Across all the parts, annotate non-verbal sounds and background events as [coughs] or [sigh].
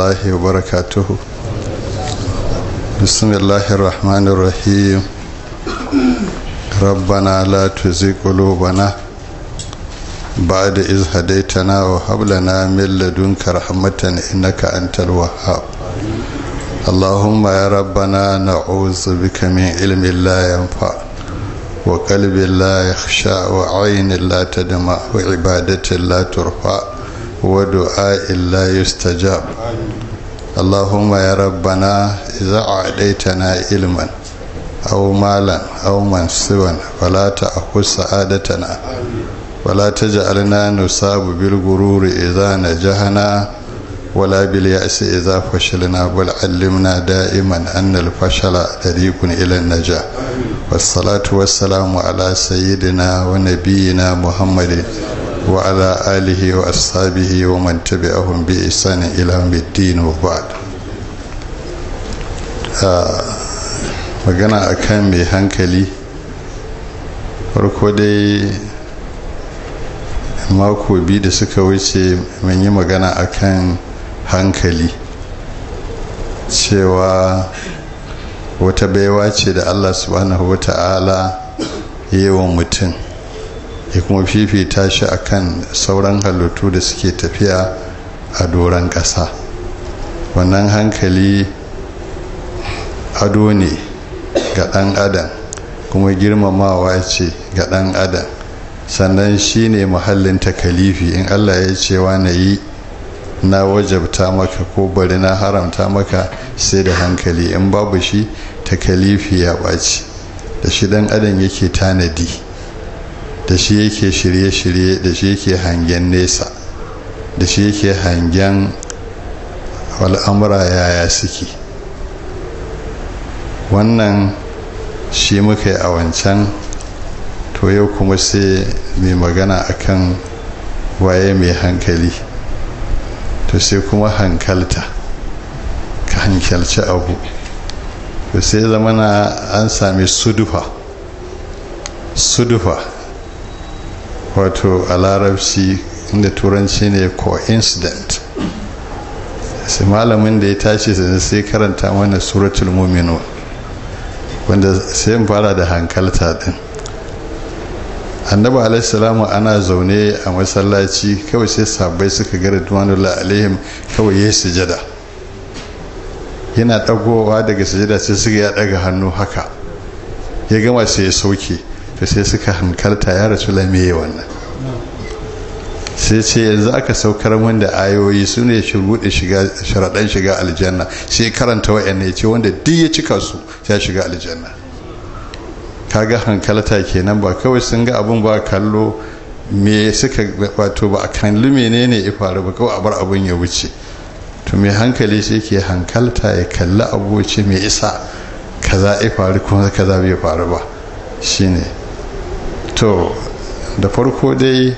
الله وبركاته بسم الله الرحمن الرحيم ربنا لا تزغ قلوبنا بعد إذ هديتنا وهب لنا من لدنك رحمة إنك أنت الوهاب اللهم يا ربنا نعوذ بك من علم لا ينفع وقلب لا يخشى وعين لا تدمع وعبادة لا ترفع wa do illa yus ta Allahuma ya rabba na za a tana iliman. Auma lan auma tsawon wala Wala ta ja'ali na nufi sabulu bilirgin ruwa za na ji haɗa na. Wala bil ya shiga fashalna bal. allimna na da'iman annar fashala ɗari kun ilin na ja. salatu wasu salamu ala sayidina wani biyu na وعلى آله وأصحابه ومن تبعهم بإحسان إلى يوم الدين وبعد magana a kan mai hankali farko dai mako biyu da suka wuce mun yi magana a kan hankali cewa wata baiwa ce da allah subhanahu wa ta'ala yi mutum ya kuma fifita shi a kan sauran halittu da suke tafiya a doron ƙasa wannan hankali ado ne ga ɗan adam kuma girmamawa ce ga ɗan adam sannan shi ne mahallin takalifi in allah ya ce na yi na wajabta maka ko bari na haramta maka sai da hankali in babu shi takalifi ya ɓaci da shi ɗan adam yake tanadi da shi yake shirye-shirye da shi yake hangen nesa da shi yake hangen al'amura yaya suke wannan shi muka yi a wancan to yau kuma sai mai magana akan waye mai hankali to sai kuma hankalta ka hankalci abu to sai zamana an sami sudufa sudufa wato a larabci inda turanci ne coincident sai malamin da ya tashi sai karanta mana suratul muminu wanda sai in fara da hankalta din annabi alaihissalamu ana zaune a masallaci kawai sai sabbai suka gara duwanullah alaihim kawai ya sujada yana dagowa daga sujada sai suka ya daga hannu haka ya gama sai ya sauke ta sai suka hankalta ya rasu lamiye wannan sai ce yanzu aka saukar min da ayoyi su ne sharaɗan shiga aljanna sai karanta wa ya ce wanda duk ya cika su ya shiga aljanna kaga hankalta kenan ba kawai sun ga abin ba kallo me suka wato ba a kalli menene ya faru ba kawai a bar abin ya wuce to mai hankali sai ke hankalta ya kalli abu ce mai isa kaza ya faru kuma kaza bai faru ba shine to da farko dai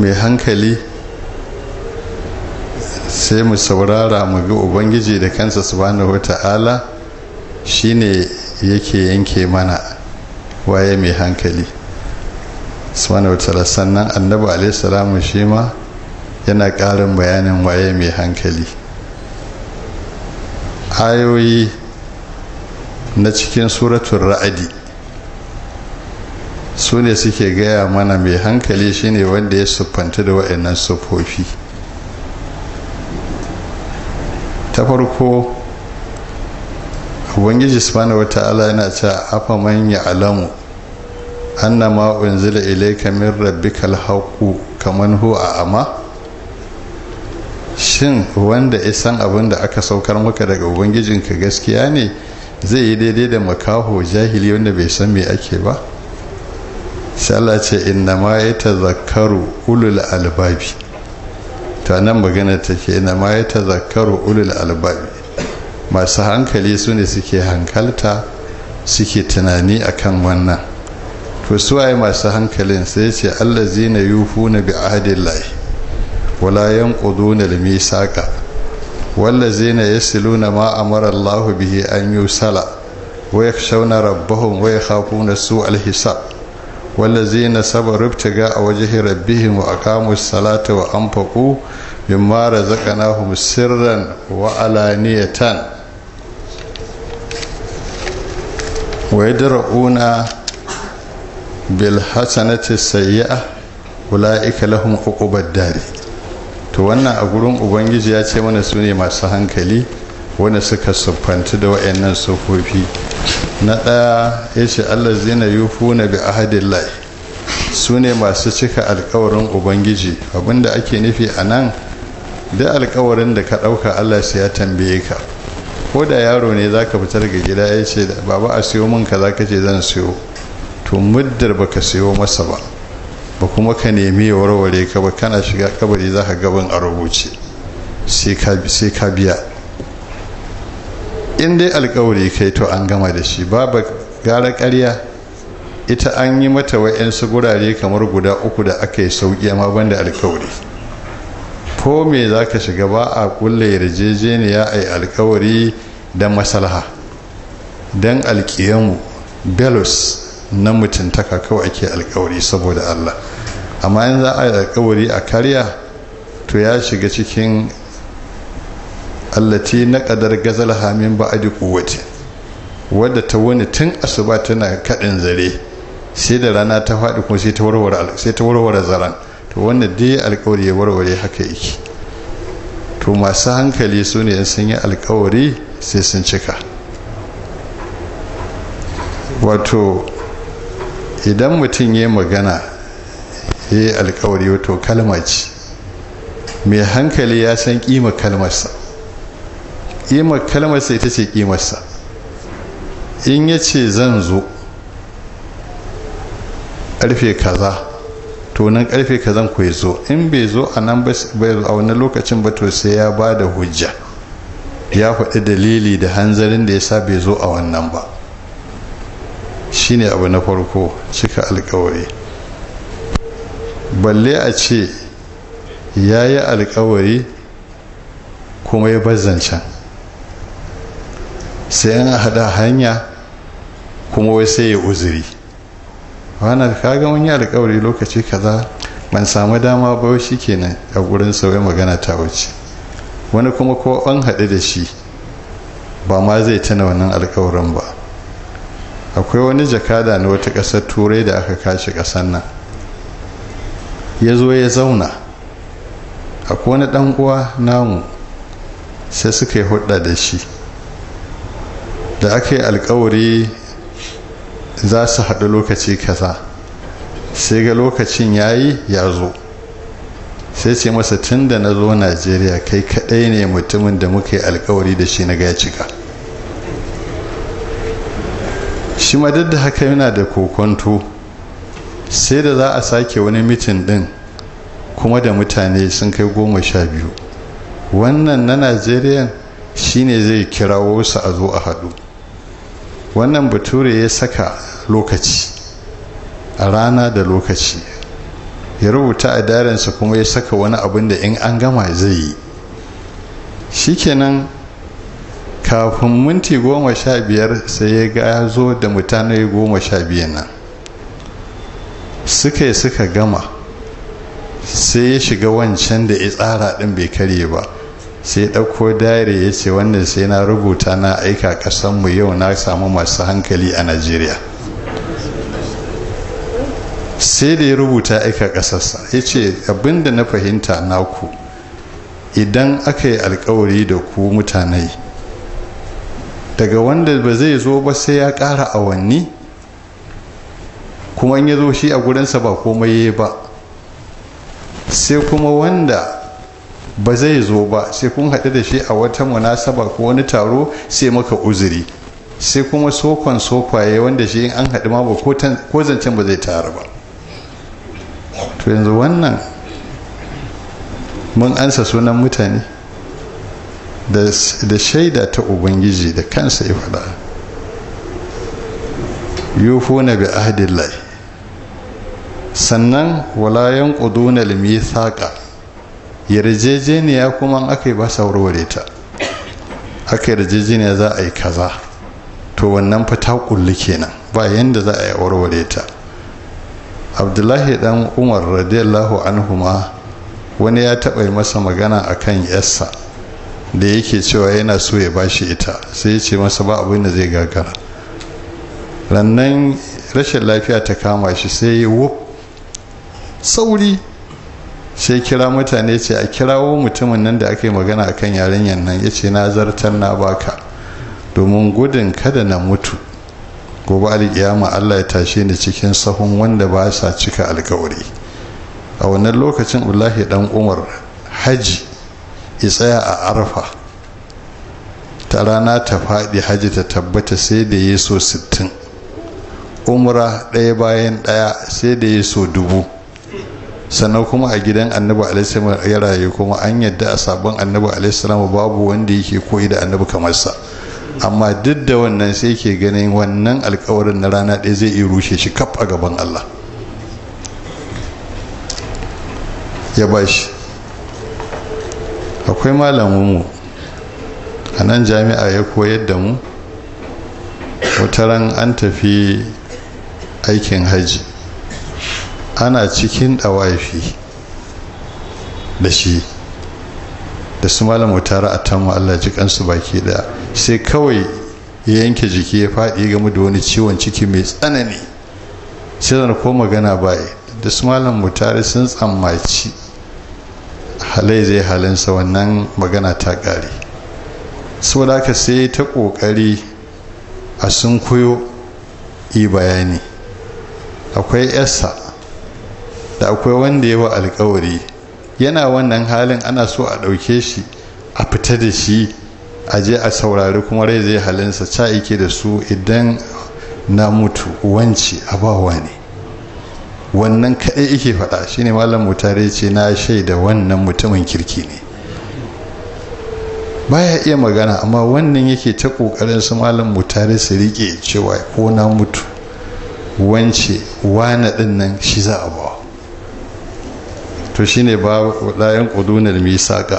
mai hankali sai mu saurara mu ga ubangiji da kansa subhanahu wata'ala shine yake yanke mana waye mai hankali subhanahu wata'ala sannan annabi alaihi salamu shi ma yana ƙarin bayanin waye mai hankali ayoyi na cikin suratun ra'adi su ne suke gaya mana mai hankali shine wanda ya siffanta da waɗannan siffofi ta farko ubangiji wata wata'ala yana ca afa manya alamu anna ma unzila ilayka min rabbikal haqu kaman a ama shin wanda isan abin da aka saukar maka daga ubangijinka gaskiya ne zai yi daidai da makaho jahili wanda bai san me ake ba sai Allah ce inna ma ya tazakkaru ulul albabi ta nan magana take inna ma ya tazakkaru ulul albabi masu hankali su ne suke hankalta suke tunani akan wannan to suwaye masu hankalin sai ce Allah zina yufuna bi ahdillahi wala yanquduna al zina ya yasluna ma amara Allahu bihi an yusala wa yakhshawna rabbahum wa na su hisab kawai zai nasaba a wajehi rabbi mu a kamus talatu wa anfaɓu mu mara zakanahumma sirrin wa'alani ya tan. wayadare una bilhassan na ta saya wula to wannan a gurin ubangiji ya ce sune masu hankali. wanda suka siffanci da wa'annan sufofi na ɗaya ya ce allah zina na bi ahadillahi su ne masu cika alkawarin ubangiji abinda ake nufi a nan da alkawarin da ka ɗauka allah sai ya tambaye ka ko da yaro ne za ka fitar ga gida ya ce baba a siyo min ka za ka ce zan siyo to muddar ba ka siyo masa ba ba kuma ka nemi ya warware ka ba kana shiga kabari za ka gaban a rubuce sai ka biya in dai alkawari kai to an gama da shi babu gara karya ita an yi mata wa'yansu gurare kamar guda uku da aka yi sauƙi amma banda alkawari ko me za ka shiga ba a kulle yarjejeniya a yi alkawari da masalha don alkiyamu belus na mutuntaka kawai ake alkawari saboda allah amma in za a yi alkawari a karya to ya shiga cikin allati na kadar gazal hamin ba'adi kuwati wadda ta wani tun asuba tana kadin zare sai da rana ta faɗi kuma sai ta warware sai ta warware zaran to wannan dai alƙawari ya warware haka yake to masu hankali su ne sun yi alƙawari sai sun cika wato idan mutum ya magana ya yi alƙawari wato kalma ce mai hankali ya san kima kalmarsa ƙimar kalmarsa ita ce ƙimarsa in ya ce zan zo ƙarfe kaza to nan ƙarfe kazan ku zo in bai zo a nan a wani lokacin ba to sai ya ba da hujja ya faɗi dalili da hanzarin da ya sa bai zo a wannan ba shi ne abu na farko cika alkawari balle a ce ya yi alkawari kuma ya bazzancan zancen sai an hada hanya kuma wai sai ya uzuri wannan kaga wani alkawari lokaci kaza ban samu dama ba shi kenan a gurin sauye magana ta wuce wani kuma ko an haɗu da shi ba ma zai tuna wannan alkawarin ba akwai wani jakada na wata ƙasar turai da aka kashe ƙasar nan ya zo ya zauna akwai wani ɗan uwa namu sai suka yi hudda da shi da aka yi alkawari za su haɗu lokaci kaza sai ga lokacin ya yi ya zo sai ce masa tun da na zo najeriya kai kaɗai ne mutumin da muka yi alkawari da shi na gaya cika shi duk da haka yana da kokonto sai da za a sake wani mitin ɗin kuma da mutane sun kai goma sha biyu wannan na najeriya shine zai kirawo su a zo a haɗu wannan bature ya saka lokaci a rana da lokaci ya rubuta a darinsa kuma ya saka wani abin da in an gama zai yi shikenan kafin minti goma sha biyar sai ya ga ya zo da mutane goma sha biyar nan suka yi suka gama sai ya shiga wancan da ya tsara ɗin bai karye ba sai ɗauko dare ya ce wannan sai na rubuta na aika ƙasanmu yau na samu masu hankali a najeriya sai da ya rubuta aika ƙasarsa ya ce abinda na fahimta naku idan aka yi alkawari da ku mutane daga wanda ba zai zo ba sai ya ƙara awanni kuma in ya zo shi a gurinsa ba komai ya ba sai kuma wanda ba zai zo ba sai kun haɗu da shi a wata munasaba ko wani taro sai maka uzuri sai kuma sokon sokwaye wanda shi in an haɗu ma ba ko zancen ba zai taru ba to yanzu wannan mun ansa sunan mutane da shaida ta ubangiji da kansa ya faɗa yufuna bi ahdillahi sannan wala yanquduna al saƙa. yarjejeniya kuma aka yi ba sa warware ta aka yarjejeniya za a yi kaza to wannan fa ta kulli kenan ba yanda za a yi warware ta abdullahi dan umar radiyallahu ma wani ya taɓa yi masa magana akan yassa da yake cewa yana so ya bashi ita sai ya ce masa ba abin da zai gagara rannan rashin lafiya ta kama shi sai ya wuf sauri sai kira mutane ce a kirawo mutumin nan da aka yi magana a kan yarinyar nan ya ce na zartar na baka domin gudun kada na mutu gobe alƙiyama allah ya tashe ni cikin sahun wanda ba sa cika alkawari a wannan lokacin ullahi dan umar haji ya tsaya a arfa ta rana ta faɗi hajji ta tabbata sai da ya so sittin umra ɗaya bayan ɗaya sai da ya so dubu sannan kuma a gidan annabi alaihissalam ya rayu kuma an yadda a sabon annabi alaihissalam babu wanda yake koyi da annabi kamar sa amma duk da wannan sai ke ganin wannan alkawarin na rana ɗaya zai iya rushe shi kaf a gaban Allah ya ba shi akwai malaminmu a nan jami'a ya koyar da mu wataran an tafi aikin hajji ana cikin ɗawafi da shi da su malam mutara a tamu Allah ji kansu baki ɗaya sai kawai ya yanke jiki ya faɗi game da wani ciwon ciki mai tsanani sai zan ko magana baya da su malam mutare sun tsammaci halai zai halinsa wannan magana ta ƙare da aka sai ta ƙoƙari a sun koyo yi bayani akwai yasa da akwai wanda ya yawa alkawari yana wannan halin ana so a ɗauke shi a fita da shi a je a saurari kuma rai zai halinsa ca ike da su idan na mutu wanci abawa ne wannan kaɗai ike faɗa ne malam mutare ce na shaida wannan mutumin kirki ne baya iya magana amma wannan yake ta ƙoƙarin su malam mutare su riƙe cewa ko na mutu wance wane ɗin nan shi za a bawa to shine ba layan ƙudunar Misaƙa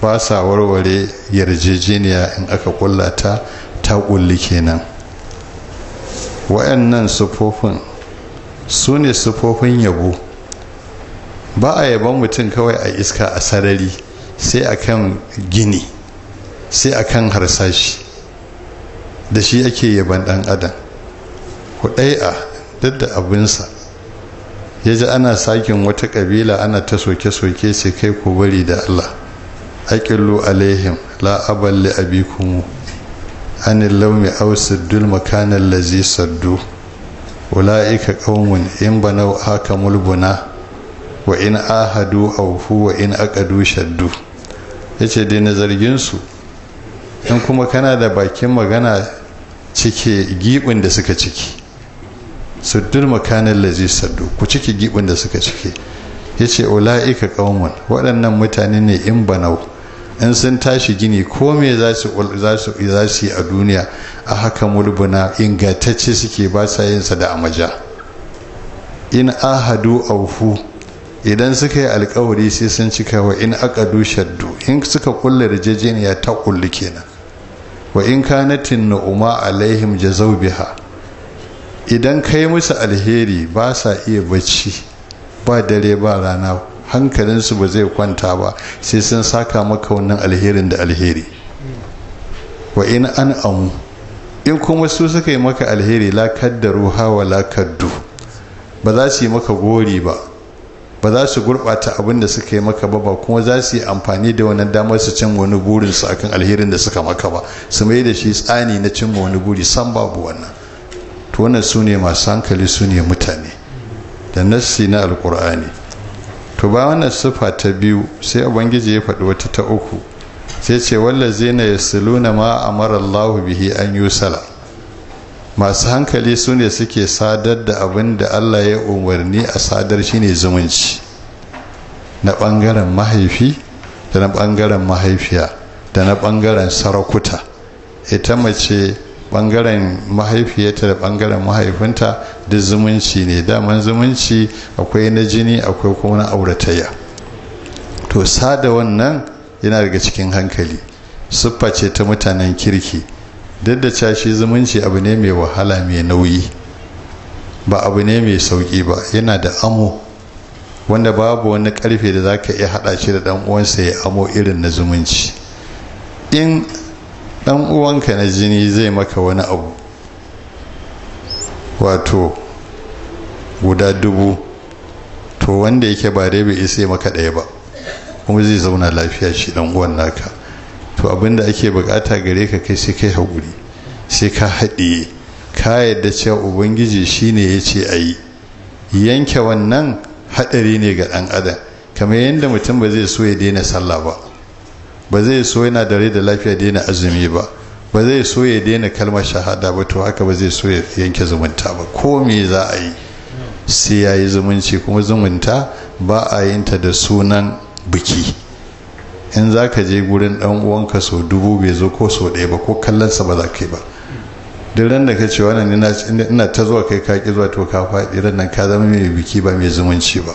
ba sa warware yarjejeniya in aka kullata ta ƙulli kenan wa'annan sufofin su ne sufofin yabo ba a yaban mutum kawai a iska a sarari sai a kan gini sai a kan harsashi da shi ake yaban ɗan adam hudai'a duk da abinsa ya ji ana sakin wata ƙabila ana ta soke-soke sai kai ku bari da allah aƙillu alaihim la aballi abikumu anil laumi ausir dul makanin lazi saddu ula'ika ƙaumun in banau haka mulbuna wa in ahadu aufu wa in aqadu shaddu yace dai na zargin su in kuma kana da bakin magana cike gibin da suka ciki saddur makanan lazi saddu ku cike gibin da suka cike ya ce ula'ika ƙaumun waɗannan mutane ne in banau in sun tashi gini ko me za su yi a duniya a haka mulbuna ingantacce suke ba sa yinsa da amaja in ahadu aufu idan suka yi alkawari sai sun cika wa in aqadu shaddu in suka kulle rijejeniya ta kulle kenan wa in kanatin nu'uma alaihim jazaw biha idan ka yi musu alheri ba sa iya bacci ba dare ba rana hankalinsu ba zai kwanta ba sai sun saka maka wannan alherin da alheri wa in an amu in kuma su suka yi maka alheri la kaddaru hawa la kaddu ba za su yi maka gori ba ba za su gurɓata abin da suka yi maka ba ba kuma za su yi amfani da wannan damar su cin wani burinsu akan alherin da suka maka ba su mai da shi tsani na cin wani buri san babu wannan to wannan su ne masu hankali su ne mutane da nassi na alkur'ani to ba wannan sufa ta biyu sai ubangiji ya faɗi wata ta uku sai ce ya siluna ma amara Allahu bihi an yusala masu hankali su ne suke sadar da abin da Allah ya umarni a sadar shine zumunci na ɓangaren mahaifi da na ɓangaren mahaifiya da na ɓangaren sarakuta ita mace bangaren mahaifiyarta da bangaren mahaifinta duk zumunci ne daman zumunci akwai na jini akwai kuma na auratayya to sada wannan yana daga cikin hankali siffa ce ta mutanen kirki duk da cashe zumunci abu ne mai wahala mai nauyi ba abu ne mai sauki ba yana da amo wanda babu wani karfe da za ka iya haɗa shi da ɗan uwansa ya amo irin na zumunci in dan uwanka na jini zai maka wani abu wato guda dubu to wanda yake ba dai bai isa maka ɗaya ba kuma zai zauna lafiya shi dan uwan naka to abinda ake bukata gare ka kai sai kai haƙuri sai ka haɗiye ka yadda cewa ubangiji shine ya ce a yi yanke wannan haɗari ne ga ɗan adam kamar yadda mutum ba zai so ya daina sallah ba ba zai so yana da rai da lafiya daina azumi ba ba zai so ya daina kalmar shahada ba to haka ba zai so ya yanke zumunta ba ko me za a yi sai ya yi zumunci kuma zumunta ba a yin ta da sunan biki in za ka je gurin dan uwanka so dubu bai zo ko so ɗaya ba ko kallonsa ba za ka yi ba duk ran da ka ce wannan ina ta zuwa kai ka ki zuwa to ka faɗi ran nan ka zama mai biki ba mai zumunci ba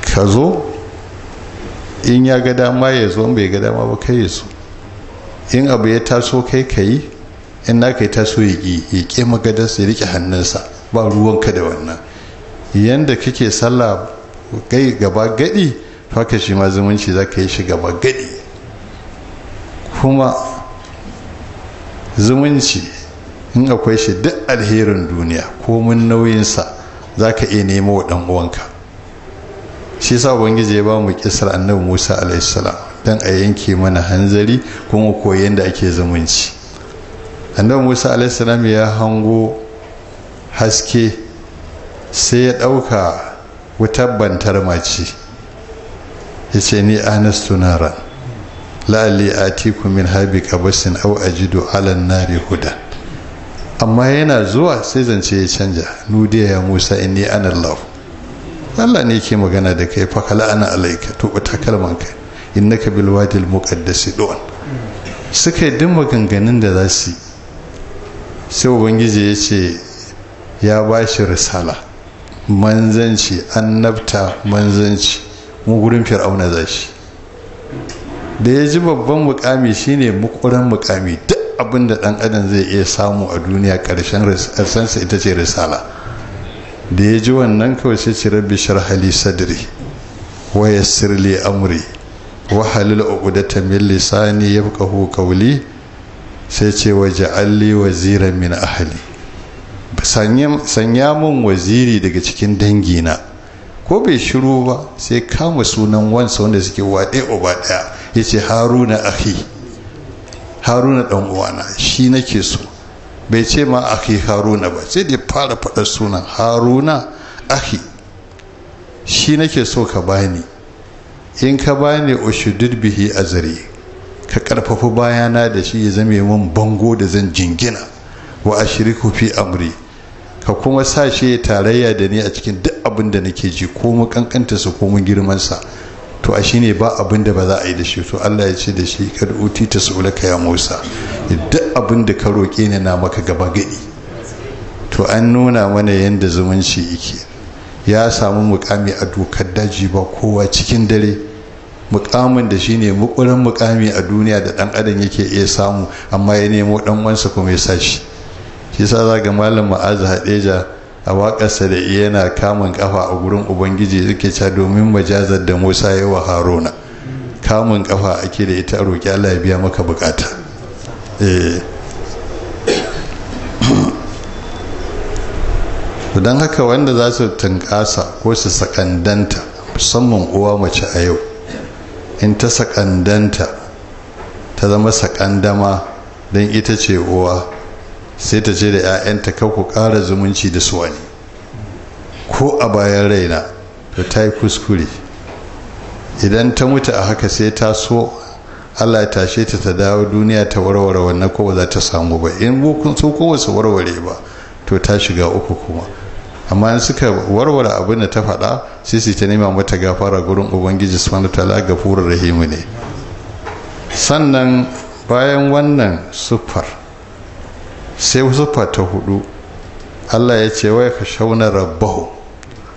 ka zo in ya ga dama ya zo bai ga dama ba kai ya zo in abu ya taso kai ka yi in na kai taso ya ƙi ya ƙi magadarsa ya riƙe hannunsa ba ruwan ka da wannan yanda kake sallah kai gaba gadi faka shi ma zumunci za ka yi shi gaba gadi kuma zumunci in akwai shi duk alherin duniya komin nauyinsa za ka iya nema wa uwanka shi yasa ubangiji ya ba mu kisar annabi Musa alaihi don dan a yanke mana hanzari kuma koyi da ake zumunci annabi Musa alaihi ya hango haske sai ya dauka wutar bantar mace ya ce ni anastu nara la'alli tiku min habi au a ajidu alan nari huda amma yana zuwa sai zance ya canja nudiya ya Musa inni ana Allah ne yake magana da kai fa kala ana alaika to ba takalman kai innaka bil wadil muqaddas duwan suka yi dimma ganganin da za su sai ubangiji ya ce ya ba shi risala manzanci annabta manzanci mu gurin fir'auna za shi da ya ji babban mukami shine mukuran mukami duk abinda da dan adam zai iya samu a duniya karshen ita ce risala da ya ji wannan kawai sai ce rabbi sharhali sadri wa yassir li amri wa halil uqdatan min lisani yafqahu qawli sai ce wa ja'alli waziran min ahli sanya mun waziri daga cikin dangina ko bai shiru ba sai kama sunan wansa wanda suke waɗe uba ɗaya yace haruna ahi haruna ɗan uwana shi nake so bai ce ma aki haruna ba sai dai fara faɗar sunan haruna aki shi nake so ka bani in ka bani ushudud bihi zare ka karfafa bayana da shi ya zame min bango da zan jingina wa ashriku fi amri ka kuma sa shi ya tarayya da ni a cikin duk abin da nake ji ko mu kankanta su ko mu girman sa to a shine ba abin da ba za a yi da shi to Allah ya ce da shi kad uti tasulaka ya Musa abin da ka roƙe ni na maka gaba gadi to an nuna mana yadda zumunci yake ya samu mukami a dokar daji ba kowa cikin dare mukamin da shine mukurin mukami a duniya da ɗan adam yake iya samu amma ya nemo dan wansa kuma ya sashi shi yasa zaga malam ma'azu hadeja a waƙarsa da iya yana kamun kafa a gurin ubangiji yake cewa domin majazar da Musa yawa wa Haruna kamun kafa ake da ita roƙi Allah ya biya maka bukata Eh, [coughs] don haka wanda za su tunkasa ko su sakandanta musamman uwa mace a yau in ta sakandanta ta zama sakandama don ita ce uwa sai ta ce da 'ya'yanta kan ku ƙara zumunci da su wani ko a bayan raina to ta yi kuskure idan ta mutu a haka sai ta so Allah ya tashe ta ta dawo duniya ta warware wannan ko za ta samu ba in bukun su ko wasu warware ba to ta shiga uku kuma amma in suka warware abin da ta faɗa sai su ta nema mata gafara gurin ubangiji subhanahu ga gafurur rahimu ne sannan bayan wannan sufar sai sufa ta hudu Allah ya ce wai ka shauna rabbahu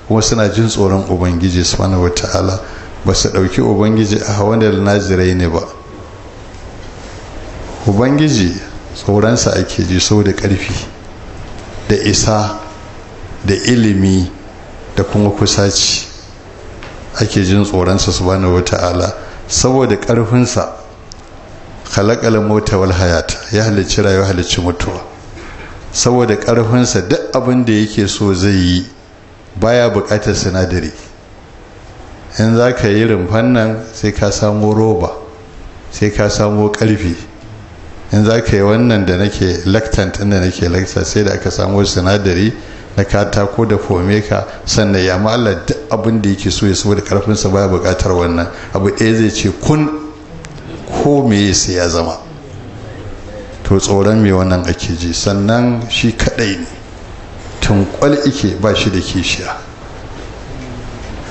kuma suna jin tsoron ubangiji subhanahu ta'ala ba su ɗauki ubangiji a hawan da ne ba ubangiji tsoronsa ake ji so da ƙarfi da isa da ilimi da kuma kusaci ake jin tsoronsa bane wata'ala saboda ƙarfinsa kalakala mota wal hayata ya halicci rayuwa halicci mutuwa saboda ƙarfinsa duk abin da yake so zai yi baya buƙatar sinadari in za ka yi rumfan nan sai ka samo roba sai ka samo ƙarfi in za ka yi wannan da nake lactant inda nake lactant sai da aka samu sinadari na katako da fomeka ka sannan ya Allah abin da yake so ya saboda karfinsa baya buƙatar wannan abu ɗaya zai ce kun ko me sai ya zama to tsoron me wannan ake ji sannan shi kaɗai ne kwal ike ba shi da kishiya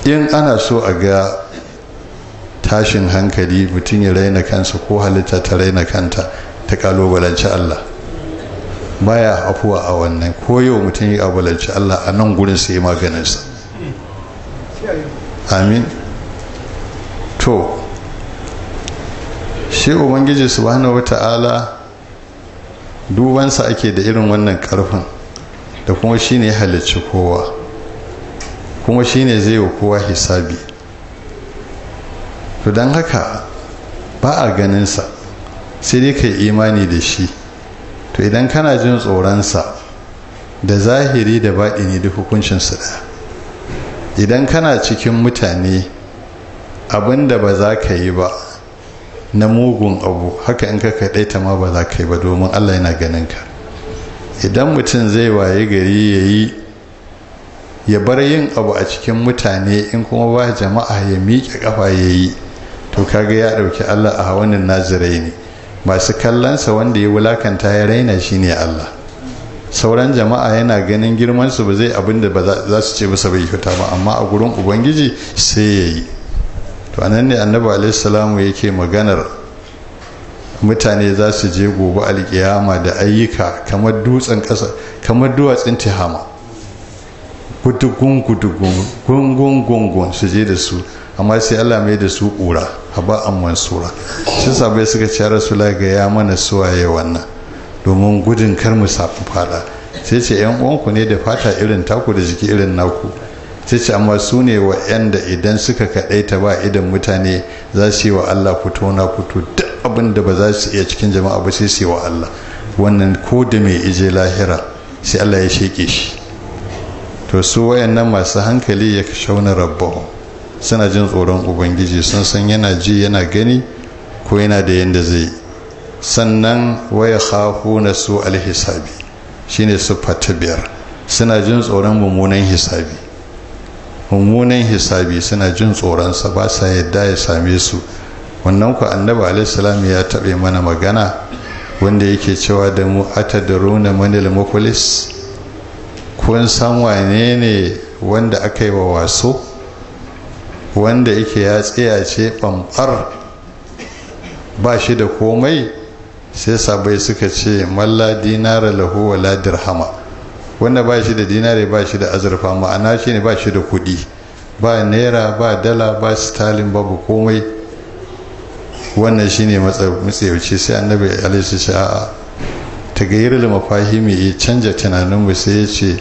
in ana so a ga tashin hankali mutum ya raina kansa ko halitta ta raina kanta ta kalubalanci Allah baya afuwa a wannan koyo mutum ya abalanci Allah a nan gurin sai maganinsa amin to shi ubangiji subhanahu ala dubansa ake da irin wannan karfin da kuma shine ya halicci kowa kuma shi ne zai wa kowa hisabi to don haka ba a ganinsa sai dai ka yi imani da shi to idan kana jin tsoronsa da zahiri da baɗi ne duk hukuncinsu ɗaya idan kana cikin mutane abin da ba za ka yi ba na mugun abu haka in ka kaɗaita ma ba za ka yi ba domin allah yana ganin ka idan mutum zai waye gari ya yi ya bar yin abu a cikin mutane in kuma ba jama'a ya miƙe ƙafa ya yi to kaga ya ɗauki allah a hawanin nazirai ne masu kallonsa wanda ya wulakanta ya raina shi ne Allah sauran jama'a yana ganin girmansu ba zai abin da ba za su ce masa bai kyauta ba amma a gurin ubangiji sai ya yi to anan ne annabi alaihi yake maganar mutane za su je gobe alkiyama da ayyuka kamar dutsen ƙasa kamar duwatsun tihama gudugun gudugun gungun gungun su je da su amma sai Allah mai da su kura. a ba an mansura shi sabai suka ce rasula ga ya mana suwaye wannan domin gudun kar mu safi fada sai ce yan uwanku ne da fata irin taku da jiki irin naku sai ce amma su ne wa wa'yanda idan suka ta ba idan mutane za su yi wa Allah fito na fito duk abin da ba za su iya cikin jama'a ba sai su yi wa Allah wannan ko da mai ije lahira sai Allah ya sheke shi to su wayannan masu hankali ya shauna rabbahu suna jin tsoron ubangiji sun san yana ji yana gani ko yana da yadda zai sannan waya hahu na su alhisabi shine siffa ta biyar suna jin tsoron mummunan hisabi mummunan hisabi suna jin tsoronsa ba sa yadda ya same su wannan ku annabi alaihissalam ya taɓe mana magana wanda yake cewa da mu rona manil mukulis kun san wane ne wanda aka yi wa waso wanda yake ya tsaya ce ɓamɓar ba shi da komai sai sabai suka ce malla dinara lahu wala dirhama wanda ba shi da dinare ba shi da azurfa ma'ana shi ne ba shi da kuɗi ba naira ba dala ba stalin babu komai wannan shi ne matsayauci sai annabi alaihi a'a ta gayyar mafahimi ya canja tunaninmu sai ya ce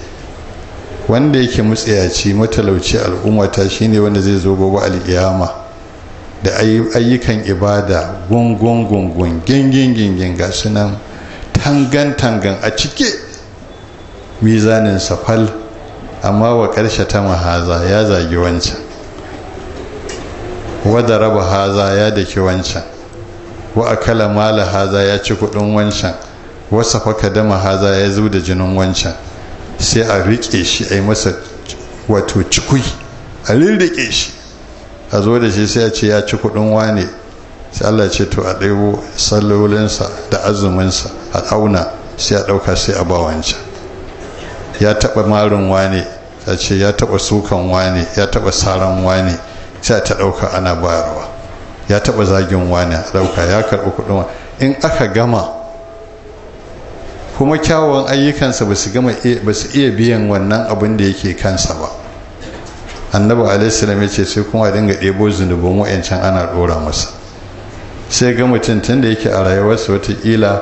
wanda yake mutsayaci matalauci al'ummata shine wanda zai zo gobe al'iyama da ayyukan ibada gungun gungun gingin gingin ga sunan tangan tangan a cike mizanin safal amma wa karshe ta mahaza ya zagi wancan wadda raba haza ya daki wancan wa akala mala haza ya ci kudin wancan wasa faka dama haza ya zo da jinin wancan sai a riƙe shi a yi masa wato cikui a lirriƙe shi a zo da shi sai a ce ya ci kuɗin wane sai Allah ce to a ɗaiwo sallolinsa da azuminsa a auna sai a ɗauka sai a ba wancan ya taɓa marin wane a ce ya taɓa sukan wane ya taɓa saran wane sai ta ɗauka ana bayarwa ya taɓa zagin wane a ɗauka ya karɓi kuɗin in aka gama kuma kyawun ayyukansa ba su iya biyan wannan abin da yake kansa ba annabi alaihissalam ya ce sai kuma dinga ɗebo zunubin wayancan ana ɗora masa sai ga mutum tun da yake a rayuwarsa watakila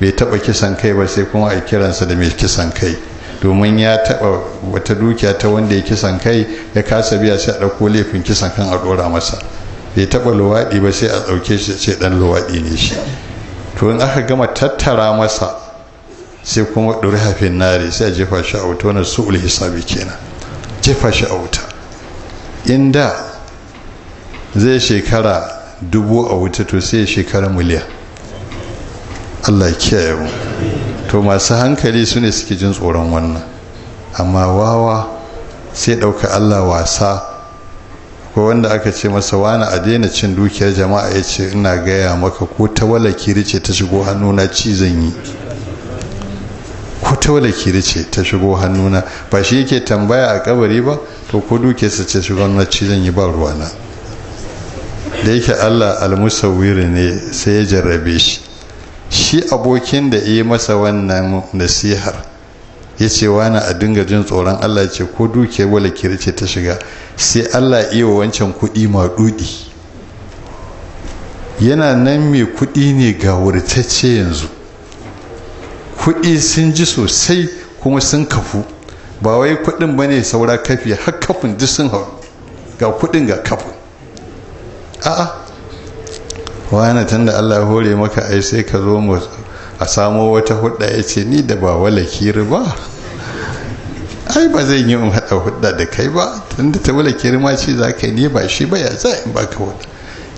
bai taɓa kisan kai ba sai kuma a kiransa da mai kisan kai domin ya taɓa wata dukiya ta wanda ya kisan kai ya kasa biya sai a ɗauko laifin kisan kan a ɗora masa bai taɓa luwaɗi ba sai a ɗauke shi ce ɗan luwaɗi ne shi to in aka gama tattara masa sai kuma ɗori hafin nari sai a jefa shi a wuta wani su'ul hisabi kenan jefa shi a wuta inda zai shekara dubu a wuta to sai shekara miliyan allah kiyaye mu to masu hankali su ne suke jin tsoron wannan amma wawa sai ɗauka allah wasa ko wanda aka ce masa wani a daina cin dukiyar jama'a ya ce ina gaya maka ko ta wala kiri ce ta shigo hannuna ci zan yi tola kiri ce ta shigo hannuna ba shi yake tambaya a kabari ba to ko duke su ce shigo na ci zan yi ba ruwana da yake allah almusawiri ne sai ya jarrabe shi shi abokin da yi masa wannan nasihar ya ce wani a dinga jin tsoron allah ce ko duke wala kiri ce ta shiga sai allah iya wancan kuɗi maɗuɗi yana nan mai kuɗi ne ga wurtacce yanzu kuɗi sun ji sosai kuma sun kafu ba wai kuɗin ba ne saura kafi har kafin duk sun hau ga kuɗin ga kafin a'a wani tun da allah hore maka ai sai ka zo mu a samo wata hudda ya ce ni da ba kiri ba ai ba zai yi in haɗa hudda da kai ba tun da ta kiri ma ce za ka yi ne ba shi ba ya za in baka hudda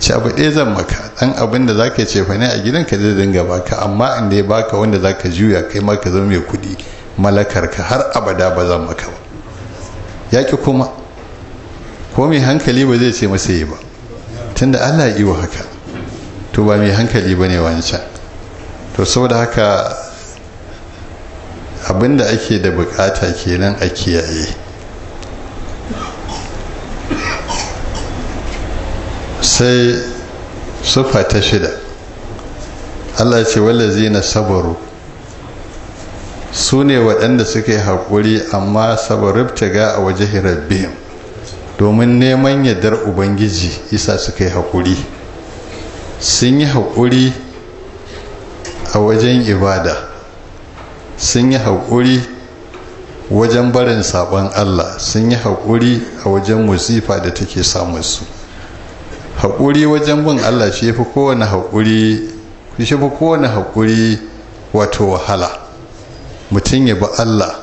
ci abu ɗaya zan maka ɗan abin da zaka ce fa ne a gidanka zai dinga baka amma in dai baka wanda zaka juya kai ma ka zama mai kuɗi malakarka har abada ba zan maka ba ki kuma ko mai hankali ba zai ce masa yi ba tunda Allah ya yi wa haka to ba mai hankali ba ne wancan to saboda haka abin da ake da bukata kenan a kiyaye sai sufa ta shida allah ce wallazi na sabaru su ne waɗanda suke haƙuri amma sabarubta ga a waje rabbihim domin neman yardar ubangiji isa suka yi haƙuri sun yi haƙuri a wajen ibada sun yi haƙuri wajen barin saɓon allah sun yi haƙuri a wajen musifa da take samun su. haƙuri wajen bin allah shi ya fi kowane haƙuri shi fi kowane haƙuri wato wahala mutum ya bi allah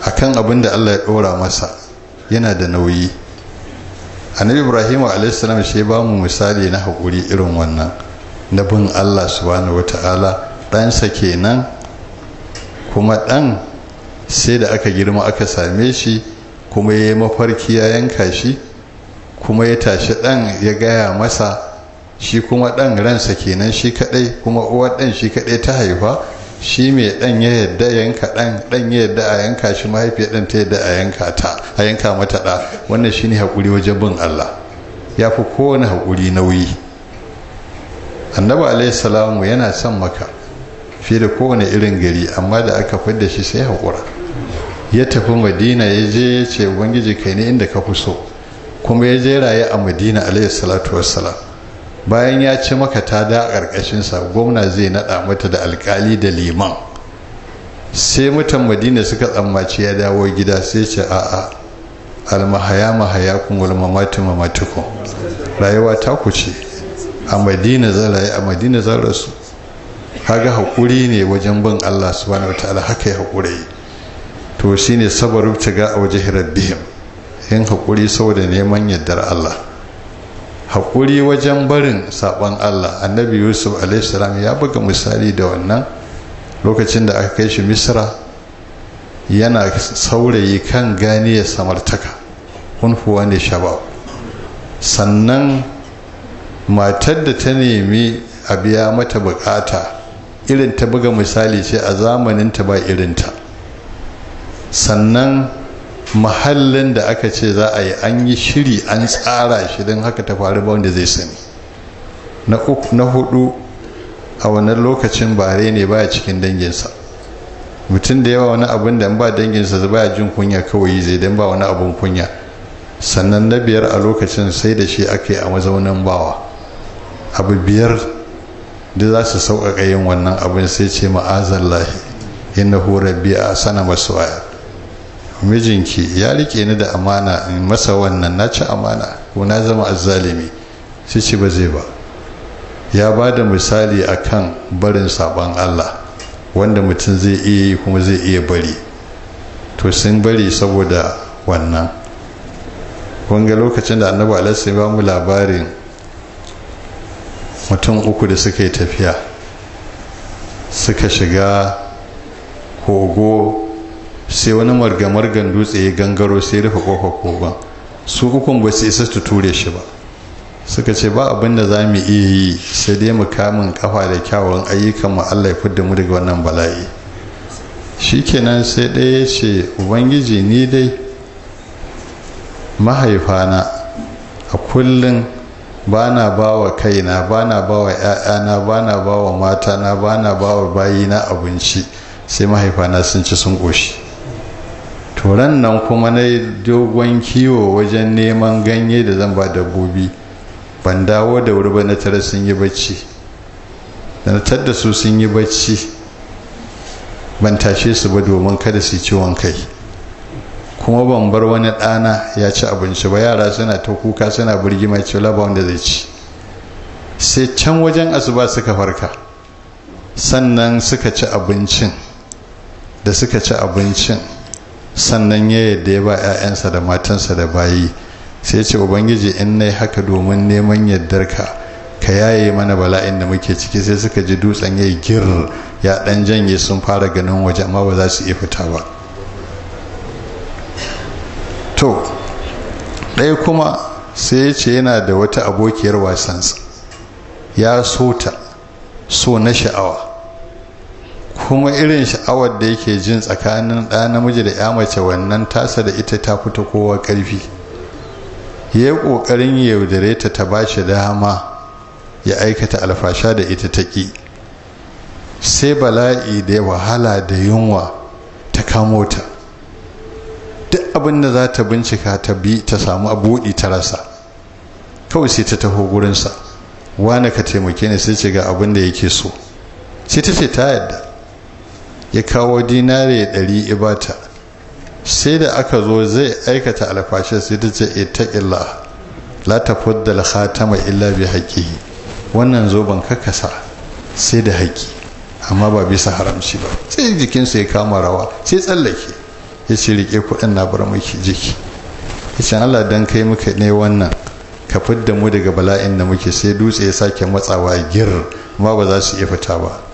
akan abin da allah ya ɗora masa yana da nauyi annabi ibrahim alaihissalam shi ba mu misali na haƙuri irin wannan na bin allah subhanahu wata'ala ɗansa kenan kuma ɗan sai da aka girma aka same shi kuma ya yi mafarki ya yanka shi kuma ya tashi ɗan ya gaya masa shi kuma ɗan ransa kenan shi kaɗai kuma uwar ɗan shi kaɗai ta haifa shi mai ɗan ya yadda yanka ɗan ɗan ya yadda a yanka shi mahaifiyar ɗan ta yadda a yanka ta a yanka mata ɗa wannan shi ne haƙuri wajen bin Allah ya fi kowane hakuri nauyi annabi alayhi salamu yana son maka fiye da kowane irin gari amma da aka fadda shi sai haƙura ya tafi madina ya je ya ce ubangiji kai ne inda ka fi so kuma ya je raye a madina alayhi salatu wassalam bayan ya ci maka ta da karkashin sa gwamna zai naɗa mata da alkali da liman sai mutan madina suka tsammaci ya dawo gida sai ce a'a almahaya mahaya kun wal mamati mamatikum rayuwa ta ku ce a madina zan raye a madina zan rasu kaga hakuri ne wajen bin allah subhanahu wataala haka ya haƙuri to shine sabarubta ga a wajen rabbihim yin haƙuri saboda neman yardar Allah haƙuri wajen barin saɓon Allah annabi yusuf alaihissalam ya buga misali da wannan lokacin da aka kai shi misra yana saurayi kan gani ya samartaka hunhuwa ne shabab sannan matar da ta nemi a biya mata bukata irin ta buga misali ce a zamanin ta ba irinta sannan mahallin da aka ce za a yi an yi shiri an tsara shi don haka ta faru ba wanda zai sani na uku na hudu a wannan lokacin bare ne ba baya cikin danginsa mutum da yawa wani abin da ba danginsa baya jin kunya kawai zai don ba wani abin kunya sannan na biyar a lokacin sai da shi aka a mazaunin bawa abu biyar da za su sauƙaƙa yin wannan abin sai ce ma'azallahi hura rabbi a sana masu waya mijinki ya rike ni da amana in masa wannan na ci amana ko na zama azzalimi sai ce ba zai ba ya ba da misali a kan barin sabon Allah wanda mutum zai iya yi kuma zai iya bari to sun bari saboda wannan kun ga lokacin da annabi alaihi ba mu labarin mutum uku da suka yi tafiya suka shiga kogo sai wani margamargan dutse ya gangaro sai rufe kofar kogon su hukun ba su isa su ture shi ba suka ce ba abin da za mu iya yi sai dai mu kamun kafa da kyawun ayyukan mu Allah ya fidda mu daga wannan bala'i shi shikenan sai ɗaya ya ce ubangiji ni dai mahaifana a kullum ba na ba wa kaina ba na ba wa 'ya'yana ba na ba wa matana ba na ba wa bayina abinci sai mahaifana sun ci sun ƙoshi turan nan kuma na dogon kiwo wajen neman ganye da zan ba dabbobi ban dawo da wuri ba na tara sun yi bacci da na tar su sun yi bacci ban tashe su ba domin kada su ciwon kai kuma ban bar wani ɗana ya ci abinci ba yara suna ta kuka suna mai cewa ba wanda zai ci sai can wajen asuba suka farka sannan suka ci abincin da suka ci abincin sannan ya yadda ya ba 'ya'yansa da matansa da bayi sai ce ubangiji in na haka domin neman yardarka ka yaye mana bala'in da muke ciki sai suka ji dutsen ya yi gir ya dan janye sun fara ganin waje amma ba za su iya fita ba to ɗaya kuma sai ya ce yana da wata abokiyar wasansa ya so ta so na sha'awa kuma irin sha'awar da yake jin tsakanin ɗa namiji da ya mace wannan tasa da ita ta fita kowa ƙarfi ya yi ƙoƙarin yaudare ta ta ba shi dama ya aikata alfasha da ita ta ƙi sai bala'i da wahala da yunwa ta kamo ta duk abin da za ta bincika ta bi ta samu abuɗi ta rasa kawai sai ta taho gurinsa wani ka taimake ni sai ce ga abin da yake so sai ta ce ta yadda ya kawo dinare ɗari ibata sai da aka zo zai aikata alfashe sai ta ce illa la tafaddal khatama illa bi haqqihi wannan zoben kakasa sai da haƙi amma ba bisa haramci ba sai jikinsa ya kama rawa sai tsallake ya ce rike kuɗin na bar miki jiki ya ce Allah dan kai muka ne wannan ka fudda mu daga bala'in da muke sai dutse ya sake matsawa gir ma ba za su iya fita ba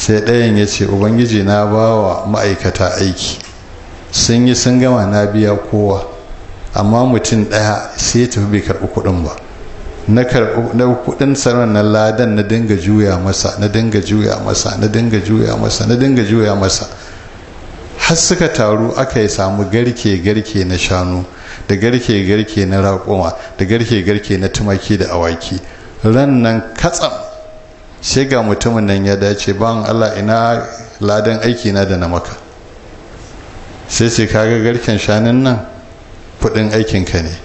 sai ɗayan ya ce ubangiji na ba wa ma'aikata aiki sun yi sun gama na biya kowa amma mutum ɗaya sai ya tafi bai karɓi kuɗin ba na kuɗin sanar na ladan na dinga juya masa na dinga juya masa na dinga juya masa na dinga juya masa har suka taru aka yi samu garke-garke na shanu da garke-garke na raƙuma da garke-garke na tumaki da awaki ran nan katsam sai ga mutumin nan ya dace ban Allah ina ladan aiki na da na maka sai sai kaga garken shanun nan kudin aikin ka ne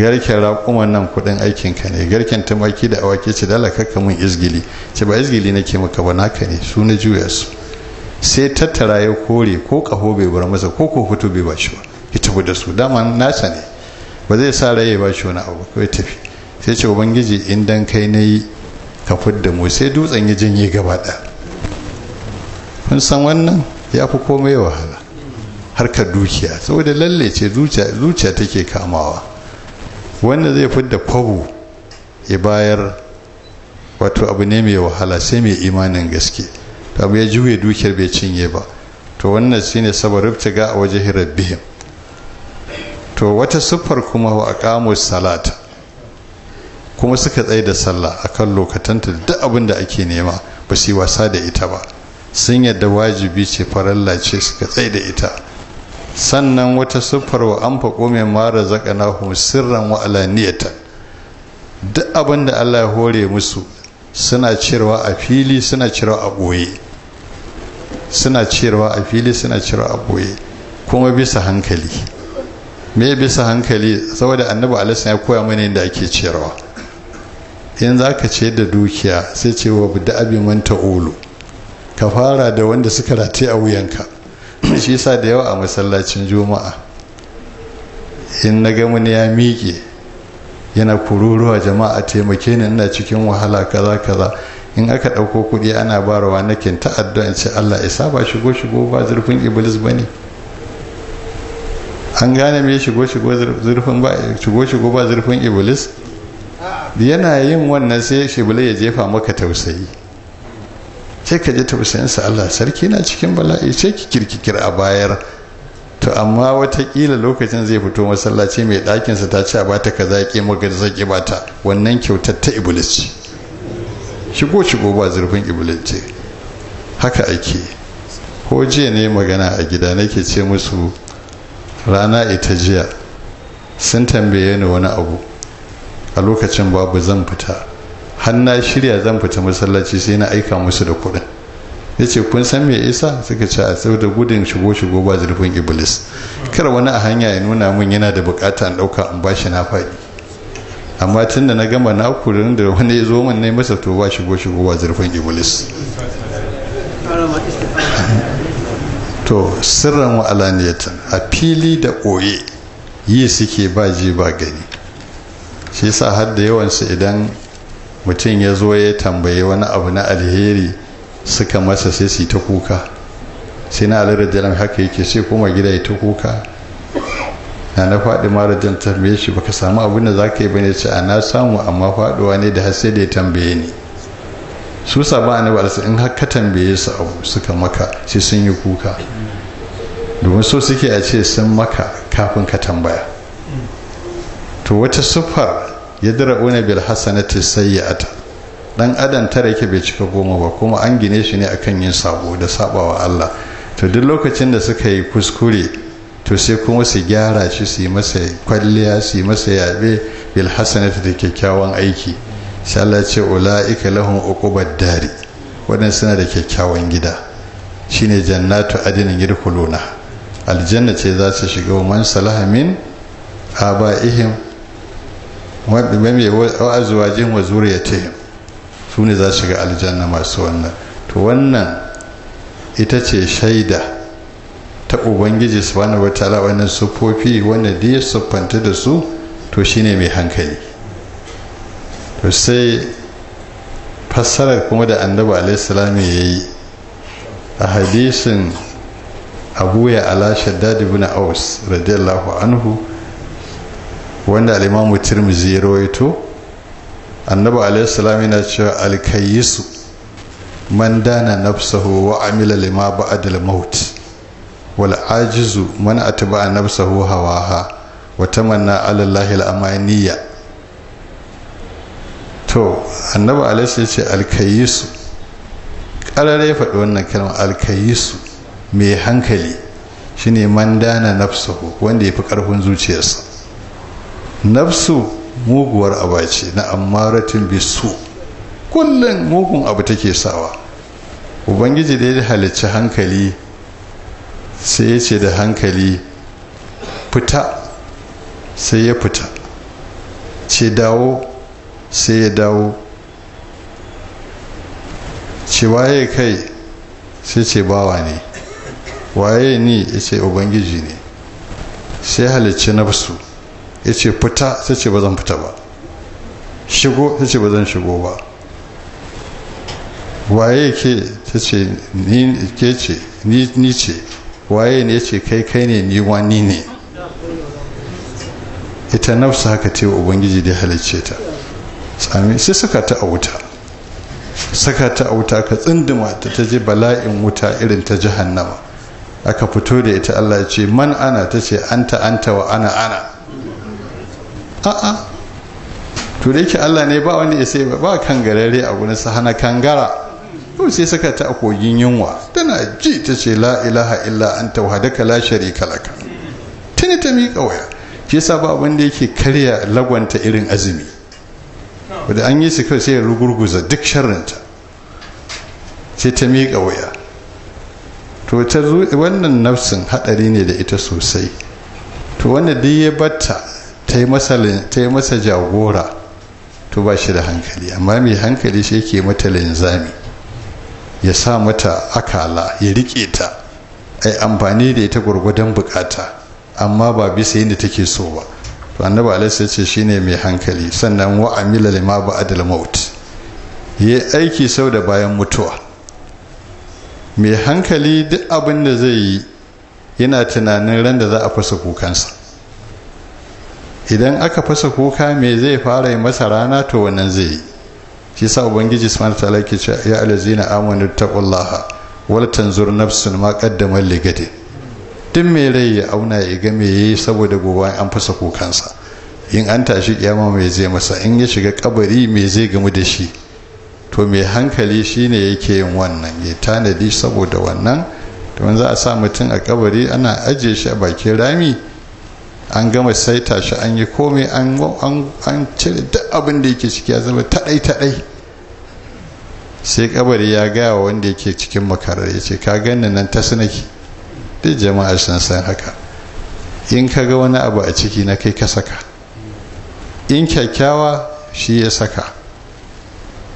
garken raƙuman nan kudin aikin ka ne garken tumaki da awaki ce dala kakka mun izgili ce ba izgili nake maka ba naka ne su na juya su sai tattara ya kore ko kaho bai bar masa ko ko fito bai ba shi ba ki tafi da su dama nasa ne ba zai sa rai ba shi wani abu ko tafi sai ce ubangiji in dan kai na yi ka fidda mu sai dutsen ya janye gaba kun san wannan ya fi komai wahala harkar dukiya saboda lalle ce zuciya take kamawa wanda zai fidda kwabo ya bayar wato abu ne mai wahala sai mai imanin gaske to abu ya juye dukiyar bai cinye ba to wannan shine saboda ga a waje rabbihim to wata siffar kuma wa aqamu salata kuma suka tsaye da sallah a kan lokatanta da duk abin da ake nema ba su yi wasa da ita ba sun yadda wajibi ce faralla ce suka tsaye da ita sannan wata siffar wa an faƙo mai mara na sirran wa alaniyata duk abin da Allah ya hore musu suna cirewa a fili suna cirewa a ɓoye suna cirewa a fili suna cirewa a ɓoye kuma bisa hankali me bisa hankali saboda annabi alisa ya koya mana yadda ake cirewa in zaka ce da dukiya sai ce wa da wanta ta'ulu ka fara da wanda suka rataye a wuyanka shi yasa da yawa a masallacin juma'a in na ga ya miƙe yana kururuwa jama'a taimake ni ina cikin wahala kaza kaza in aka ɗauko kuɗi ana barawa nakin ta'adda in ce allah isa ba shigo shigo ba zurfin iblis ba ne an gane me shigo shigo zurfin ba shigo shigo ba zurfin iblis yana yin wannan sai shibla ya jefa maka tausayi sai ka ji tausayinsa Allah sarki na cikin bala'i sai ki kirkikir a bayar to amma watakila lokacin zai fito masallaci mai ɗakinsa ta ce a bata ka zaƙi maka zaƙi bata wannan kyautar ta iblis ce shigo shigo ba zurfin iblis ce haka ake ko jiya ne magana a gida nake ce musu rana ita jiya sun tambaye ni wani abu a lokacin babu zan fita har shirya zan fita masallaci sai na aika musu da kuɗin ya ce kun san me isa suka ce a da gudun shigo shigo ba zurfin iblis kar wani a hanya ya nuna min yana da bukata in ɗauka in bashi na faɗi amma tun da na gama na kurin da wani ya zo min na masa to ba shigo shigo ba zurfin iblis [laughs] to sirran wa'alaniyatan a fili da ƙoye yi suke ba ji ba gani shi sa har da yawansu idan mutum ya zo ya tambaye wani abu na alheri suka masa sai su ta kuka sai na alar rajalan haka yake sai kuma gida ya ta kuka na na faɗi mara jan tambaye shi baka samu abin da za ka yi bane ce a na samu amma faɗuwa ne da har sai da ya tambaye ni su saba ne ba su in har ka tambaye su abu suka maka sai sun yi kuka domin so suke a ce sun maka kafin ka tambaya to wata siffar yadra'una bil hasanati sayyi'ata dan adam tare yake bai cika goma ba kuma an gine shi ne akan yin sabo da sabawa Allah to duk lokacin da suka yi kuskure to sai kuma su gyara shi su yi masa kwalliya su yi masa yabe bil hasanati da kyakkyawan aiki sai Allah ya ce ulaika lahum uqubad dari waɗanda suna da kyakkyawan gida shine jannatu adinin yadkhuluna aljanna ce za su shiga man salaha min abaihim wanda mai wa'azuwajin wa zuriyatihim su ne za su ga aljanna masu wannan to wannan ita ce shaida ta ubangiji wani wata wannan sufofi wanda da ya da su to shine mai hankali to sai fassarar kuma da annabi alaihissalam ya yi a hadisin abu ya ala shaddadi bin aus radiyallahu anhu wanda alimamu tirmizi ya rawaito annabi alayhi salam yana cewa alkayisu man dana nafsahu wa amila lima al maut wal ajizu man atba'a nafsahu hawaha wa tamanna ala allah al-amaniya to annabi alayhi salam ya ce alkayisu karare fadi wannan kalma alkayisu mai hankali shine man dana nafsahu wanda ya fi ƙarfin zuciyarsa nafsu muguwar abaci na ammaratin bisu kullum mugun abu take sawa ubangiji da ya halicci hankali sai ya ce da hankali fita sai ya fita ce dawo sai ya dawo ce waye kai sai ce bawa ne waye ni ya ce ubangiji ne sai halicci nafsu ya ce fita sai ce ba zan fita ba shigo sai ce ba zan shigo ba waye ke ta ce ni ke ce ni ce waye ne ce kai kai ne ni wani ne ita nafsa haka ce wa ubangiji da halicce ta sami sai saka ta a wuta saka ta a wuta ka tsinduma ta ta je bala'in wuta irin ta jahannama aka fito da ita Allah ya ce man ana ta ce anta anta wa ana ana a'a to da yake Allah ne ba wanda ya sai ba kan garare a gurin sa hana kangara to sai saka ta a kogin yunwa tana ji ta ce la ilaha illa anta wahdaka la sharika laka tuni ta miƙa waya ke sa ba abin da yake karya lagwanta irin azumi wanda an yi su kai sai ya rugurguza duk sharrinta sai ta miƙa waya to ta wannan nafsin hadari ne da ita sosai to wanda dai ya batta ta yi masa jagora to ba shi da hankali amma mai hankali shi yake mata linzami ya sa mata akala ya rike ta ai amfani da ita gwargwadon bukata amma ba bisa yinda take so ba to annabi alaihi ce shine mai hankali sannan wa amila lima adal maut yi aiki sau da bayan mutuwa mai hankali duk abin da zai yi yana tunanin ran da za a fasa kukansa idan aka fasa kuka me zai fara yi masa rana to wannan zai yi shi sa ubangiji subhanahu ta'ala ke cewa ya allazina amanu taqullaha wal tanzur nafsun ma qaddama ligadi duk mai rai ya auna ya ga me yayi saboda gobe an fasa kukansa in an tashi kiyama me zai masa in ya shiga kabari me zai gamu da shi to mai hankali shi ne yake yin wannan ya tanadi saboda wannan domin za a sa mutum a kabari ana ajiye shi a bakin rami an gama sai tashi an yi komai an cire duk abin da yake ciki ya zama taɗai-taɗai sai kabari ya gaya wa wanda yake cikin makarar ya ce ka gani nan ta sinaki duk jama'ar sun san haka in ka ga wani abu a ciki na kai ka saka in kyakkyawa shi ya saka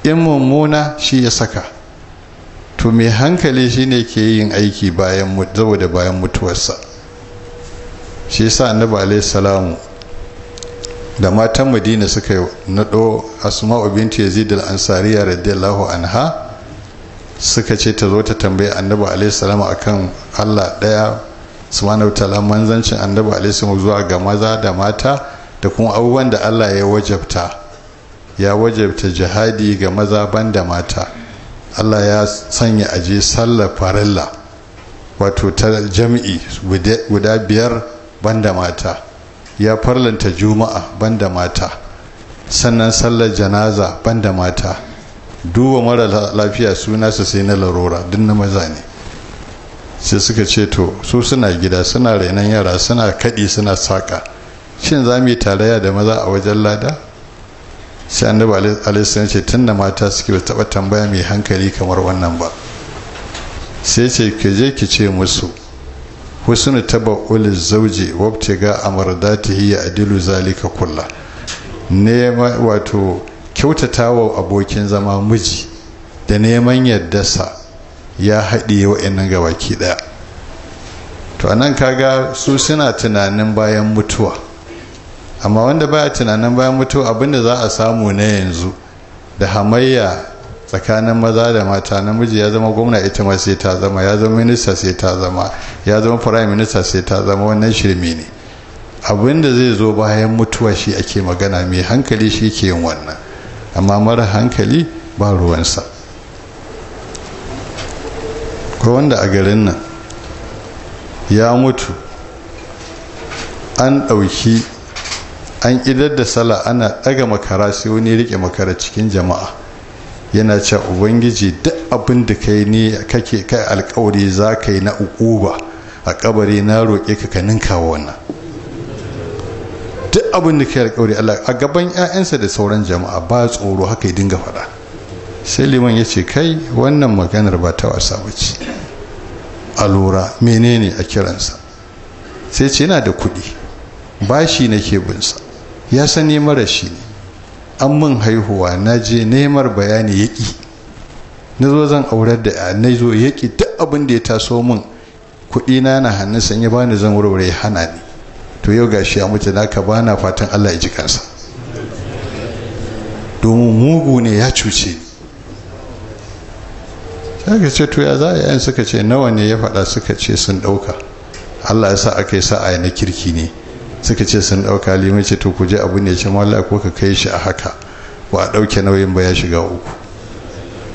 in mummuna shi ya saka to mai hankali shine ke yin aiki bayan saboda bayan mutuwarsa shi yasa annabi alayhi salamu da matan madina suka do asma'u binti yazid al-ansariya radiyallahu anha suka ce ta zo ta tambaye annabi alayhi salamu akan Allah daya subhanahu ta'ala manzancin annabi alayhi salamu zuwa ga maza da mata da kuma abubuwan da Allah ya wajabta ya wajabta jihadi ga maza banda mata Allah ya sanya aje sallar farilla wato ta jami'i guda biyar banda mata ya farlanta juma'a banda mata sannan sallar janaza banda mata duba mara lafiya su sai na larura duk na maza ne sai suka ce to su suna gida suna rainon yara suna kaɗi suna saƙa shin za mu yi tarayya da maza a wajen lada sai annabi alaihi ce tun da mata suke taba tambaya mai hankali kamar wannan ba sai ce ke je ki ce musu husn taba'ul zauji wabtiga amradatihi ya adilu zalika kulla nema wato kyautatawa abokin zama miji da neman sa ya haɗiye wa'annan gabaki ɗaya to anan kaga su suna tunanin bayan mutuwa amma wanda baya tunanin bayan mutuwa abinda za a samu na yanzu da hamayya tsakanin maza da mata namiji ya zama gwamna ita ma sai ta zama ya zama minista sai ta zama ya zama prime minister sai ta zama wannan shirme ne abin zai zo bayan mutuwa shi ake magana mai hankali shi ke yin wannan amma mara hankali ba ruwansa ko wanda a garin nan ya mutu an ɗauki an idar da sala ana ɗaga makara sai wani rike makara cikin jama'a yana cewa ubangiji duk abin da kai ne kake kai alkawari za ka yi na ukuba a kabari na roƙe ka ka ninka wannan duk abin da kai alkawari Allah a gaban ƴaƴansa da sauran jama'a ba tsoro haka ya dinga faɗa sai liman ya ce kai wannan maganar ba ta wasa ba ce a lura menene a kiransa sai ce yana da kuɗi bashi nake bin sa ya sani mara shi ne an mun haihuwa na je nemar bayani yaƙi na zo zan aurar da na zo yaƙi duk abin da ya taso min kuɗi na na hannun sanya bani zan warware hana ni to yau gashi a mutu na ka bana fatan Allah ya ji kansa domin mugu ne ya cuce ni ka ce to ya za a yi suka ce nawa ne ya faɗa suka ce sun ɗauka Allah ya sa aka yi sa'a na kirki ne suka ce sun ɗauka limai ce to ku je abu ne ce mallaka ko ka kai shi a haka ba a ɗauke nauyin ba ya shiga uku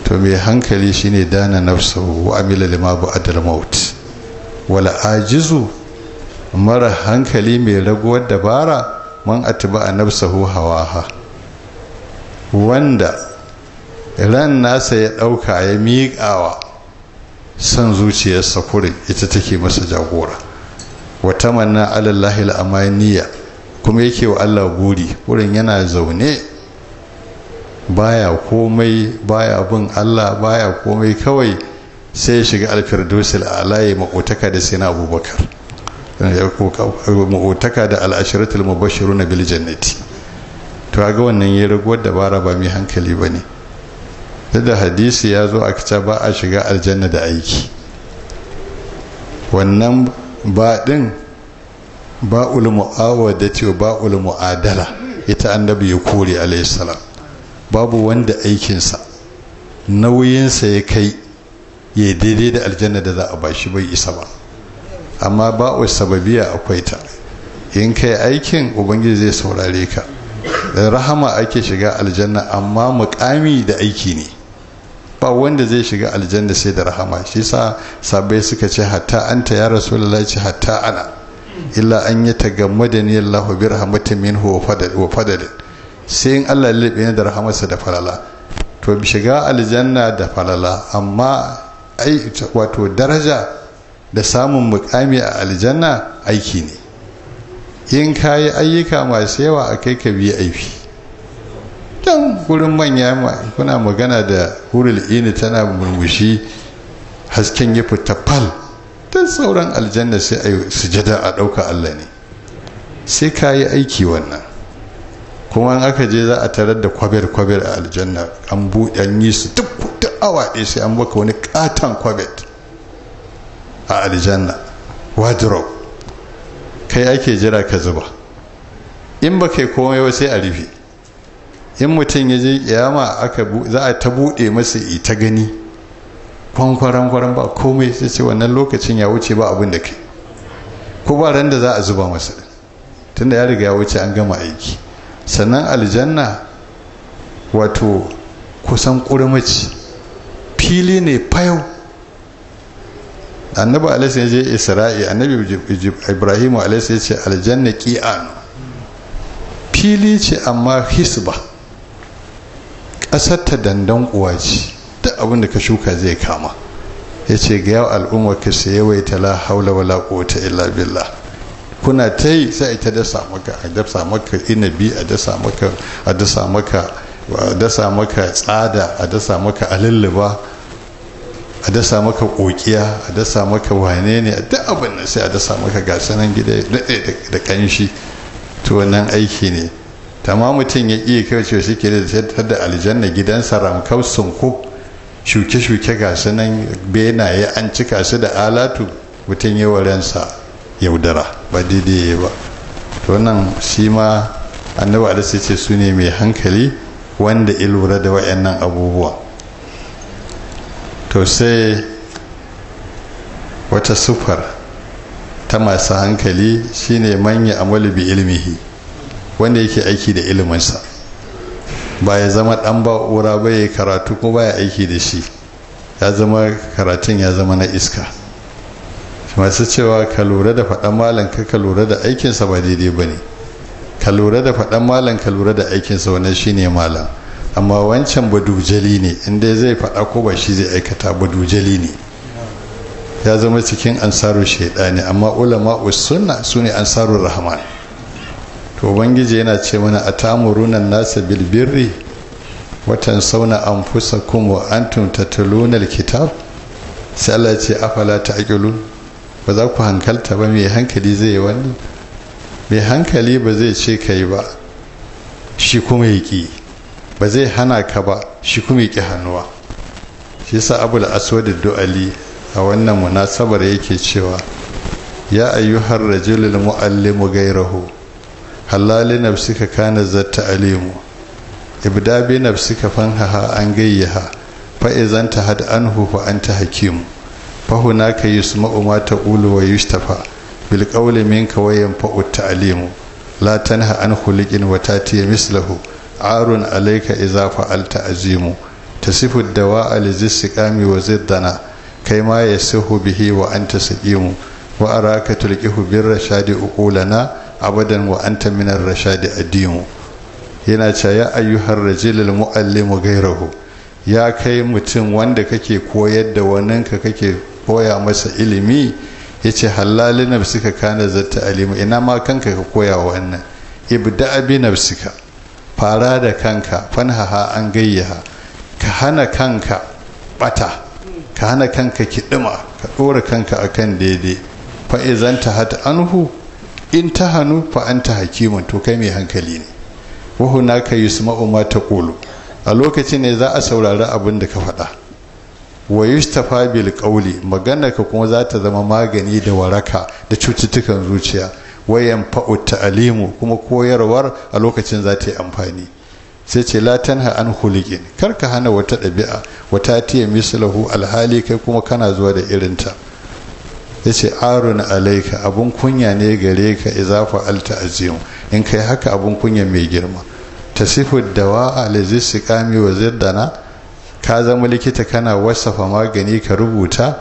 to mai hankali shine dana nafsu wa amila lima bu adal maut wala ajizu mara hankali mai raguwar dabara man atiba a nafsahu hawaha wanda ran nasa ya ɗauka ya miƙawa son zuciyarsa kurin ita take masa jagora wa tamanna alallahi al'amaniya amaniya kuma yake wa Allah buri wurin yana zaune baya komai baya bin Allah baya komai kawai sai ya shiga alfirdausil alayi makotaka da sina abubakar makotaka da al'ashiratul mubashiru na biljannati to ga wannan ya raguwar dabara ba mai hankali ba ne da hadisi ya zo a kita ba a shiga aljanna da aiki wannan ba din ba'ul da ce ba'ul mu'adala ita annabi ya kore alayhi salam babu wanda aikinsa nauyinsa ya kai ya daidai da aljanna da za a bashi bai isa ba amma ba ba'ul sababiya akwai ta in kai aikin ubangiji zai saurare ka rahama ake shiga aljanna amma mukami da aiki ne ba wanda zai shiga aljanna sai da rahama shi yasa sabai suka ce hatta anta ya rasulullahi ce hatta ana illa an yi ni Allahu bi rahmatin minhu wa fadalin sai in Allah ya ni da rahamarsa da falala to shiga aljanna da falala amma ai wato daraja da samun mukami a aljanna aiki ne in kayi ayyuka masu yawa a kai ka biya aiki can gurin manya kuna magana da hurul ini tana murmushi hasken ya fita fal Ta sauran aljanna sai a sujada a ɗauka allah ne sai ka yi aiki wannan kuma an aka je za a tarar da kwabir-kwabir a aljanna an buɗe an yi su duk da awa ɗaya sai an baka wani katon kwabet a aljanna wardrobe kai ake jira ka zuba in ba kai komai ba sai a rufe in mutum ya je kiyama aka za a ta buɗe masa ita gani kwankwaran kwaran ba komai sai ce wannan lokacin ya wuce ba abin da kai ko ba ran da za a zuba masa tunda ya riga ya wuce an gama aiki sannan aljanna wato kusan kurmaci fili ne fayau annabi alaihi ya je isra'i annabi ibrahim alaihi ya ce aljanna qi'an fili ce amma hisba ƙasar ta dandan uwa ce duk abin da ka shuka zai kama ya ce ga yawa al'ummar ka sai ta la haula wala quwwata illa billah kuna ta yi sai ita dasa maka a dasa maka inabi a dasa maka a dasa maka a dasa maka tsada a dasa maka alilliba a dasa maka kokiya a dasa maka wane ne a duk abin nan sai a dasa maka gasanan gida da kanshi to wannan aiki ne tama mutum ya iya kauce shi ke da da aljanna gidansa ramkau ku shuke-shuke ga su nan benaye an cika su da alatu mutum ya warensa yaudara ba daidai ya ba to nan shi ma annabi alisa ce su ne mai hankali wanda ya lura da wayannan abubuwa to sai wata sufar ta masu hankali shine manya amalu bi ilmihi wanda yake aiki da iliminsa ba ya zama dan ba'ura ba ya karatu ko ba ya aiki da shi ya zama karatun ya zama na iska masu cewa ka lura da faɗan malam ka ka lura da aikinsa ba daidai ba ne ka lura da faɗan malam ka lura da aikinsa shi shine malam amma wancan badujali ne inda zai faɗa ko ba shi zai aikata badujali ne ya zama cikin ansaru shaidani amma ulama sunna su ne ansarun rahman to ubangiji yana ce mana a tamurunan nasa bilbirri watan sauna an fusa kuma an tattalunal kitab sai Allah ce afala ta aƙilu ba za ku hankalta ba mai hankali zai yi wannan mai hankali ba zai ce ka yi ba shi kuma ya ƙi ba zai hana ka ba shi kuma ya ƙi hannuwa shi sa abul aswad du'ali a wannan munasabar yake cewa ya ayyuhar rajulul muallimu gairahu halali nafsika kana zatta alimu ibda nafsika fanhaha an gayyaha fa idan tahad anhu fa anta hakimu fa hunaka yusma'u ma taqulu wa yustafa bil qawli minka wa yanfa'u ta'limu la tanha an khuliqin wa tati mislahu arun alayka idza fa'alta azimu tasifu dawa'a li zisiqami wa ziddana kai ma yasihu bihi wa anta saqimu wa araka tulqihu bir rashadi uqulana abadan wa anta minar rashadi adimu yana cewa ya ayyuhar rajulul muallimu gairahu ya kai mutum wanda kake koyar da waninka kake koya masa ilimi yace halalin nafsika kana zatta alimu ina ma kanka ka koya wannan ibda bi nafsika fara da kanka fanhaha an gayyaha ka hana kanka bata ka hana kanka kidima ka dora kanka akan daidai fa izanta hat anhu in ta hannu fa ta hakimun to kai mai hankali ne wa hunaka yusma'u ma taqulu a lokacin ne za a saurari abin da ka faɗa wa yustafa bil ƙauli maganar ka kuma za ta zama magani da waraka da cututtukan zuciya wayan fa'u ta'alimu kuma koyarwar a lokacin za ta yi amfani sai ce la tanha an hulikin kar ka hana wata ɗabi'a wata tiya mislahu alhali kai kuma kana zuwa da irinta ya ce arun alaika abun kunya ne gare ka izafa alta azim in kai haka abun kunya mai girma ta dawa alaziz kami wa zirdana ka zama likita kana wasafa magani ka rubuta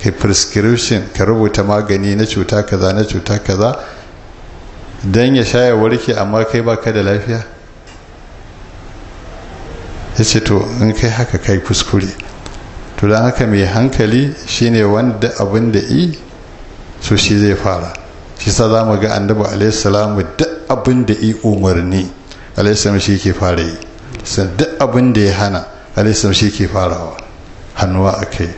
ka prescription ka rubuta magani na cuta kaza na cuta kaza don ya sha warke amma kai baka da lafiya ya ce to in kai haka kai kuskure to don haka mai hankali shine wanda abin da yi so shi zai fara shi sa za mu ga annabi alaihi duk abin da yi umarni alaihi shi ke fara yi san duk abin da ya hana alaihi shi ke farawa hannuwa a kai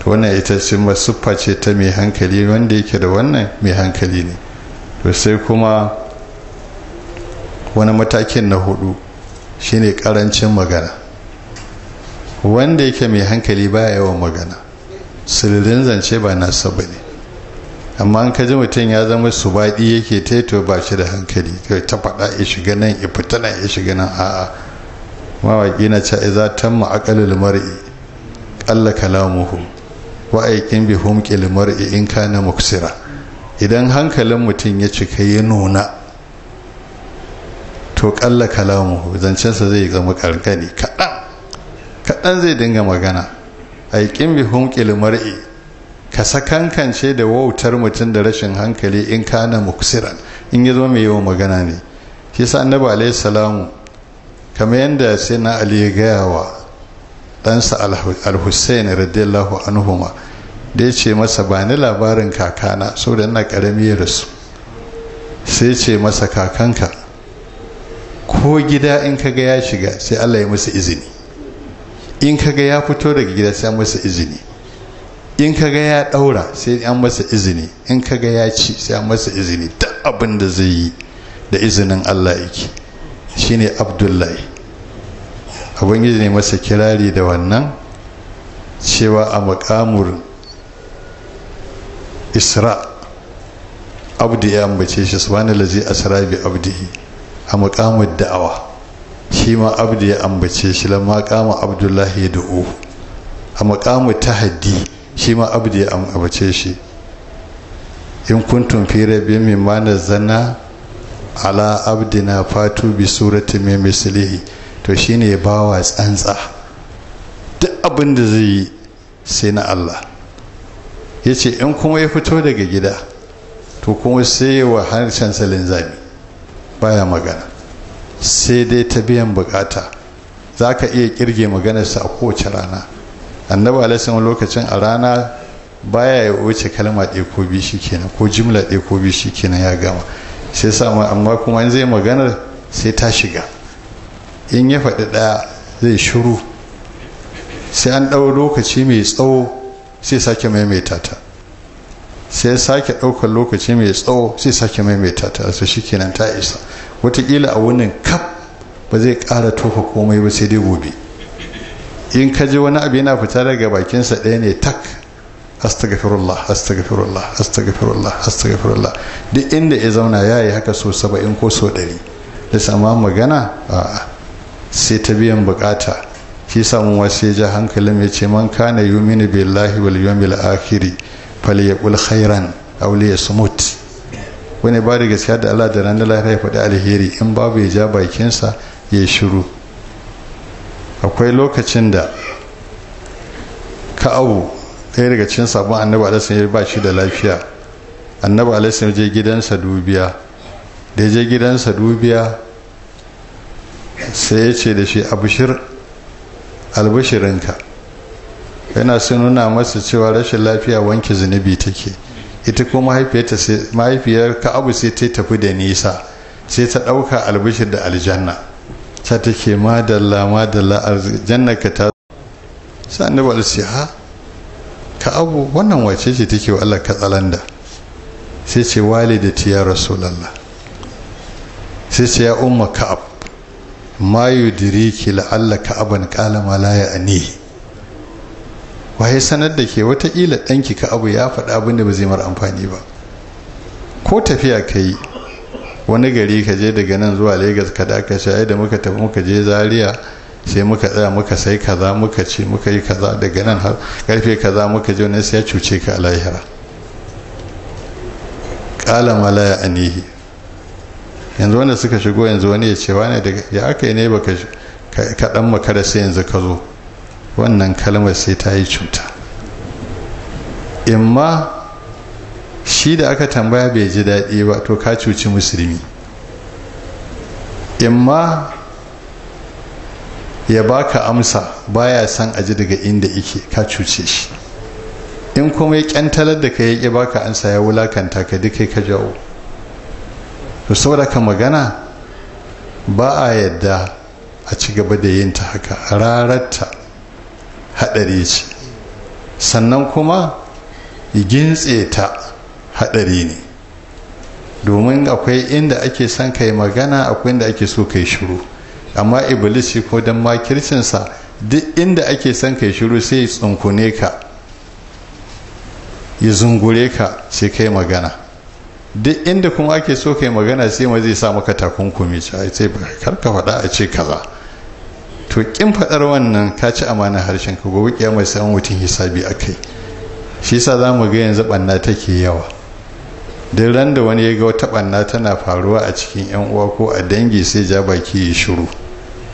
to wannan ita ce masuffa ce ta mai hankali wanda yake da wannan mai hankali ne to sai kuma wani matakin na hudu shine karancin magana wanda yake mai hankali baya yawan magana sirrin zance ba nasa ba ne amma an kaji mutum ya zama su baɗi yake taito ba shi da hankali ta faɗa ya shiga nan ya fita nan ya shiga nan a'a mawaƙi na ce za ta ma'aƙalil mar'i ƙalla kalamuhu wa aikin bi humƙi mar'i in kana muksira idan hankalin mutum ya cika ya nuna to ƙalla kalamuhu zancensa zai zama ƙarƙani kaɗan kaɗan zai dinga magana a ƙin bihun mar'i ka sakankance da wautar mutum da rashin hankali in kana muksiran in ya zama mai yawan magana ne shi sa annabi alayhi salamu kamar yadda sai na ali ya gaya wa ɗansa alhussain radiyallahu anhuma da ya ce masa ba ni labarin kakana saboda ina ƙarami ya rasu sai ce masa kakanka ko gida in ka ga ya shiga sai allah ya musu izini in kaga ya fito daga gida sai an masa izini in kaga ya daura sai an masa izini in kaga ya ci sai an masa izini duk abin da zai yi da izinin Allah yake shine Abdullahi abin ne masa kirari da wannan cewa a makamur isra abdi ya ambace shi subhanallazi asra bi abdihi a makamur da'awa shi ma abdu ya ambace shi lamma kama abdullahi da uhu a makamu tahaddi shi ma abdu ya ambace shi in kuntum fi rabin min ma nazzalna ala abdina fatu bi surati min mislihi to shine bawa tsantsa duk abin da zai yi sai na Allah yace in kuma ya fito daga gida to kuma sai wa harshen salin zami baya magana sai dai ta biyan bukata za ka iya kirge maganarsa a kowace rana annabi alaihi lokacin a rana baya ya wuce kalma ɗaya ko biyu shikenan ko jimla ɗaya ko biyu shikenan ya gama sai sa amma kuma in zai maganar sai ta shiga in ya faɗi ɗaya zai shiru sai an ɗau lokaci mai tsawo sai sake maimaita ta sai sake ɗaukar lokaci mai tsawo sai sake maimaita ta su kenan ta isa Wataƙila a wannan kaf ba zai ƙara tofa komai ba sai dai gobe in ka ji wani abu yana fita daga bakinsa ɗaya ne tak astagfirullah astagfirullah astagfirullah astagfirullah duk inda ya zauna ya yi haka so saba'in ko so ɗari da sama magana a sai ta biyan bukata shi samun wasu ya ja hankalin ya ce man kana yuminu billahi wal yawmil akhiri falyaqul khairan aw liyasmut wani ba da gaskiya da Allah da ranar lahira ya faɗi alheri in babu ya ja bakinsa ya shiru akwai lokacin da ka ka'abu ɗaya daga cikin sabon annabi alaihi ya ba shi da lafiya annabi alaihi ya je gidansa dubiya da ya je gidansa dubiya sai ya ce da shi abushir albashirinka yana sun nuna masa cewa rashin lafiya wanke zunubi take ita ko mahaifiyar ka'abu sai ta tafi da nisa sai ta ɗauka albishir da aljanna ta take madalla madalla aljanna ka ta sai annabi alsi ha ka'abu wannan wace ce take wa Allah katsalanda sai ce ta ya lalla. sai ce ya umma ka'ab ma yudiriki la'alla ka'aban kalama ma la ya'nihi waye sanar da ke watakila ɗanki ka abu ya faɗa abin da ba zai mara amfani ba ko tafiya ka yi wani gari ka je daga nan zuwa Legas ka daka ka da muka tafi muka je zaria sai muka tsaya muka sai kaza muka ce muka yi kaza daga nan har karfe kaza muka je wani sai ya cuce ka a lahira kala malaya anihi yanzu wanda suka shigo yanzu wani ya ce wani ya aka yi ne baka kaɗan makara sai yanzu ka zo wannan kalmar sai ta yi cuta imma shi da aka tambaya bai ji daɗi ba to ka cuci musulmi imma ya baka amsa baya san aji daga inda ike ka cuce shi in kuma ya kyantalar da ka ya ƙi baka amsa ya wulakanta ka duk ka jawo to saboda ka magana ba a yadda a ci gaba da yin ta haka rararta haɗari ce sannan kuma gintse ta haɗari ne domin akwai inda ake son kai magana akwai inda ake so kai shiru amma iblis ko don makircinsa duk inda ake son kai shiru sai tsunkune ka ya zungure ka sai kai magana duk inda kuma ake so kai magana sai ma zai sa maka takunkumi sai ba karka faɗa a ce kaza to kin faɗar wannan ka ci amana harshen ka gobe kiyama sai an mutum hisabi akai shi yasa zamu ga yanzu banna take yawa duk ran da wani ya ga wata banna tana faruwa a cikin yan uwa ko a dangi sai ja baki yi shiru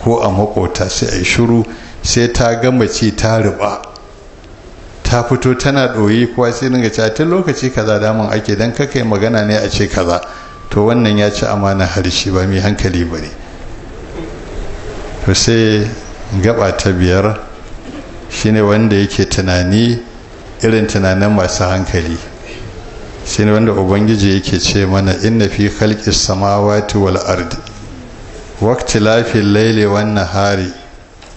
ko a makota sai a yi shiru sai ta gama ci ta riba ta fito tana ɗoyi kuwa sai dinga cewa tun lokaci kaza damun ake dan kakai magana ne a ce kaza to wannan ya ci amana harshe ba mai hankali ba ne to sai gaba ta biyar shine wanda yake tunani irin tunanin masu hankali shine wanda ubangiji yake ce mana inna fi khalqis samawati wal ardi waqtilafil layli wan nahari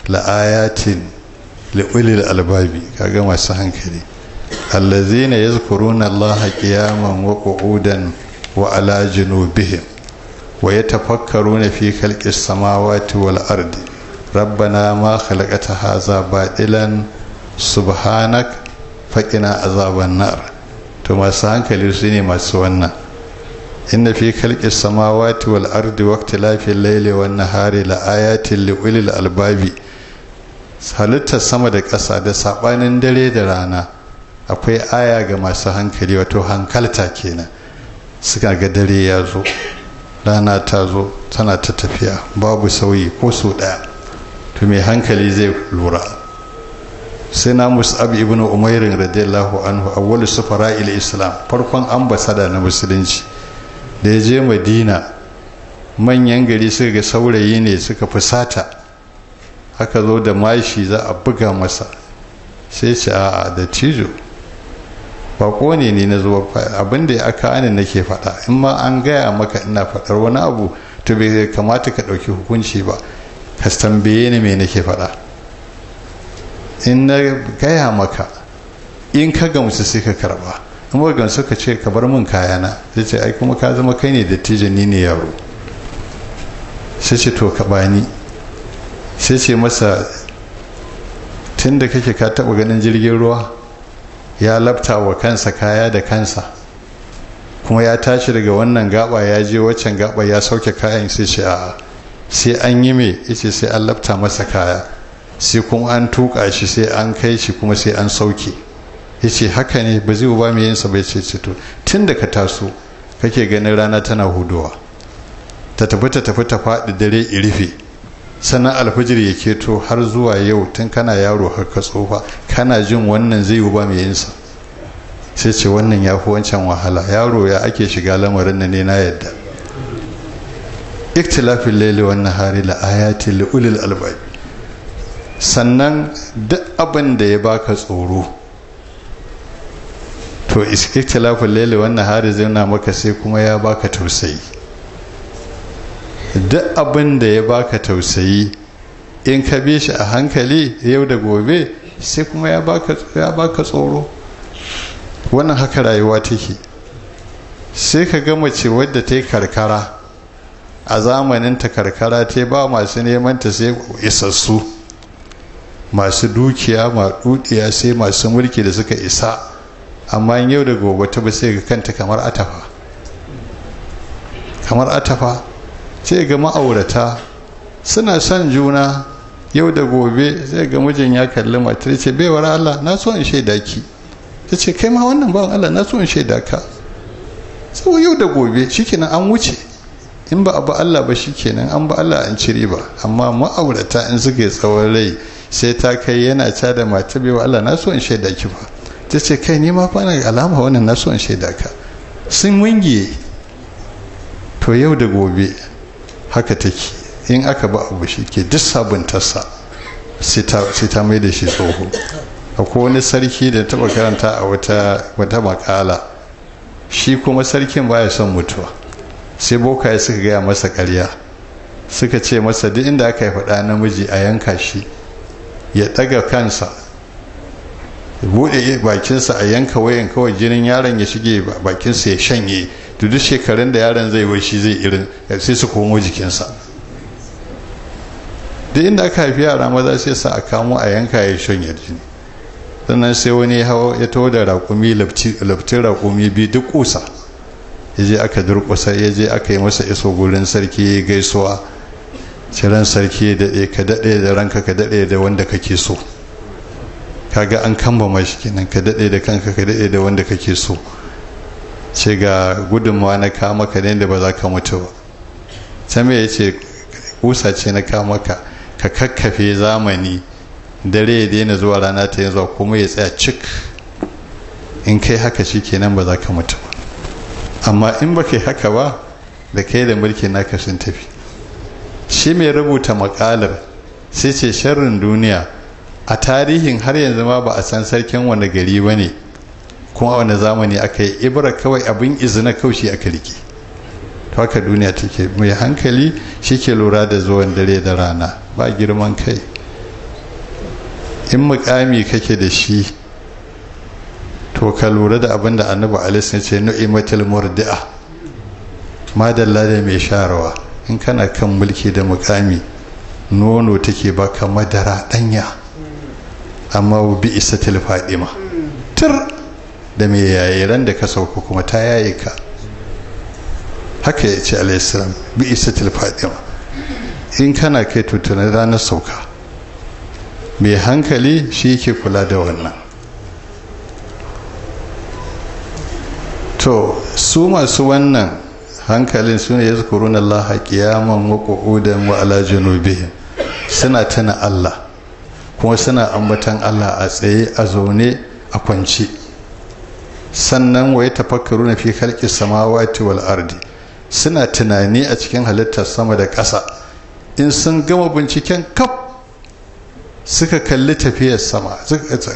la ayatin li ulil albabi kaga masu hankali allazina yazkuruna allaha qiyaman wa qu'udan wa ala junubihim wa na fi khalqis samawati wal ardi rabbana ma khalaqta hadha batilan subhanak faqina azaban nar to masu hankali su ne masu wannan inna fi khalqis samawati wal ardi waqtilafil layli wan hari la ayatin li albabi halittar sama da ƙasa da sabanin dare da rana akwai aya ga masu hankali wato hankalta kenan suka ga dare ya zo rana ta zo tana ta tafiya babu sauyi ko sau ɗaya to mai hankali zai lura sai na musab ibn umairin radiyallahu anhu awwalu sufara ila islam farkon ambasada na musulunci da ya je madina manyan gari suka ga saurayi ne suka fusata aka zo da mashi za a buga masa sai ce a'a da ba ne ne na zuwa abin da ya kanin nake faɗa in ma an gaya maka ina faɗar wani abu to bai kamata ka ɗauki hukunci ba ka tambaye ni me nake faɗa in na gaya maka in ka gamsu sai ka karɓa in ba gamsu ka ce ka bar min kayana zai ce ai kuma ka zama kai ne tijin ni ne yaro sai ce to ka bani sai ce masa tun da kake ka taɓa ganin jirgin ruwa ya lafta wa kansa kaya da kansa kuma ya tashi daga wannan gaba ya je waccan gaba ya sauke kayan sai ce a sai an yi mai yace sai an lafta masa kaya sai kuma an tuka shi sai an kai shi kuma sai an sauke yace haka ne ba zai ba mai yinsa ba ce ce to tun da ka taso kake ganin rana tana huduwa ta tafi ta tafi ta faɗi dare irife sannan alfijir ya keto har zuwa yau tun kana yaro har ka tsofa kana jin wannan zai yi ba mai yinsa sai ce wannan ya fi wancan wahala yaro ya ake shiga lamarin na ne na yadda iktilafin laili wannan hari la ayati li ulil albab sannan duk abin da ya baka tsoro to iktilafin laili wannan hari zai na maka sai kuma ya baka tausayi duk abin da ya baka tausayi in ka bi shi a hankali yau da gobe sai kuma ya baka tsoro wannan haka rayuwa take sai ka ga mace wadda ta yi karkara a zamanin ta karkara ta ba masu neman ta sai isassu masu dukiya ma dukiya sai masu mulki da suka isa amma yau da gobe ta ba sai ga kanta kamar atafa kamar atafa sai ga ma'aurata suna son juna yau da gobe sai ga mijin ya kalli matar ce baiwar Allah na so in shaida ki ta ce kai ma wannan bawan Allah na so in shaida ka sau yau da gobe shikenan an wuce in ba abu Allah ba shikenan an ba Allah an cire ba amma ma'aurata in suka yi tsawon rai sai ta kai yana ca da mata baiwar Allah na so in shaida ki ba ta ce kai ni ma fa na alama wannan na so in shaida ka sun wingi to yau da gobe haka take in aka ba abu shi ke duk sabuntarsa sai ta mai da shi tsoho akwai wani sarki da taɓa karanta a wata makala shi kuma sarkin baya son mutuwa sai bokaye suka gaya masa karya suka ce masa duk inda aka yi faɗa namiji a yanka shi ya ɗaga kansa buɗe bakinsa a yanka wayan kawai jinin yaron ya shige bakinsa ya shanye to duk shekarun da yaron zai bai shi zai irin sai su komo jikinsa duk inda aka haifi yara maza sai sa a kamo a yanka ya shanye jini sannan sai wani ya taho da raƙumi laftin raƙumi biyu duk kusa ya je aka durƙusa ya je aka yi masa iso gurin sarki ya gaisuwa ciran sarki ya daɗe ka daɗe da ranka ka daɗe da wanda kake so kaga an kamba mashi kenan ka daɗe da kanka ka daɗe da wanda kake so ce ga gudunmawa na kama ka ne da ba za ka mutu ba sami ya ce kusa ce na kama ka kakkafe zamani dare ya daina zuwa rana ta yanzu kuma ya tsaya cik in kai haka shi kenan ba za ka mutu ba amma in ba kai haka ba da kai da mulkin naka sun tafi shi mai rubuta makalar sai ce sharrin duniya a tarihin har yanzu ma ba a san sarkin wani gari ba ne kuma wani zamani aka yi ibra kawai abin izina kaushi aka rike to haka duniya take mai hankali shi ke lura da zuwan dare da rana ba girman kai in mukami kake da shi to ka lura da abin da annabi alis ya ce nu'imatul murdi'a madalla da mai sharawa in kana kan mulki da mukami nono take baka madara danya amma bi isa tilfadima tur. da me yayi ran da ka sauko kuma ta yayi ka haka ya ce alaihissalam bi isa fadima in kana kai tutunan ranar sauka mai hankali shi ke kula da wannan to su masu wannan hankalin su ne ya zukuru na Allah kiyaman wa wa ala suna tana Allah kuma suna ambatan Allah a tsaye a zaune a kwance. sannan wa tafakkaru na fi halƙi samawati wal ardi suna tunani a cikin halittar sama da ƙasa in sun gama binciken kaf suka kalli tafiyar sama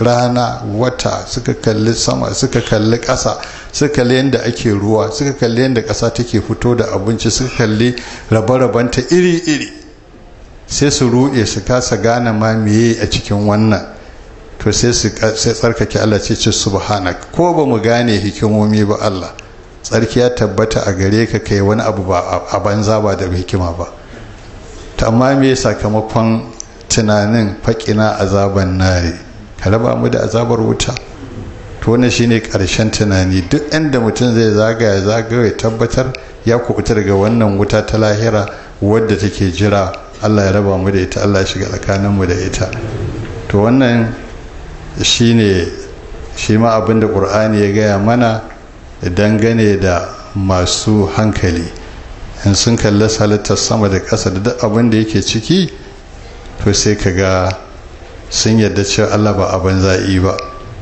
rana wata suka kalli sama suka kalli ƙasa suka kalli yadda ake ruwa suka kalli yadda ƙasa take fito da abinci suka kalli rabe-rabenta iri-iri sai su ruɗe su kasa gane ma meye a cikin wannan to sai su sai tsarkake Allah ce ce subhanak ko ba mu gane hikimomi ba Allah tsarki ya tabbata a gare ka kai wani abu ba a banza ba da hikima ba ta amma me sakamakon tunanin fakina azaban nare ka raba mu da azabar wuta to wannan shine karshen tunani duk inda mutum zai zagaya zagaya tabbatar ya kubuta ga wannan wuta ta lahira wadda take jira Allah ya raba mu da ita Allah ya shiga tsakanin mu da ita to wannan shine shi ma abin da ƙur'ani ya gaya mana dangane da masu hankali in sun kalli halittar sama da ƙasa da duk abin da yake ciki to sai ka ga sun yadda cewa allah ba abin za'i ba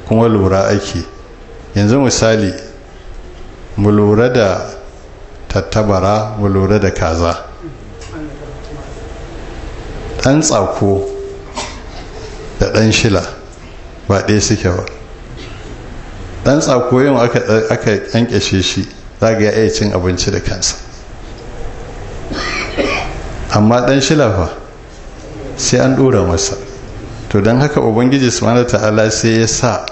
kuma lura ake yanzu misali mu lura da tattabara mu lura da kaza ɗan tsako da ɗan shila ba ɗaya suke ba ɗan tsako yin aka ƙyanƙyashe shi za ga iya cin abinci da kansa amma ɗan shilafa sai an ɗora masa to don haka ubangiji mana ta'ala sai ya sa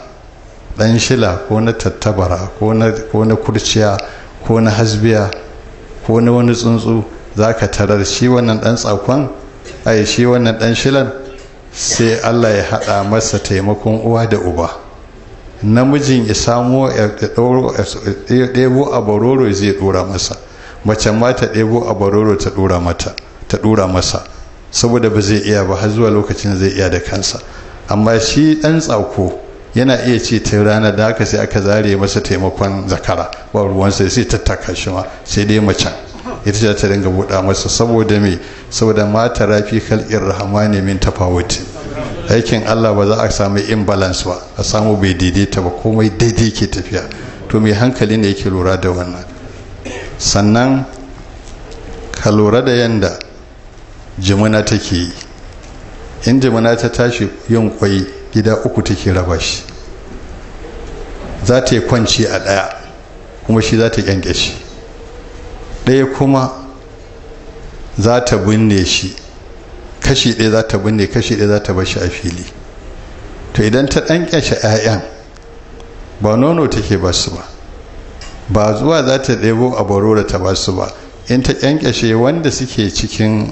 ɗan shila ko na tattabara ko na kurciya ko na hasbiya ko na wani tsuntsu za ka tarar shi wannan ɗan tsakon ai shi wannan ɗan shilan sai allah ya haɗa masa taimakon uwa da uba namijin ya samo ya ɗebo a baroro zai ɗora masa mace mata ta ɗebo a baroro ta ɗora mata ta ɗora masa saboda ba zai iya ba har zuwa lokacin zai iya da kansa amma shi ɗan tsako yana iya ce ta rana da haka sai aka zare masa taimakon zakara ba ruwansa sai tattaka shi ma sai dai macen ita ce ta dinga buɗa masa saboda me saboda mata rafi kalƙin rahama ne min tafawuti aikin Allah ba za a samu imbalance ba a samu bai daidaita ba komai daidai ke tafiya to mai hankali ne yake lura da wannan sannan ka lura da yanda jimina take yi in jimina ta tashi yin kwai gida uku take raba shi za ta yi kwanci a ɗaya kuma shi za ta kyanke shi ɗaya kuma za ta binne shi kashi ɗaya za ta binne kashi ɗaya za ta bar shi a fili to idan ta ɗan ƙyashe 'ya'yan ba nono take ba su ba ba zuwa za ta ɗebo a baro da ta ba su ba in ta ƙyanƙyashe wanda suke cikin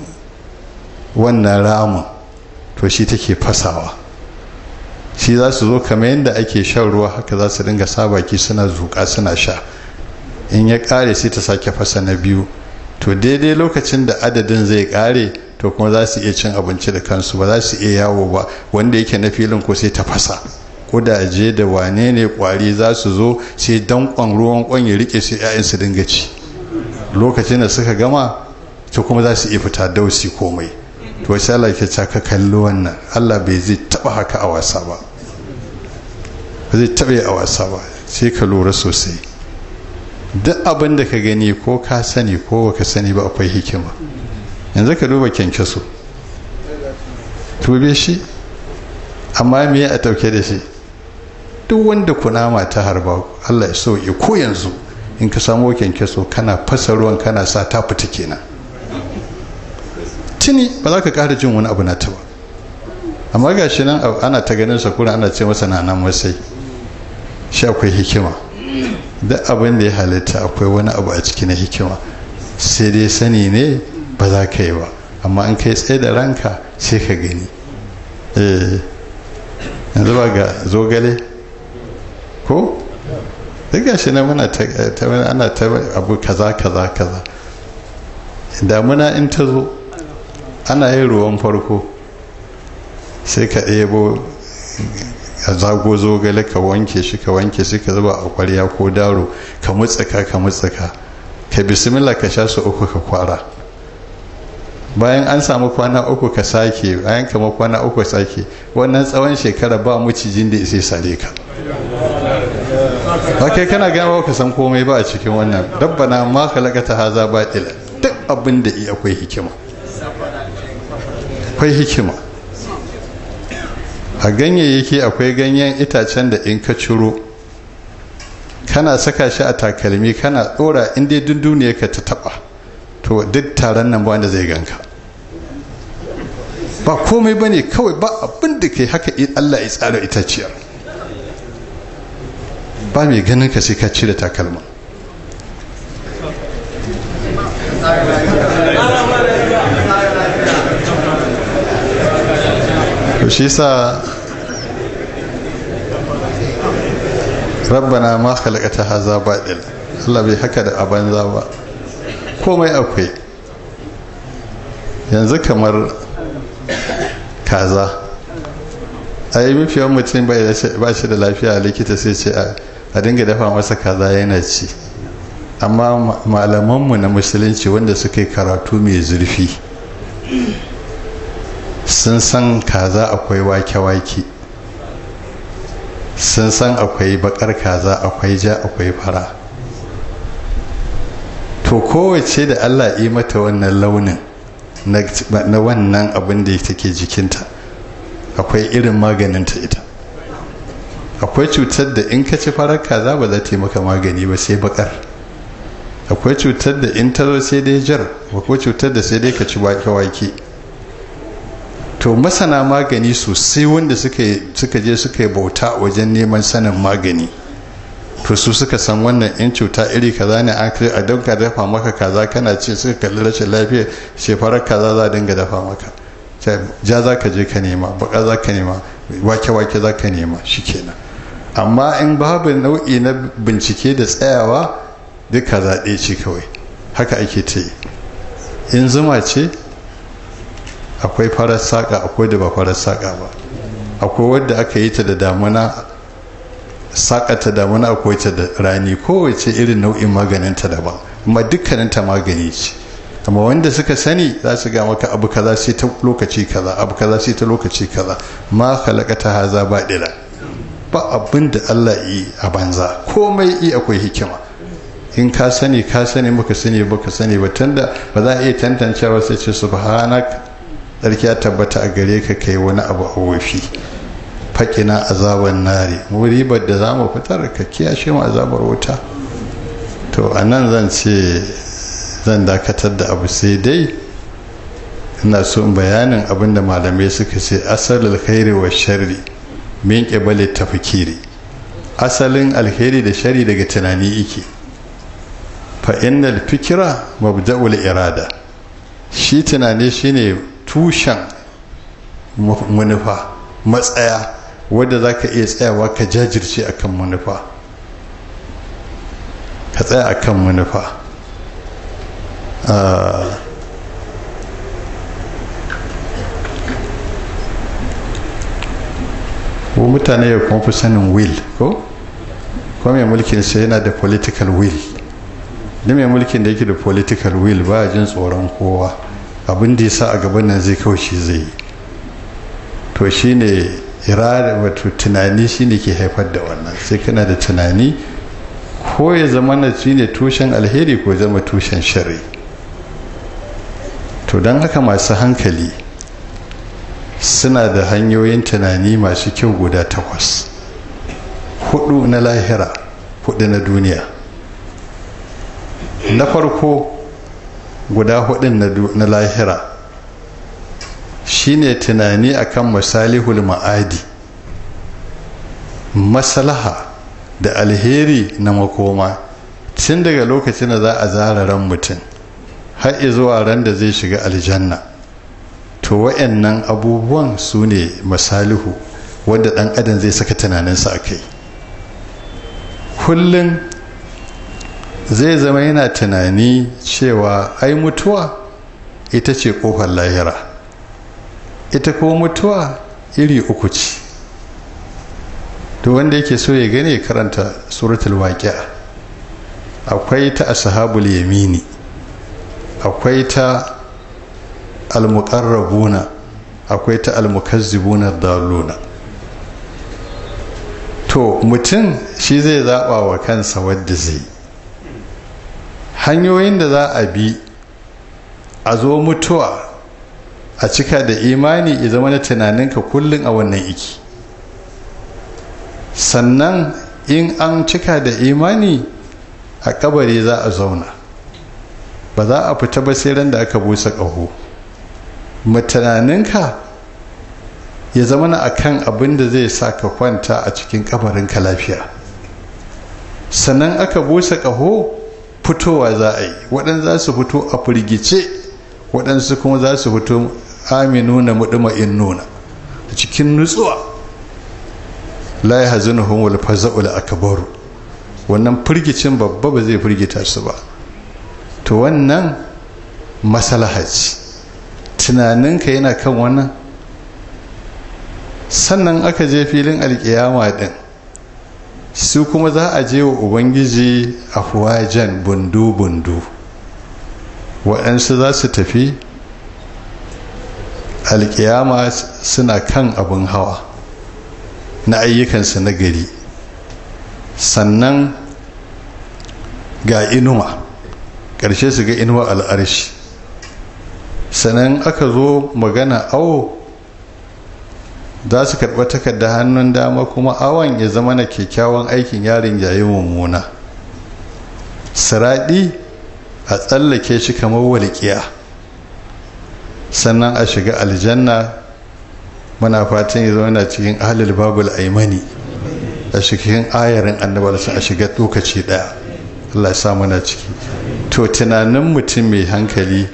wannan ramin to shi take fasawa shi za su zo kamar yadda ake shan ruwa haka za su dinga sabaki suna zuƙa suna sha in ya ƙare sai ta sake fasa na biyu to daidai lokacin da adadin zai ƙare to kuma za su iya cin abinci da kansu ba za su iya yawo ba wanda yake na filin ko sai ta fasa kudaje da wane ne kwari za su zo sai dankon ruwan kwan ya rike sai 'ya'yan su dinga ci lokacin da suka gama to kuma za su iya fita dausi komai to wasu Allah ke ka kalli wannan Allah bai zai taba haka a wasa ba ba zai taba a wasa ba sai ka lura sosai duk abin da ka gani ko ka sani ko baka sani ba akwai hikima yanzu ka duba kyankyaso tube shi amma me a tauke da shi duk wanda kunama ta harba allah ya sauke ko yanzu in ka samo kyankyaso kana fasa ruwan kana sa ta fita kenan Tini ba za ka kara jin wani abu na ta ba amma ga shi nan ana ta ganin sa sakura ana ce masa na nan wasai shi akwai hikima da abin da ya halitta akwai wani abu a ciki na hikima sai dai sani ne ba za ka yi ba amma in kai tsaye da ranka sai ka gani eh, yanzu ba ga zogale ko duk shi ne muna ana ta abu kaza kaza kaza damuna in ta zo ana yin ruwan farko sai ka ɗebo a zago zogale ka wanke shi ka wanke shi ka zuba a kwarya ko daro ka mutsaka ka mutsaka ka bismillah ka sha su uku ka kwara bayan an samu kwana uku ka sake bayan kama kwana uku sake wannan tsawon shekara ba cijin da isai sare ka ok kana gama ka san komai ba a cikin wannan dabbana ma kalakata haza ba ila duk abin da iya akwai hikima akwai hikima a ganyayyaki akwai ganyen itacen da in ka ciro kana saka shi a takalmi kana tsora inda ka ta taba to duk taron nan ba wanda zai ganka ba komai ba ne kawai ba abin da kai haka Allah ya tsara ita ciyar ba mai ganin ka sai ka cire takalma to shi sa rabbana ma khalaqata haza batil Allah bai haka da abanza ba komai akwai yanzu kamar kaza a yi mafiyan mutum ba shi da lafiya a likita sai ce a dinga dafa masa kaza yana ci amma malamanmu na musulunci wanda suka yi karatu mai zurfi sun san kaza akwai wake-wake sun san akwai bakar kaza akwai ja akwai fara to kowace da allah yi mata wannan launin na wannan abin da take jikinta akwai irin maganin ta ita akwai cutar da in ka ci farar kaza ba za ta yi maka magani ba sai bakar akwai cutar da in ta zo sai dai jar akwai cutar da sai dai ka ci wake-wake to masana magani sosai wanda suka je suka yi bauta wajen neman sanin magani to su suka san wannan in cuta iri kaza ne an kai a dinka dafa maka kaza kana ce suka kalli rashin lafiya shefarar kaza za a dinga dafa maka ja za ka je ka nema baka za ka nema wake wake za ka nema shikenan amma in babu nau'i na bincike da tsayawa duk kaza ɗaya ce kawai haka ake ta yi in zuma ce akwai farar saƙa akwai da ba farar saƙa ba akwai wadda aka yi ta da damuna sakata damuna ko ta da rani kowace irin nau'in maganinta daban amma dukkaninta magani ce amma wanda suka sani za su ga maka abu kaza sai ta lokaci kaza abu kaza sai ta lokaci kaza ma khalaqata haza ba dila ba abin da Allah yi a banza komai yi akwai hikima in ka sani ka sani muka sani baka sani ba tanda ba za a iya tantancewa sai ce subhanak tsarki ya tabbata a gare ka kai wani abu a wofi faƙina azaban nari wuri ribar da za mu fitar ka kiyashe mu azabar wuta to a nan zan ce zan dakatar da abu sai dai ina so in bayanin abin da malamai suka ce asalin alkhairi wa sharri min ƙibali tafikiri asalin alheri da shari daga tunani ike innal fikira mabda'ul irada shi tunani shine tushen manufa matsaya wadda za ka iya tsayawa ka jajirce a kan manufa ka tsaya a kan manufa ko ah. mutane ya kuma fi sanin will ko kuma mai mulkin sai yana da political will da mai mulkin da yake da political will ba jin tsoron kowa abin da ya sa a gaban nan zai kawo shi zai yi to shine irada wato tunani shine ke haifar da wannan sai kana da tunani ko ya zama na ne tushen alheri ko zama tushen shari to don haka masu hankali suna da hanyoyin tunani masu kyau guda takwas hudu na lahira hudu na duniya na farko guda hudun na lahira shine tunani akan masalihul ma'adi maslaha da alheri na makoma tun daga lokacin da za a zara ran mutum har zuwa ran da zai shiga aljanna to wa'annan abubuwan su ne masalihu wanda ɗan adam zai saka tunaninsa a kai kullum zai zama yana tunani cewa ai mutuwa ita ce kofar lahira ita ko mutuwa iri uku ce to wanda yake so ya gane karanta suratul waqi'a akwai ta ashabul yamini akwai ta almuqarrabuna akwai ta almukazzibuna daluna to mutum shi zai zaba wa kansa wadda zai hanyoyin da za a bi a zo mutuwa a cika da imani ya zama na tunaninka kullum a wannan iki sannan in an cika da imani a kabari za a zauna ba za a fita ba sai ran da aka busa ƙaho tunaninka ya zama na akan abin da zai sa ka kwanta a cikin kabarinka lafiya sannan aka busa ƙaho fitowa za a yi waɗanda za su fito a firgice waɗansu kuma za su fito in nuna da cikin nutsuwa la hun wal faza'ul akbar wannan firgicin babba ba zai firgita su ba to wannan masalahaci tunaninka yana kan wannan sannan aka je filin alkiyama din su kuma za a je wa ubangiji a bundu-bundu waɗansu za su tafi alƙiyama suna kan abin hawa na ayyukansu na gari sannan ga inuwa ƙarshe su ga inuwa al'arshi sannan aka zo magana awo za su karɓi takarda hannun dama kuma awon ya zama na kyakkyawan aikin yarin yayi mummuna siraɗi a tsallake shi kamar walƙiya sannan a shiga aljanna muna fatan ya zauna cikin ahalil babul aimani a cikin ayarin annabi a shiga lokaci daya Allah ya sa muna ciki to tunanin mutum mai hankali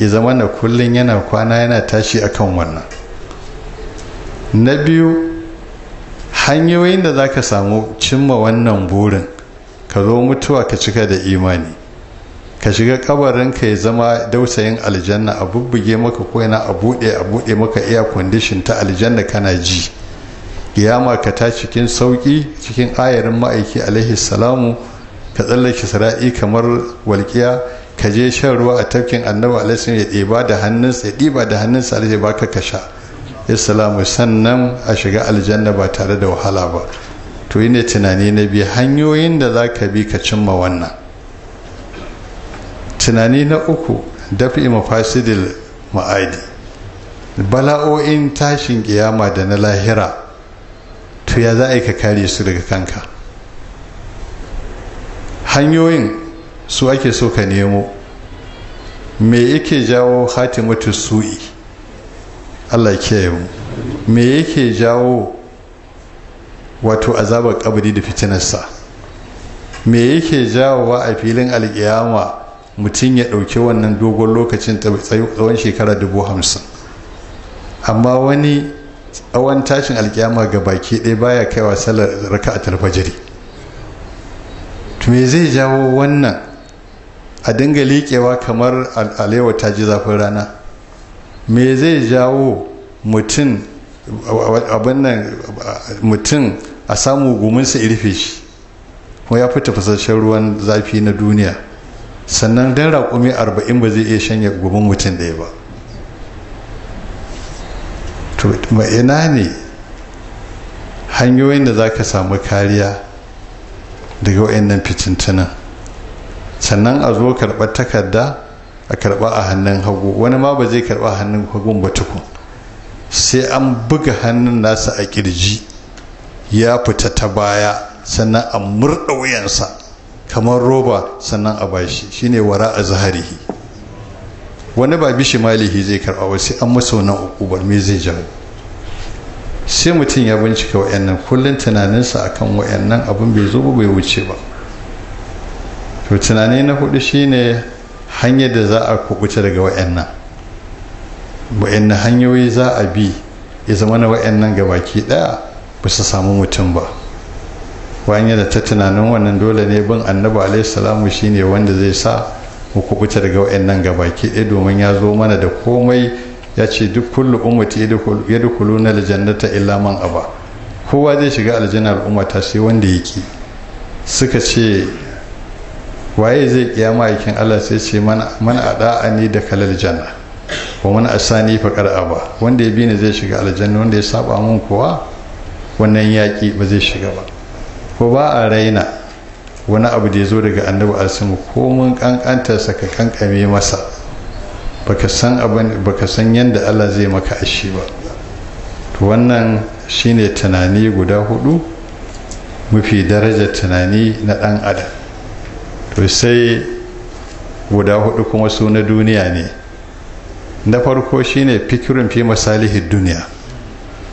ya zama na kullum yana kwana yana tashi a kan wannan na biyu hanyoyin da za ka samu cimma wannan burin ka zo mutuwa ka cika da imani ka shiga kabarin ka ya zama dausayin aljanna a bubbuge maka ko yana a buɗe a buɗe maka air condition ta aljanna kana ji kiyama ka ta cikin sauki cikin ayarin ma'aiki alaihi salamu ka tsallake sara'i kamar walkiya ka je shan ruwa a tafkin annabi alaihi ya ɗiba da hannunsa ya ɗiba da hannunsa alaihi baka ka sha islamu sannan a shiga aljanna ba tare da wahala ba to yi ne tunani na biyu hanyoyin da za ka bi ka cimma wannan tunani na uku dafi mafasidil ma'adi bala'o'in tashin kiyama da na lahira to ya za a yi ka kare su daga kanka hanyoyin su ake so ka nemo me yake jawo hatimatu su'i allah kiyaye mu me yake jawo wato azabar kabari da fitinarsa me yake jawo wa a filin alkiyama mutum ya ɗauki wannan dogon lokacin tsawon shekara dubu hamsin amma wani tsawon tashin alkiyama ga baki ɗaya baya kaiwa salar raka a tarfajiri me zai jawo wannan a dinga liƙewa kamar alewa ta ji zafin rana me zai jawo mutum mutum a samu guminsa irife shi kuma ya fi tafasashen ruwan zafi na duniya sannan dan raƙumi arba'in ba zai iya shanye gobin mutum ɗaya ba to ma'ina ne hanyoyin da za ka samu kariya daga wa'annan fitintunan sannan a zo karɓar takarda a karɓa a hannun hagu wani ma ba zai karɓa hannun hagun ba tukun sai an buga hannun nasa a ƙirji ya fita ta baya sannan a murɗa wuyansa kamar roba sannan a bashi shine wara a zaharihi wani ba bishi malihi zai karɓa ba sai an masa wannan ukubar me zai jawo sai mutum ya bincika wa'annan kullum tunaninsa akan wa'annan abin bai zo ba bai wuce ba to tunani na hudu shine hanyar da za a kubuta daga wa'annan wa'annan hanyoyi za a bi ya zama na wa'annan gabaki daya ba su samu mutum ba bayan da ta tunanin wannan dole ne bin annabi alaihi salamu shine wanda zai sa mu kubuta daga wayannan gabaki ɗaya domin ya zo mana da komai ya ce duk kullu ummati yadkhuluna aljannata illa man aba kowa zai shiga aljanna al'ummata sai wanda yake suka ce waye zai kiyama yakin Allah sai ce mana man ni da kalal janna wa man asani faqar aba wanda ya bi ne zai shiga aljanna wanda ya saba mun kuwa wannan yaki ba zai shiga ba ko ba a raina wani abu da ya zo daga annabi asimu ko mun kankantarsa ka kankame masa baka san abin baka san yadda allah zai maka ashi ba to wannan shine tunani guda hudu mafi darajar tunani na dan adam to sai guda hudu kuma su na duniya ne na farko shine fikirin fi masalihin duniya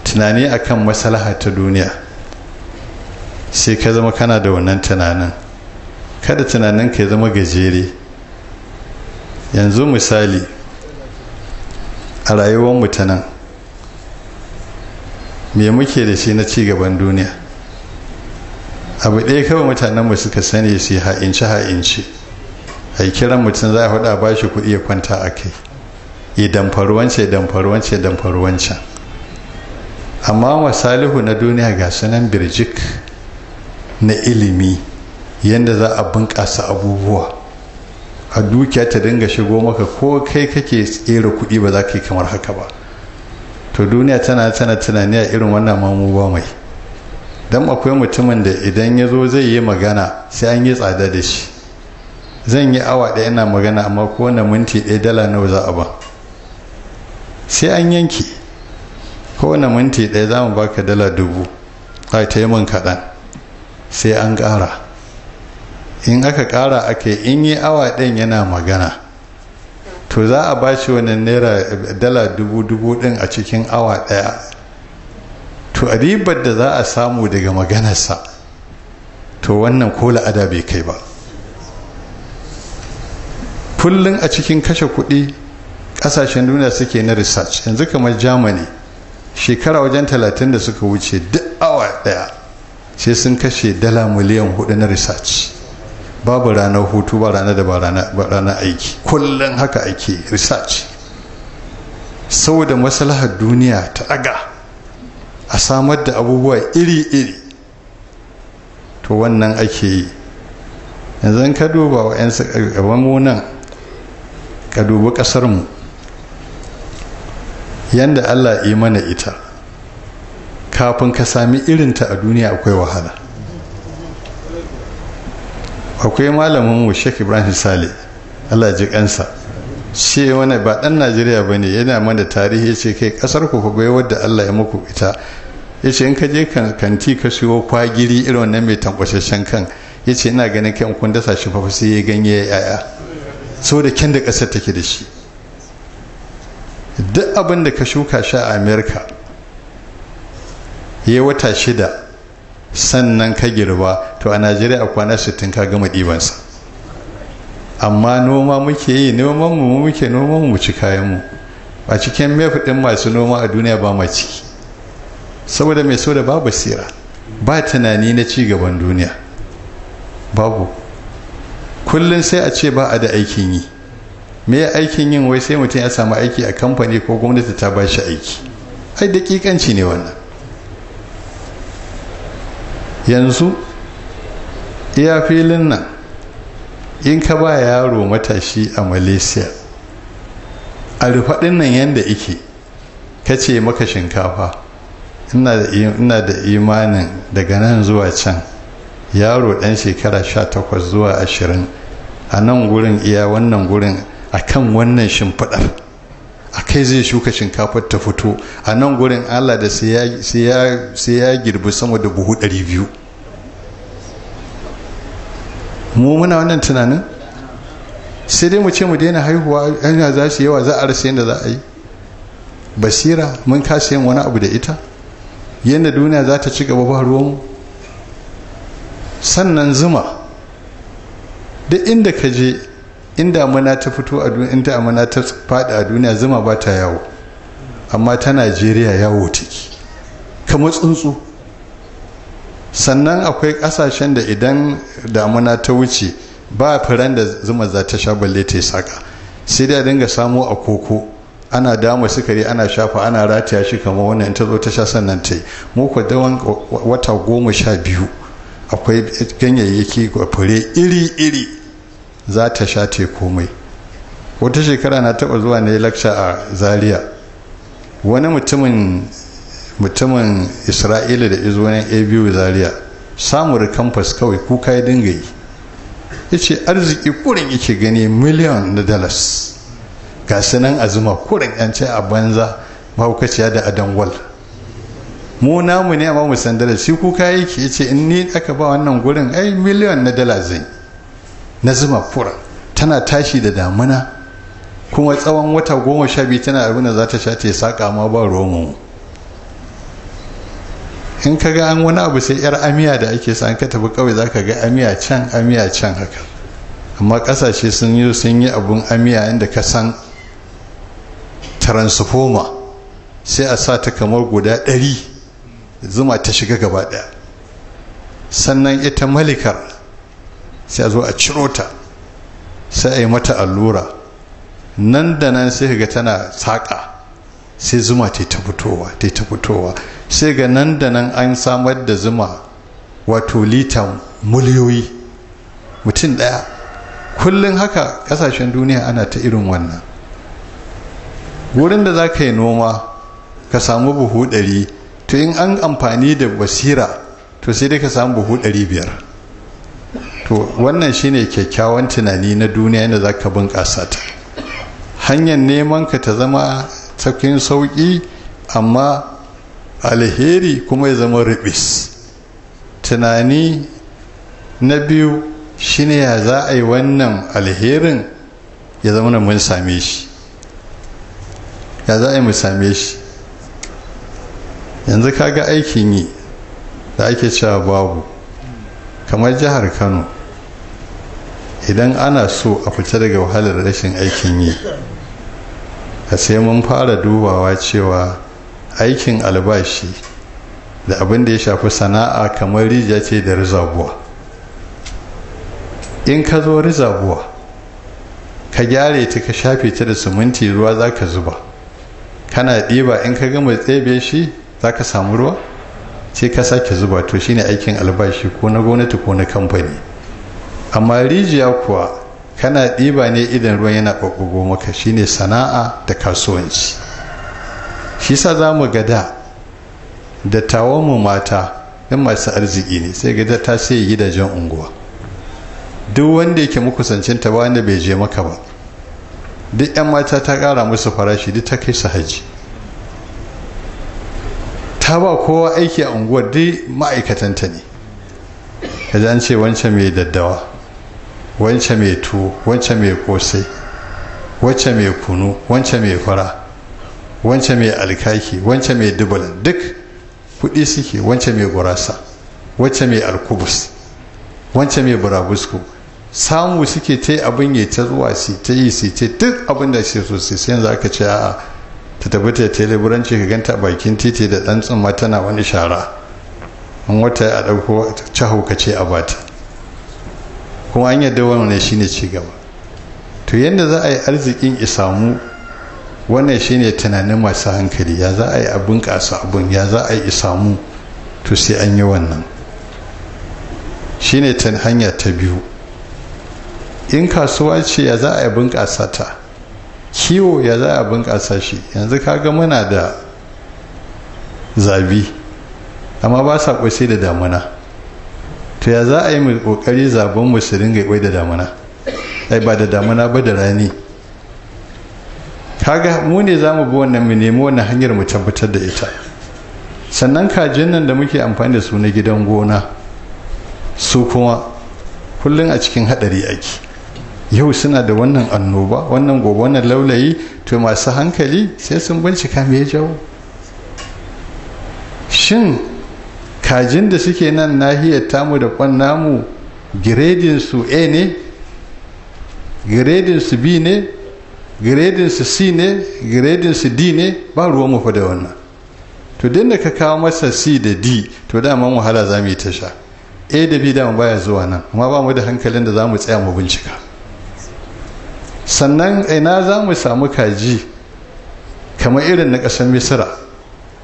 tunani akan maslaha ta duniya sai ka zama kana da wannan tunanin kada tunanin ka zama gajere yanzu misali a rayuwar mutanen me muke da shi na cigaban duniya abu ɗaya kawai mutanen mu suka sani su yi ha'inci ha'inci a yi kiran mutum za a faɗa ba shi kuɗi ya kwanta a kai idan faruwance idan faruwance idan wancan amma masalihu na duniya ga sunan birjik na ilimi yadda za a bunƙasa abubuwa a dukiya ta dinga shigo maka ko kai kake tsere kuɗi ba za ka yi kamar haka ba to duniya tana tana tunani a irin wannan mamu ba mai don akwai mutumin da idan ya zo zai yi magana sai an yi tsada da shi zan yi awa ɗaya ina magana amma ko wani minti ɗaya dala nawa za a ba sai an yanki wani minti ɗaya za mu baka dala dubu a ta yi min kaɗan sai an ƙara in aka ƙara aka in yi awa ɗin yana magana to za a ba shi wani naira dala dubu dubu ɗin a cikin awa ɗaya to ribar da za a samu daga maganarsa to wannan ko ada bai kai ba kullum a cikin kashe kuɗi ƙasashen duniya suke na research yanzu kamar germany shekara wajen talatin da suka wuce duk awa ɗaya sai sun kashe dala miliyan hudu na research babu ranar hutu ba ranar da ba ranar aiki kullum haka ake research saboda maslahar duniya ta daga a samar da abubuwa iri-iri to wannan ake yi yanzu ka duba wa 'yan gaban nan ka dubi kasarmu yadda allah yi mana ita kafin ka sami irinta a duniya akwai wahala akwai malamin mu Sheikh Ibrahim Sale Allah ji kansa shi wani ba dan Najeriya ne yana mana tarihi ya ce kai kasar ku ku bai wadda Allah ya muku ita ya ce in ka je kanti ka siyo kwagiri irin wannan mai tankwashashen kan ya ce ina ganin kai kun dasa shi fa sai ya ganye ya yaya da kin da kasar take da shi duk abin da ka shuka shi a America ya wata shida sannan ka girba to a najeriya a kwana sittin ka gama ɗibansa amma noma muke yi noman mu muke noman mu ci kayan mu a cikin mefudin ɗin masu noma a duniya ba ma ciki saboda mai so da ba basira ba tunani na ci gaban duniya babu kullum sai a ce ba a da aikin yi me aikin yin wai sai mutum ya samu aiki a kamfani ko gwamnati ta ba shi aiki ai dakikanci ne wannan yanzu iya filin nan in ka ba yaro matashi a malaysia a rufaɗin nan yadda ike ka ce maka shinkafa ina da imanin daga nan zuwa can yaro ɗan shekara 18 zuwa 20 a nan gurin iya wannan gurin a kan wannan shimfiɗar a kai zai shuka shinkafar ta fito a nan gurin allah da sai ya girbi sama da buhu biyu. mu muna wannan tunanin sai dai mu ce mu daina haihuwa yana za su yawa za a rasa yadda za a yi basira mun kasa yin wani abu da ita yadda duniya za ta ci gaba ba mu sannan zuma duk inda ka je in amana ta fito a duniya in amana ta faɗi a duniya zuma ba ta yawo amma ta najeriya yawo take kamar tsuntsu sannan akwai ƙasashen da idan damuna ta wuce ba firan da zuma za ta sha balle ta yi saka sai dai dinga samo a koko ana dama sukari ana shafa ana rataya shi kamar wannan ta zo ta sha sannan ta yi muku da wata goma sha biyu akwai ganyayyaki fure iri-iri za ta sha te komai wata shekara na taba zuwa na yi lakca a zaria wani mutumin isra'ila da izo na abu zaria samun kamfas kawai kuka ya dinga yi ya ce arziki kurin yake gani miliyan na dalas ga nan azuma kurin yan a banza mahaukaciya da adangwal mu namu ne amma mu san dalas shi kuka yake ya ce in ni aka ba wannan gurin ai miliyan na dala zai na zuma fura tana tashi da damuna kuma tsawon wata goma sha biyu tana abin da za ta sha ta saƙa ma ba romo in ka ga an wani abu sai yar amiya da ake sa an ka tafi kawai za ka ga amiya can amiya can haka amma ƙasashe sun yi sun yi abun amiya inda ka san transformer sai a sa ta kamar guda ɗari zuma ta shiga gaba ɗaya sannan ita malikar sai a zo a ciro ta sai a yi mata allura nan da nan sai ga tana saƙa sai zuma ta ta fitowa ta ta fitowa sai ga nan da nan an samar da zuma wato lita miliyoyi mutum ɗaya kullum haka ƙasashen duniya ana ta irin wannan wurin da za ka yi noma ka samu buhu ɗari to in an amfani da basira to sai dai ka samu buhu ɗari biyar to wannan shine kyakkyawan tunani na duniya inda za ka bunƙasa ta hanyar neman ka ta zama cikin sauƙi amma alheri kuma ya zama ribis tunani na biyu shine ya za a yi wannan alherin ya zama na mun same shi ya za a yi mu same shi yanzu kaga aikin yi da ake cewa babu kamar jihar kano idan ana so a fita daga wahalar rashin aikin yi a sai mun fara dubawa cewa aikin albashi da abin da ya shafi sana'a kamar rija ce da rizabuwa in ka zo rizabuwa ka gyare ta ka shafe ta da siminti ruwa za ka zuba kana ɗiba in ka gama tsebe shi za ka samu ruwa sai ka sake zuba to shine aikin albashi ko na gwamnati ko na kamfani amma rijiya kuwa kana ɗiba ne idan ruwan yana ɓaɓɓugo maka shine sana'a da kasuwanci shi sa za mu gada da tawon mu mata ɗin masu arziki ne sai gada ta sai gidajen unguwa duk wanda yake muku ta ba wanda bai je maka ba duk 'yan mata ta ƙara musu farashi duk ta kai su hajji ta ba kowa aiki a unguwar duk ma'aikatanta ne ka an ce wancan mai daddawa wance mai tuwo wance mai kosai wance mai kunu wance mai fara wance mai alkaki wance mai dubal duk kudi suke wance mai gurasa wance mai alkubus wance mai burabusku samu suke ta yi abin ya ta zuwa su ta yi su ta duk abin da su sosai sai za ka ce a ta tabbata ta yi buranci ka ganta bakin titi da ɗan tsumma tana wani shara in wata a ɗauko ta haukace a bata kuma an yadda wannan shi ci gaba to yadda za a yi arzikin isamu wannan shi ne tunanin masu hankali ya za a yi abin kasu abin ya za a yi isamu to sai an yi wannan shi ne ta hanya ta biyu in kasuwa ce ya za a yi bunƙasa ta kiwo ya za a bunƙasa shi yanzu kaga muna da zabi amma ba sa kwasi da damuna to ya za a yi mu kokari zaben mu su ringa da damuna ai ba da damuna ba da rani kaga mu ne za mu bi wannan mu nemi wannan hanyar mu tabbatar da ita sannan kajin nan da muke amfani da su na gidan gona su kuma kullum a cikin haɗari ake yau suna da wannan annoba wannan gobe wannan laulayi to masu hankali sai sun bincika me ya jawo shin kajin da suke nan nahiyar tamu da kwan namu su a ne su b ne su c ne su d ne ba ruwan mafi da wannan to din da ka kawo masa c da d to dama wahala za mu yi ta a da b dama baya zuwa nan amma ba mu da hankalin da za mu tsaya mu bincika sannan ina za mu samu kaji kamar irin na ƙasar misira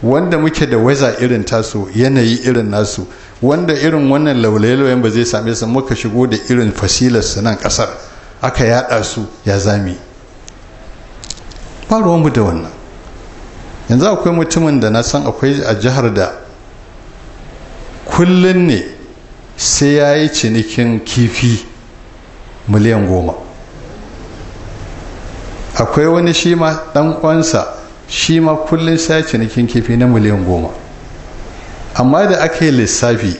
wanda muke da waza irin tasu yanayi irin nasu wanda irin wannan laulayen ba zai same su muka shigo da irin fasilar su nan kasar aka yada su ya zami ba ruwanmu da wannan yanzu akwai mutumin da na san akwai a jihar da kullum ne sai ya yi cinikin kifi miliyan goma akwai wani shi ma ɗan uwansa shi ma kullum sai cinikin kifi na miliyan goma amma da aka yi lissafi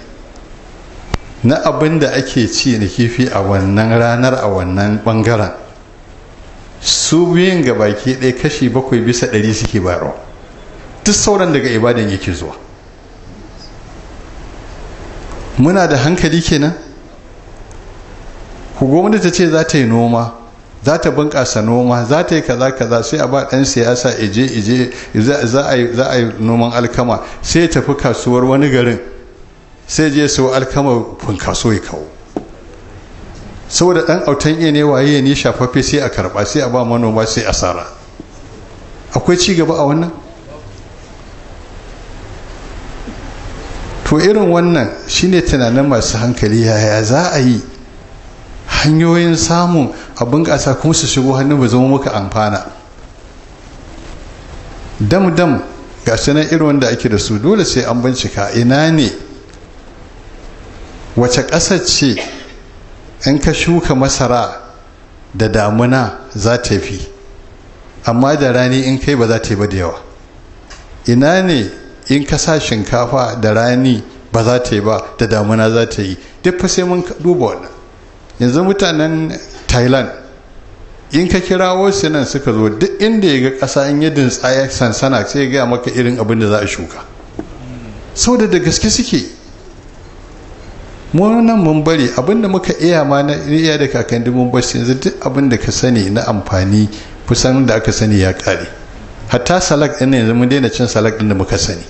na abin da ake ci na kifi a wannan ranar a wannan bangaren su biyun ga baki ɗaya kashi bakwai bisa ɗari suke baro duk sauran daga ibadan yake zuwa muna da hankali kenan ku gwamnati ta ce za ta yi noma za ta bunƙasa noma za ta yi kaza kaza sai a ba ɗan siyasa ije ije za a yi noman alkama sai ya tafi kasuwar wani garin sai je sau alkama bunƙaso ya kawo saboda ɗan autan iya ne waye ne shafaffe sai a karɓa sai a ba manoma sai asara akwai ci gaba a wannan to irin wannan shine tunanin masu hankali yaya za a yi hanyoyin samun abin gasa kuma su shigo hannun ba zama muka amfana dam dam ga shi irin wanda ake da su dole sai an bincika ina ne wace ƙasa ce in ka shuka masara da damuna za ta fi amma da rani in kai ba za ta yi ba da yawa ina ne in ka sa shinkafa da rani ba za ta yi ba da damuna za ta yi duk fa sai mun duba wannan yanzu mutanen thailand in ka kira wasu nan suka zo duk inda ya ga kasa in yi tsaya sansana sai ya gaya maka irin abin da za a shuka sau da gaske suke mu nan mun bari abin da muka iya ma na iya da kakan mun bar yanzu duk abin da ka sani na amfani kusan da aka sani ya kare hatta salak din yanzu mun daina cin salak din da muka sani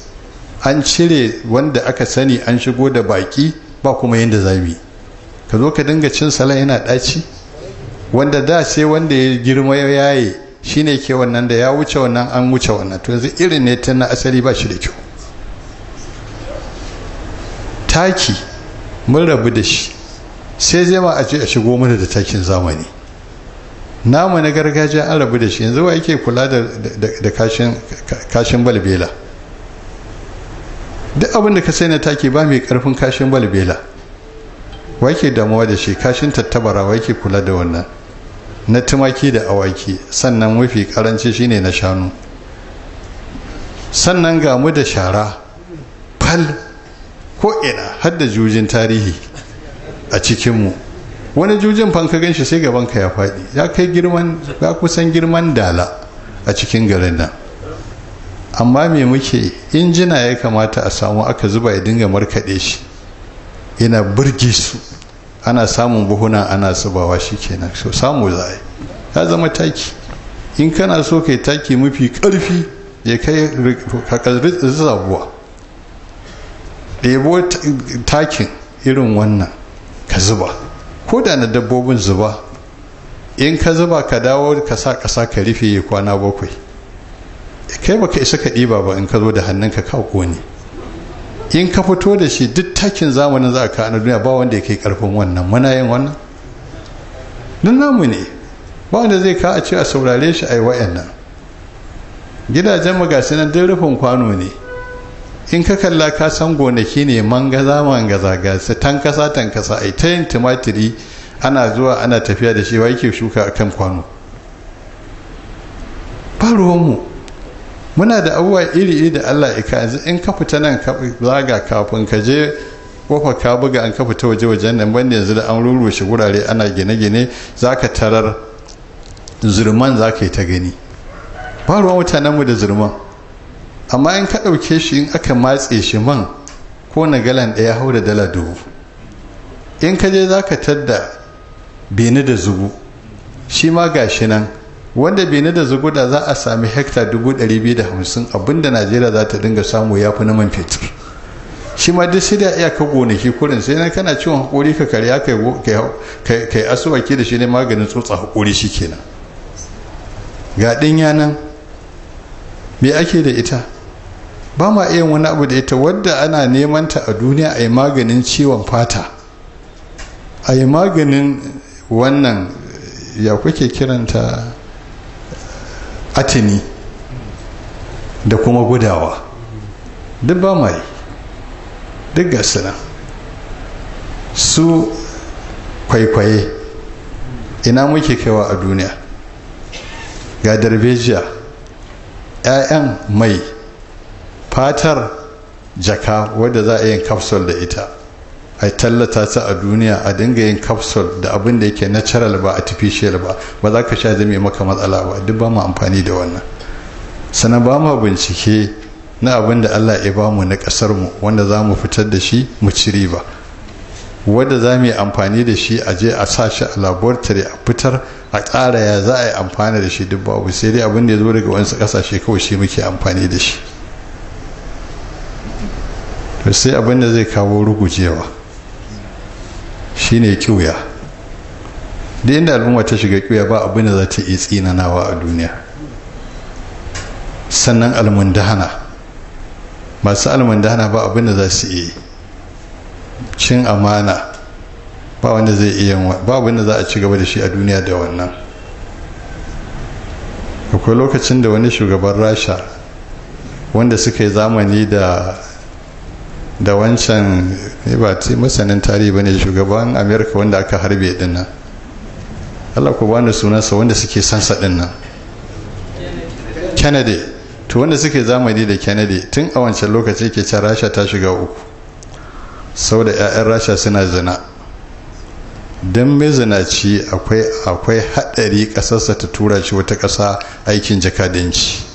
an cire wanda aka sani an shigo da baki ba kuma yadda za yi ka zo ka dinga cin salon yana daci wanda da sai wanda ya girma ya yaye shine ke wannan da ya wuce wannan an wuce wannan to yanzu irin ne ta na asali ba shi da kyau taki mun rabu da shi sai zai ma a ce a shigo mana da takin zamani namu na gargajiya an rabu da shi yanzu wa yake kula da kashin balbela duk abinda ka sai na taki ba mai karfin kashin balbela wake ke damuwa da shi kashin tattabara wai kula da wannan na tumaki da awaki sannan mafi karanci shine na shanu sannan gamu da shara fal ko ina har da jujin tarihi a cikinmu wani jujin fanka ganshi shi sai ka ya faɗi ya kai girman ya kusan girman dala a cikin garin nan amma me muke injina ya kamata a samu aka zuba ya dinga markaɗe shi yana birge su ana samun buhuna ana zubawa kenan so samu za ya zama taki in kana so kai taki mafi karfi ya kai zabuwa ɗebo takin irin wannan ka zuba ko da na dabbobin zuba in ka zuba ka dawo ka sa ƙasa ka rufe kwana bakwai kai baka isa ka ɗiba ba in ka zo da hannunka ka ƙone in ka fito da shi duk takin zamanin za a ka na duniya ba wanda ya kai karfin wannan muna yin wannan don namu ne ba wanda zai ka a ce a saurare shi a yi wa'annan gidajen magasi nan duk rufin kwano ne in ka kalla ka san gonaki ne tan mangaza tan tankasa tankasa yi ta yin tumatiri ana zuwa ana tafiya da shi wa yake shuka a kan kwano ba ruwanmu muna da abubuwa iri-iri da Allah ika yanzu in ka fita nan ka zaga kafin ka je kofa ka buga an ka fita waje wajen nan ban yanzu da an rurrushe wurare ana gine-gine zaka tarar zurman zaka yi ta gani ba ruwan mu da zurman amma in ka ɗauke shi in aka matse shi man ko na galan ɗaya hau da dala dubu in ka je zaka tadda beni da zubu shi ma gashi nan wanda benin da zuguda za a sami hekta hamsin abinda najeriya za ta dinga samu ya fi na man fetur shi ma duk sai da iyaka gonaki kurin sai na kana ciwon hakori ka karya kai asuwaki da shi ne maganin tsotsa hakori shi kenan ga ɗinya nan me ake da ita ba ma iya wani abu da ita wadda ana neman ta a duniya a yi maganin ciwon fata a yi maganin wannan ya kuke kiranta atini da kuma gudawa duk ba ma yi duk gasina su kwaikwaye ina muke kaiwa a duniya ga darbejiya 'ya'yan mai fatar jaka wadda za a yin kafsol da ita a tallata ta a duniya a dinga yin capsule da abin da yake natural ba artificial ba ba za ka sha zame maka matsala ba duk ba mu amfani da wannan sannan ba mu bincike na abin da allah ya bamu na kasar mu wanda za mu fitar da shi mu ci ba wanda za mu yi amfani da shi a je a sa shi a laboratory a fitar a tsara ya za a yi amfani da shi duk babu sai dai abin da ya zo daga wani kasashe kawai shi muke amfani da shi sai abin da zai kawo rugujewa Shi ne kiwuya duk inda al'umma ta shiga kiwuya ba abin da za ta iya tsinanawa a duniya sannan almundahana masu almundahana ba abin da za su iya cin amana ba wanda zai iya ba abin da za a ci gaba da shi a duniya da wannan akwai lokacin da wani shugaban rasha wanda suka yi zamani da da wancan ba masanin tarihi ba ne shugaban amerika wanda aka harbe dinna allah ku bani sunansa wanda suke sansa din kennedy to wanda suke zamani da kennedy tun a wancan lokaci ke can rasha ta shiga uku sau da 'ya'yan rasha suna zina don mai zinaci akwai akwai haɗari ƙasarsa ta tura shi wata ƙasa aikin jakadanci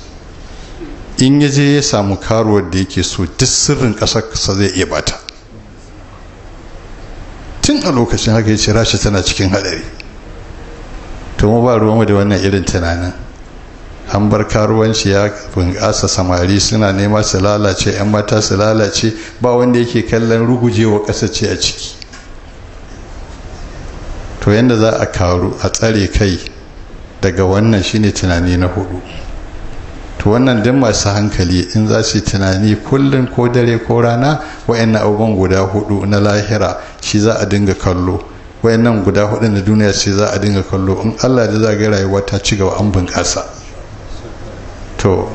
in ya je ya samu karuwar da yake so duk sirrin ƙasar kasa zai iya bata tun a lokacin haka ya ce rasha tana cikin haɗari to mu ba ruwanmu da wannan irin tunanin an bar karuwanci ya bunƙasa samari suna nema su lalace 'yan mata su lalace ba wanda yake kallon rugujewa ƙasa ce a ciki to yadda za a karu a tsare kai daga wannan shine tunani na hudu to wannan duk masu hankali in za su tunani kullum ko dare ko rana wa'annan abubuwan guda hudu na lahira shi za a dinga kallo wa'annan guda hudu na duniya shi za a dinga kallo in allah da za rayuwa ta ci gaba an bunƙasa to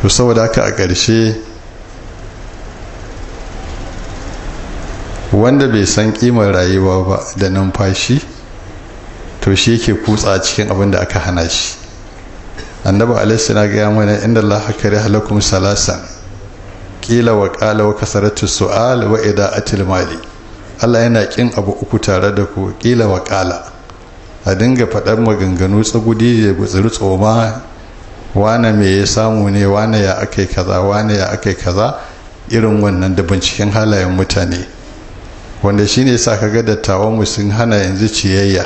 to saboda haka a ƙarshe wanda bai san ƙimar rayuwa ba da numfashi to shi yake kutsa cikin abin da aka hana shi annabi alaihi na gaya mana inda Allah hakari halakum salasa kila wa qala wa kasaratu su'al wa atil mali Allah yana kin abu uku tare da ku kila wa qala a dinga faɗar maganganu tsagudi ya gutsuru tsoma wane me ya samu ne wane ya akai kaza wane ya akai kaza irin wannan da binciken halayen mutane wanda shine sa kaga dattawan mu sun hana yanzu ciyayya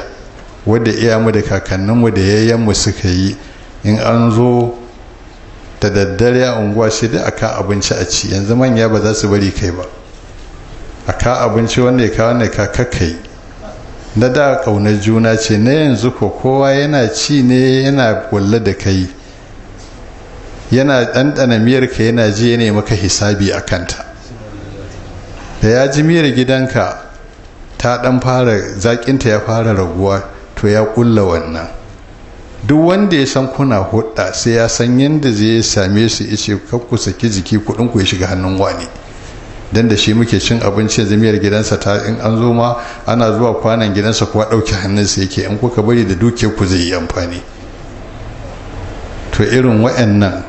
wadda iyamu da kakanninmu da yayyanmu suka yi in an zo da daddare a unguwa shi dai aka abinci a ci yanzu manya ba za su bari kai ba aka abinci wanda ya kawo ne ka kai na da kaunar juna ce na yanzu ko kowa yana ci ne yana kulle da kai yana ɗanɗana miyar ka yana ji ne maka hisabi a kanta da ya ji miyar gidanka ta ɗan fara zaƙinta ya fara raguwa to ya ƙulla wannan duk wanda ya san kuna hudda sai ya san yadda zai same su ice ku saki jiki kuɗin ku ya shiga hannun wani dan da shi muke cin abinci zamiyar gidansa ta in an zo ma ana zuwa kwanan gidansa kuwa ɗauke hannunsa yake in kuka bari da duke ku zai yi amfani to irin wa'annan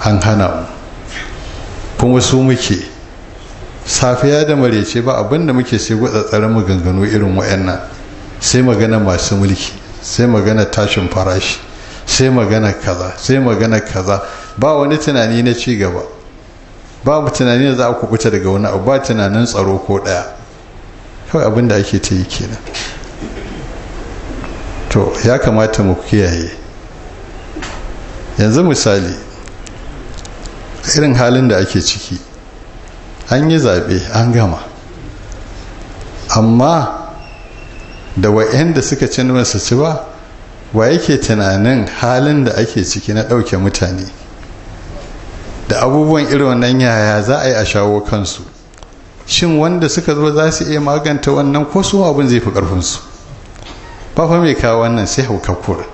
an hana mu kuma su muke safiya da ce ba abinda muke sai gwada tsaron maganganu irin wa'annan sai magana masu mulki sai magana tashin farashi sai magana kaza sai magana kaza ba wani tunani na ci gaba babu tunani da za a kubuta daga wani abu ba tunanin tsaro ko ɗaya kawai abin da ake ta yi kenan to ya kamata mu kiyaye yanzu misali irin halin da ake ciki an yi zaɓe an gama amma da wa'yanda suka ci ba su ci ba wa yake tunanin halin da ake ciki na ɗauke mutane da abubuwan irin wannan yaya za a yi a shawo kansu shin wanda suka zo za su iya maganta wannan ko su abin zai fi ƙarfinsu ba fa mai kawo wannan sai haukakura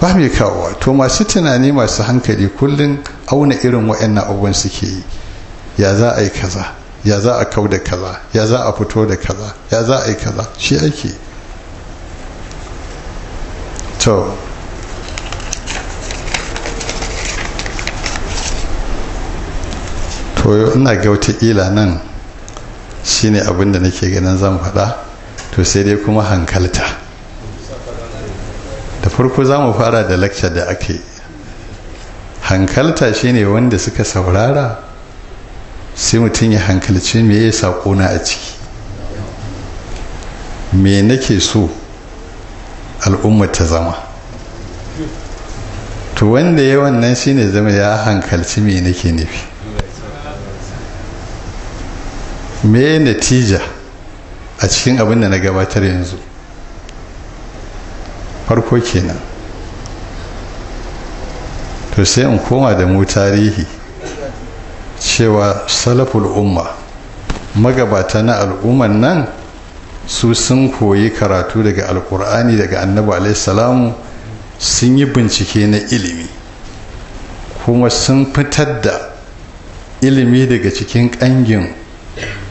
ba mai kawo to masu tunani masu hankali kullum auna irin waɗannan abubuwan suke yi ya za a yi kaza ya za a kau da kaza ya za a fito da kaza ya za a yi kaza shi ake to to ina ga ila nan shine abin da nake ganin zan faɗa to sai dai kuma hankalta da farko za mu fara da lecture da ake hankalta shine wanda suka saurara sai mutum ya hankalci me ya saƙo na a ciki me nake so al'umma ta zama to wanda ya wannan shine zama ya hankalci me nake nufi me natija a cikin abin da na gabatar yanzu farko kenan to sai in koma da mu tarihi cewa salaful umma magabata na al'umman nan su sun koyi karatu daga alkur'ani daga annabi salamu sun yi bincike na ilimi kuma sun fitar da ilimi daga cikin ƙangin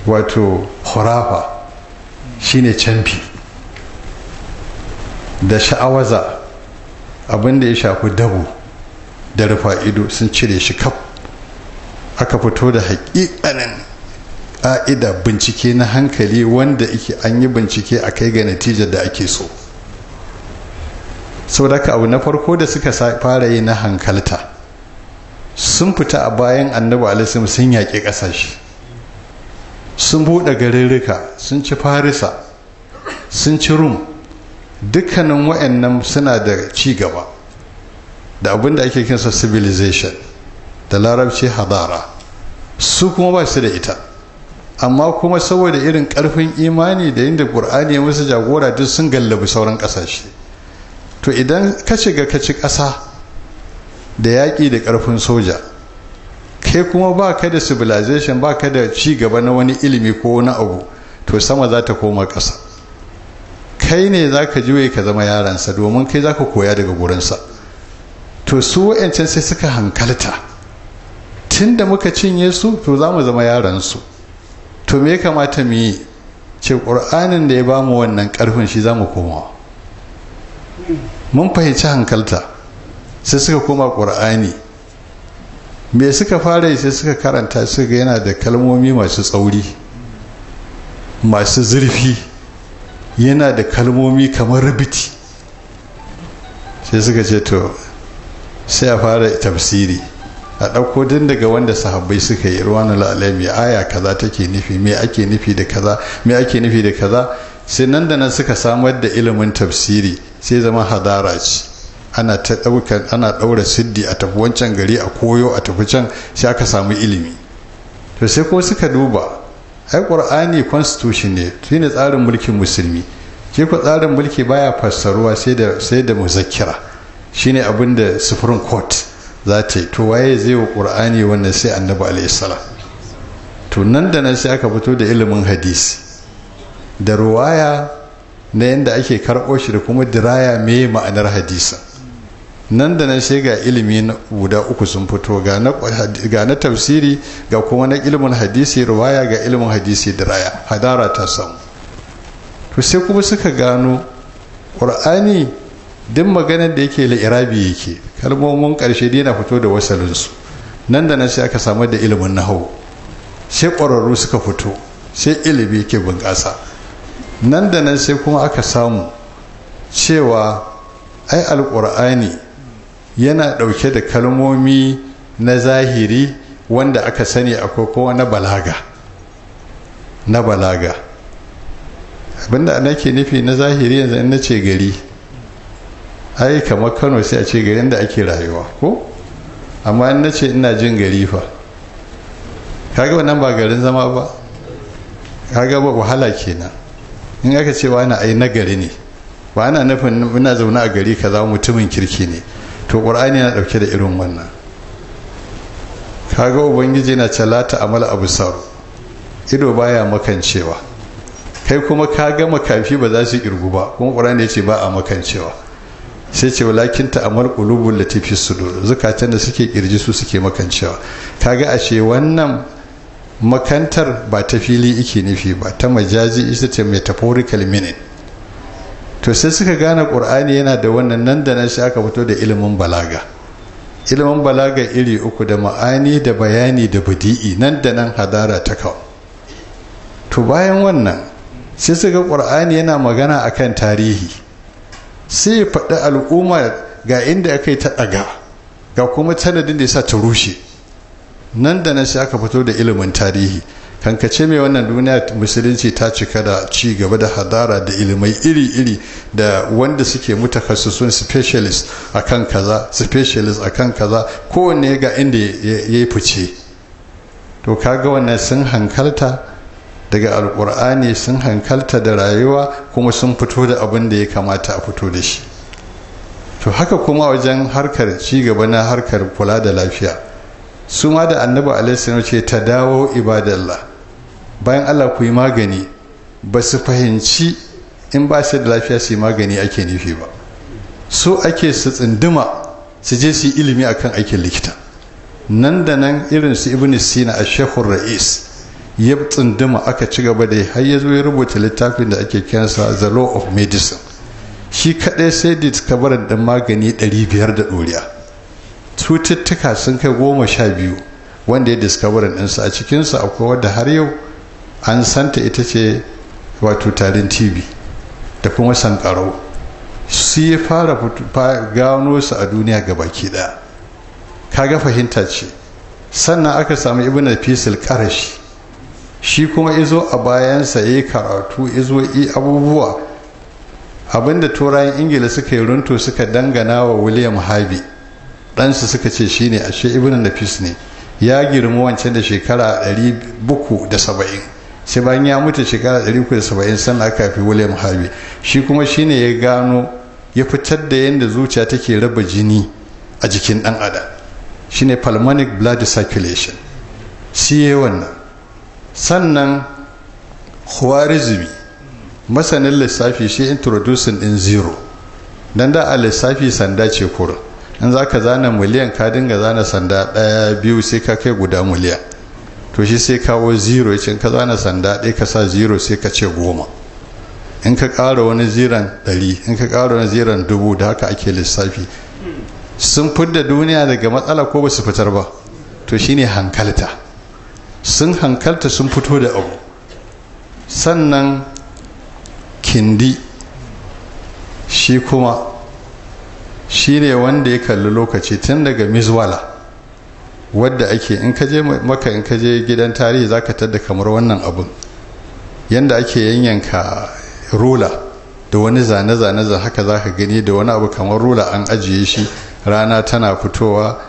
wato hurafa shine canfi da sha'awaza abinda ya shafi dabo da rufa ido sun cire shi kaf aka fito da haƙiƙanin ƙa'ida bincike na hankali wanda ike an yi bincike a kai ga natijar da ake so sau haka abu na farko da suka fara yi na hankalta sun fita a bayan annabi alisim sun yaƙi ƙasashe sun buɗe garirrika sun ci farisa sun ci rum dukkanin wa'annan suna da ci gaba da abin da ake kinsa civilization da larabci hadara su kuma ba su da ita amma kuma saboda irin karfin imani da yadda qur'ani ya musu jagora duk sun gallabi sauran kasashe to idan ka shiga ka ci kasa da yaƙi da karfin soja kai kuma ba ka da civilization ba ka da ci gaba na wani ilimi ko na abu to sama za ta koma ƙasa kai ne za ka juye ka zama yaransa domin kai za ka koya daga gurinsa to su wa'ancan sai suka hankalta tun da muka cinye su to za mu zama yaransu to me ya kamata mu yi ce ƙur'anin da ya ba mu wannan ƙarfin shi za mu koma mun fahimci hankalta sai suka koma ƙur'ani me suka fara yi sai suka karanta su yana da kalmomi masu tsauri masu zurfi yana da kalmomi kamar rubuti sai suka ce to sai a fara tafsiri a ɗauko din daga wanda sahabbai suka yi ruwan al'alami aya kaza take nufi me ake nufi da kaza me ake nufi da kaza sai nan da nan suka samar da ilimin tafsiri sai zama hadara ce ana ta ɗaukar ana ɗaura siddi a tafi wancan gari a koyo a tafi can sai aka samu ilimi to sai ko suka duba ai qur'ani constitution ne shine tsarin mulkin musulmi ke ku tsarin mulki baya fassaruwa sai da sai da muzakkira shine abinda da supreme court za ta yi to waye zai wa ƙur'ani wannan sai annabi alaihissalam to nan da nan sai aka fito da ilimin hadisi da ruwaya na yadda ake karɓo shi da kuma diraya me ma'anar hadisa nan da nan sai ga ilimi guda uku sun fito ga na tafsiri ga kuma na ilimin hadisi ruwaya ga ilimin hadisi diraya hadara ta samu to sai kuma suka gano ƙur'ani duk maganar da yake la'irabi yake kalmomin ƙarshe dai na fito da wasalinsu nan da nan sai aka samar da ilimin nahau sai ƙwararru suka fito sai ilimi ke bunƙasa nan da nan sai kuma aka samu cewa ai alƙur'ani yana ɗauke da kalmomi na zahiri wanda aka sani akwai kowa na balaga na balaga abinda nake nufi na zahiri yanzu in na ce gari ai kamar kano sai a ce garin da ake rayuwa ko amma in na ce ina jin gari fa kaga wannan ba garin zama ba kaga ba wahala kenan in aka ce wa ina ai na gari ne ba ana nufin ina zaune a gari kaza mutumin kirki ne to qur'ani yana dauke da irin wannan kaga ubangiji na amala amal sar ido baya makancewa kai kuma ka ga makafi ba za su kirgu ba kuma qur'ani ya ce ba a makancewa sai ce walakin ta'amal qulubul latifi sudur zakatan da suke kirji su suke makancewa kaga ashe wannan makantar ba ta fili ike nufi ba ta majazi ita ce metaphorical meaning to sai suka gane qur'ani yana da wannan nan da nan shi aka fito da ilimin balaga ilimin balaga iri uku da ma'ani da bayani da badi'i nan da nan hadara ta kawo to bayan wannan sai suka qur'ani yana magana akan tarihi sai ya faɗi al'umma ga inda aka yi ta ɗaga ga kuma tanadin da ya sa ta rushe nan da nan sai aka fito da ilimin tarihi kankace mai wannan duniya musulunci ta cika da ci gaba da hadara da ilimai iri-iri da wanda suke mutakassusun specialist akan kaza specialist akan kaza kowanne ga inda ya yi fice to kaga wannan sun hankalta daga alkur'ani sun hankalta da rayuwa kuma sun fito da abin da ya kamata a fito da shi to haka kuma wajen harkar cigaba na harkar kula da lafiya su ma da annabi alaihi ce ta dawo ibadallah bayan allah ku yi magani ba su fahimci in ba su da lafiya su yi magani ake nufi ba su ake su tsinduma su je su yi ilimi akan aikin likita nan da nan irin su ibn sina a shekhun ra'is ya tsunduma aka ci gaba da har ya zo ya rubuta littafin da ake kiransa the law of medicine shi kaɗai sai da kabarin da magani 500 da doriya cututtuka sun kai goma sha biyu wanda ya diskabarin ɗinsa a cikinsa akwai wadda har yau an santa ita ce wato tarin tv da kuma sankarau su ya fara gano su a duniya ga baki ɗaya kaga fahimta ce sannan aka samu ibn fisil karashi shi kuma izo a bayansa ya yi karatu izo yi abubuwa abinda turayen ingila suka yi runto suka dangana wa william harvey ɗansu suka ce shi ne ashe ibn nafis ne ya girma wancan da shekara 370 sai bayan ya mutu shekara 370 sannan aka fi william harvey shi kuma shi ne ya gano ya fitar da yadda zuciya take raba jini a jikin ɗan adam shine pulmonic blood circulation siye wannan sannan khwarizmi masanin lissafi shi introducing din zero dan da a lissafi sanda ce kurin in za ka zana miliyan ka dinga zana sanda ɗaya biyu sai ka kai guda miliyan to shi sai kawo zero ya ce in ka zana sanda ɗaya ka sa zero sai ka ce goma in ka ƙara wani ziran ɗari in ka ƙara wani ziran dubu da haka ake lissafi sun fidda duniya daga matsala ko ba su fitar ba to shine hankalta sun hankalta sun fito da abu sannan kindi shi kuma shi ne wanda ya kalli lokaci tun daga mizwala wadda ake in ka je maka in ka gidan tarihi za ka tadda kamar wannan abun yadda ake yanyanka rula da wani zane-zane haka za ka gani da wani abu kamar rula an ajiye shi rana tana fitowa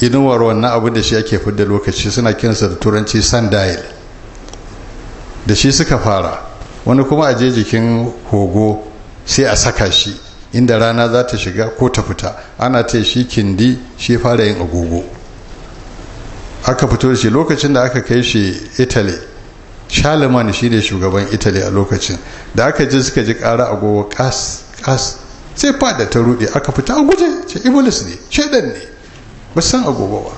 inuwar wannan abu da shi ake fidda lokaci suna kiransa da turanci sundial da shi suka fara wani kuma a je jikin hogo sai a saka shi inda rana za ta shiga ko ta fita ana ce shi kindi shi fara yin agogo aka fito shi lokacin da aka kai shi italy shalaman shi ne shugaban italy a lokacin da aka ji suka ji kara agogo kas kas sai fada ta rude aka fita a guje ce iblis ne shaidan ne ba san agoba ba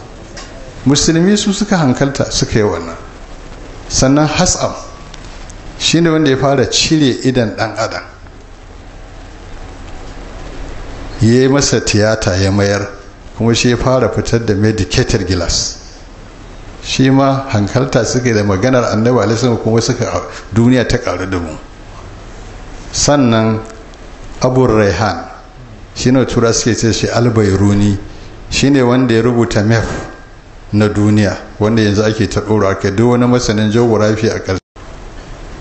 musulmi su suka hankalta suka yi wannan sannan hasam shine wanda ya fara cire idan dan adam ya yi masa tiyata ya mayar kuma shi ya fara fitar da medicated glass shi ma hankalta suka da maganar annabi alaihi kuma suka duniya ta karu da mu sannan abu raihan shi ne tura suke ce shi albairuni shine wanda ya rubuta map na duniya wanda yanzu ake ta ɗora ka duk wani masanin geography a ƙasa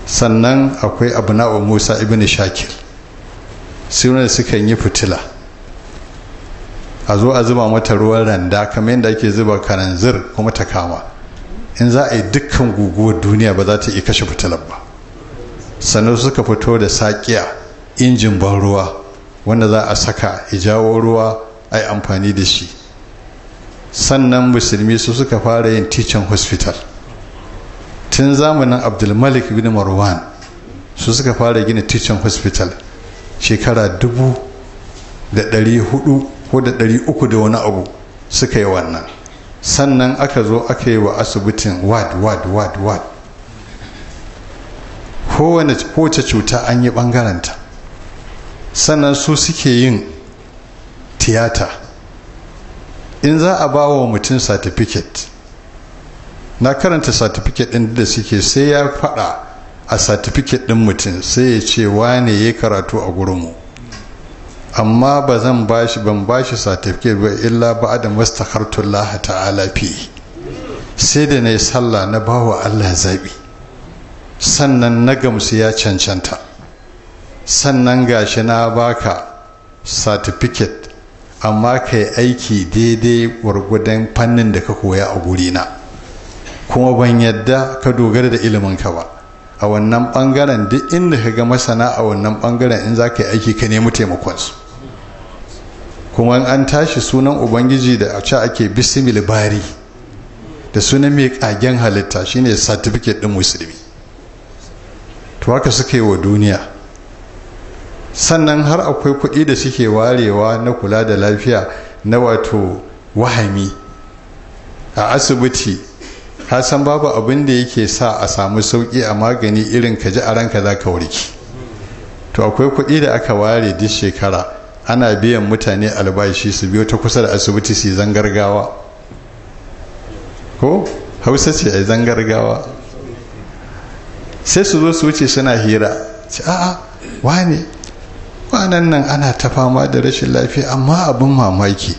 sannan akwai abna'u musa ibn shakir sunan sukan yi fitila a zo a zuba mata ruwan randa kamar yadda ake zuba karanzir kuma ta kama in za a yi dukkan guguwar duniya ba za ta iya kashe fitilar ba sannan suka fito da saƙiya injin ban ruwa wanda za a saka ya jawo ruwa a amfani da shi sannan musulmi su suka fara yin teaching hospital tun zamanin abdulmalik bin marwan su suka fara gina teaching hospital shekara dubu da ɗari hudu ko da ɗari uku da wani abu suka yi wannan sannan aka zo aka yi wa asibitin wad wad wad wad kowace cuta an yi bangaranta sannan su suke yin tiyata in za a ba wa mutum satifiket na karanta satifiket ɗin da suke sai ya faɗa a satifiket ɗin mutum sai ya ce wane ya karatu a gurinmu amma ba zan shi ban bashi satifiket ba illa ba da mastakartullah ta'ala fi sai da na yi sallah na bawa allah zaɓi sannan na gamsu ya cancanta sannan gashi na baka satifiket amma ka yi aiki daidai gwargwadon fannin da ka koya a gurina kuma ban yadda ka dogara da iliminka ba a wannan bangaren duk inda ka ga masana a wannan bangaren in za ka yi aiki ka nemi taimakon su kuma an tashi sunan ubangiji da a ce ake bismil bari da sunan mai kagen halitta shine certificate din musulmi to haka suka yi wa duniya sannan har akwai kuɗi da suke warewa na kula da lafiya na wato wahami a asibiti hasan babu abin da yake sa a samu sauƙi a magani irin ka ji a ranka za ka warki to akwai kuɗi da aka ware duk shekara ana biyan mutane albashi su biyo ta kusa da asibiti su zangargawa ko hausa ce a zangargawa sai su zo su wuce suna hira a wane kwanan nan ana ta fama da rashin lafiya amma abin mamaki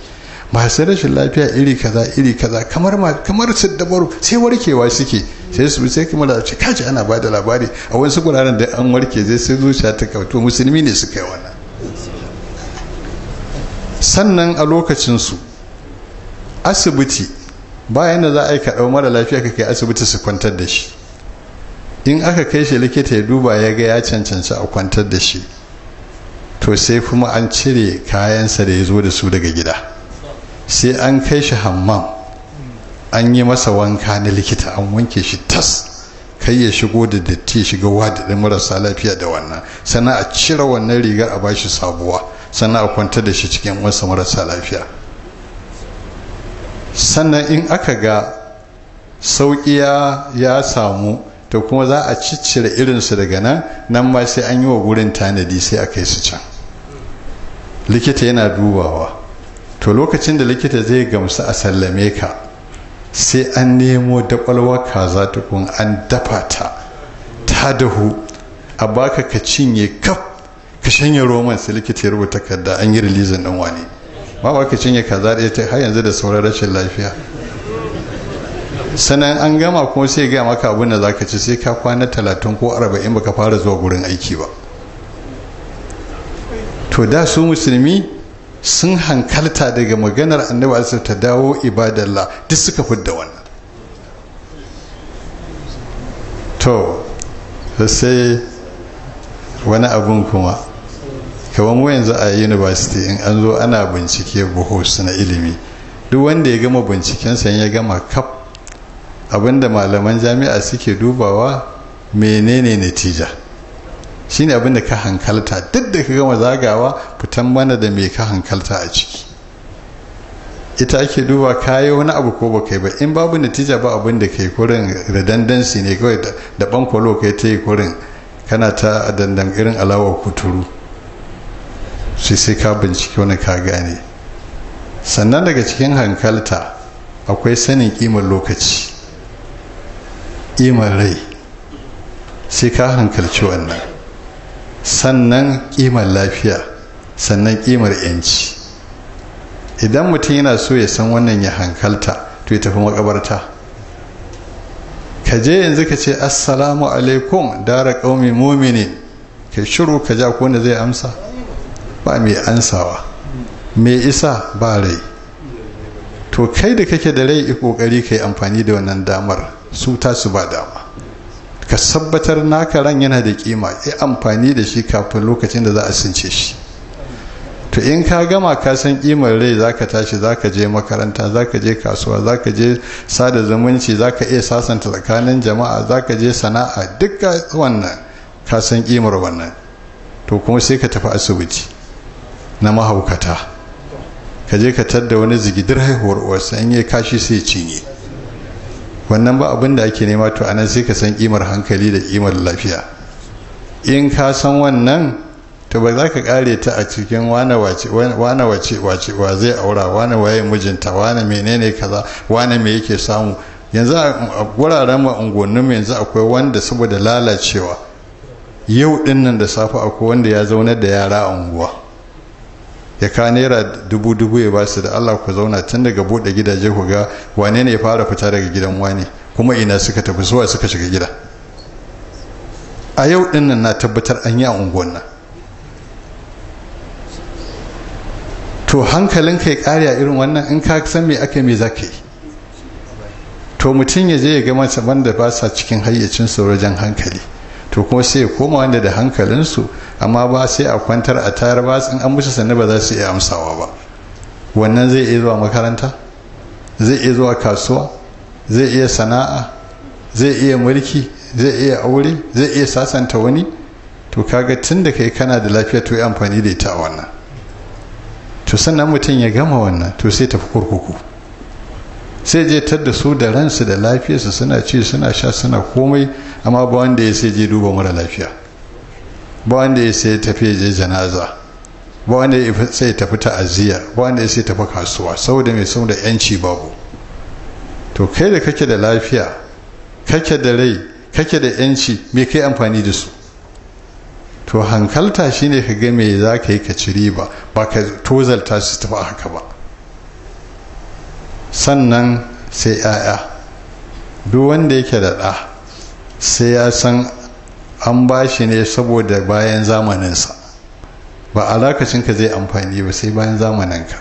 masu rashin lafiya iri kaza iri kaza kamar kamar su dabaru sai warkewa suke sai su sai kuma da kaji ana ba da labari a wasu guraren da an warke zai sai zuciya ta to musulmi ne suka yi wannan sannan a lokacinsu asibiti bayan da za a yi ka mara lafiya ka kai asibiti su kwantar da shi in aka kai shi likita ya duba ya ga ya cancanci a kwantar da shi to sai kuma an cire kayansa da ya zo da su daga gida sai an kai shi hammam an yi masa wanka na likita an wanke shi tas kai ya shigo da datti shiga da marasa lafiya da wannan sannan a cire wannan rigar a bashi sabuwa sannan a kwanta da shi cikin wasu marasa lafiya sannan in aka ga sauƙiya ya samu to kuma za a ciccire irinsu daga nan nan ma sai an yi wa gurin tanadi sai a kai su can likita yana dubawa to lokacin da likita zai gamsu a sallame ka sai an nemo za kaza tukun an dafa ta ta dahu a baka ka cinye kaf ka shanye roman sai likita ya rubuta kadda an yi rilizin ɗan wani ba ba ka cinye kaza da ta har yanzu da sauran rashin lafiya sannan an gama kuma sai gaya maka abin da za ka ci sai ka kwana talatin ko arba'in baka fara zuwa gurin aiki ba to da su musulmi sun hankalta daga maganar annabi alaihi ta dawo ibadallah duk suka fidda wannan to sai wani abun kuma kamar yanzu a university in an zo ana bincike buhu na ilimi duk wanda ya gama bincikensa ya gama kaf abinda malaman jami'a suke dubawa menene natija shine abin da ka hankalta duk da ka gama zagawa fitan mana da me ka hankalta a ciki ita ake duba kayi wani abu ko ba kai ba in babu natija ba abin da kai kurin redundancy ne kawai da bankwalo kai ta yi kurin kana ta dandan irin alawar kuturu sai sai ka bincike wani ka gane sannan daga cikin hankalta akwai sanin kimar lokaci kimar rai sai ka hankalci wannan sannan kimar lafiya sannan kimar yanci idan mutum yana so ya san wannan ya hankalta to ya tafi makabarta kaje yanzu ka ce assalamu alaikum dara kaumi mumini ka shiru ka ja ko wanda zai amsa ba mai ansawa me isa ba rai to kai da kake da rai ƙoƙari ka yi amfani da wannan damar su tasu ba dama ka sabbatar naka ran yana da kima ya amfani da shi kafin lokacin da za a since shi to in ka gama ka san kimar rai za ka tashi za ka je makaranta za ka je kasuwa za ka je sada zumunci za ka iya sasanta tsakanin jama'a za ka je sana'a duka wannan ka san kimar wannan to kuma sai ka tafi asibiti na mahaukata ka je ka tadda wani zigidir haihuwar uwarsa in yi kashi sai cinye wannan ba abin da ake nema to anan sai ka san kimar hankali da kimar lafiya in ka san wannan to ba za ka kare ta a cikin wane wace wane wace wace wa zai aura wane waye mijinta wane menene kaza wane me yake samu yanzu a wuraren unguwannin yanzu akwai wanda saboda lalacewa yau dinnan da safe akwai wanda ya zaunar da yara a unguwa ya ka naira dubu dubu ya basu da Allah ku zauna tun daga bude gidaje ku ga wane ne ya fara fita daga gidan wani kuma ina suka tafi zuwa suka shiga gida a yau din na tabbatar an yi a unguwan nan to hankalinka ya kare a irin wannan in ka san me aka me zaka yi to mutum ya je ya ga mace wanda ba sa cikin hayyacin wajen hankali to kuma sai ya koma wanda da hankalinsu amma ba sai a kwantar a tayar ba in an musu sannu ba za su iya amsawa ba wannan zai iya zuwa makaranta zai iya zuwa kasuwa zai iya sana'a zai iya mulki zai iya aure zai iya sasanta wani to kaga tun da kai kana da lafiya to yi amfani da ita a wannan to sannan mutum ya gama wannan to sai tafi kurkuku sai je tar da su da ransu da lafiyarsu suna ci suna sha suna komai amma ba wanda ya sai je duba mara lafiya ba wanda ya sai tafi je janaza ba wanda ya sai tafi ta'aziyya ba wanda ya sai tafi kasuwa saboda mai saboda yanci babu to kai da kake da lafiya kake da rai kake da yanci me kai amfani da su to hankalta shine ka ga me za ka yi ka ci riba ba ka tozalta su tafi haka ba sannan sai 'ya'ya duk wanda yake da ɗa sai ya san an ba shi ne saboda bayan zamaninsa ba a ka zai amfani ba sai bayan zamaninka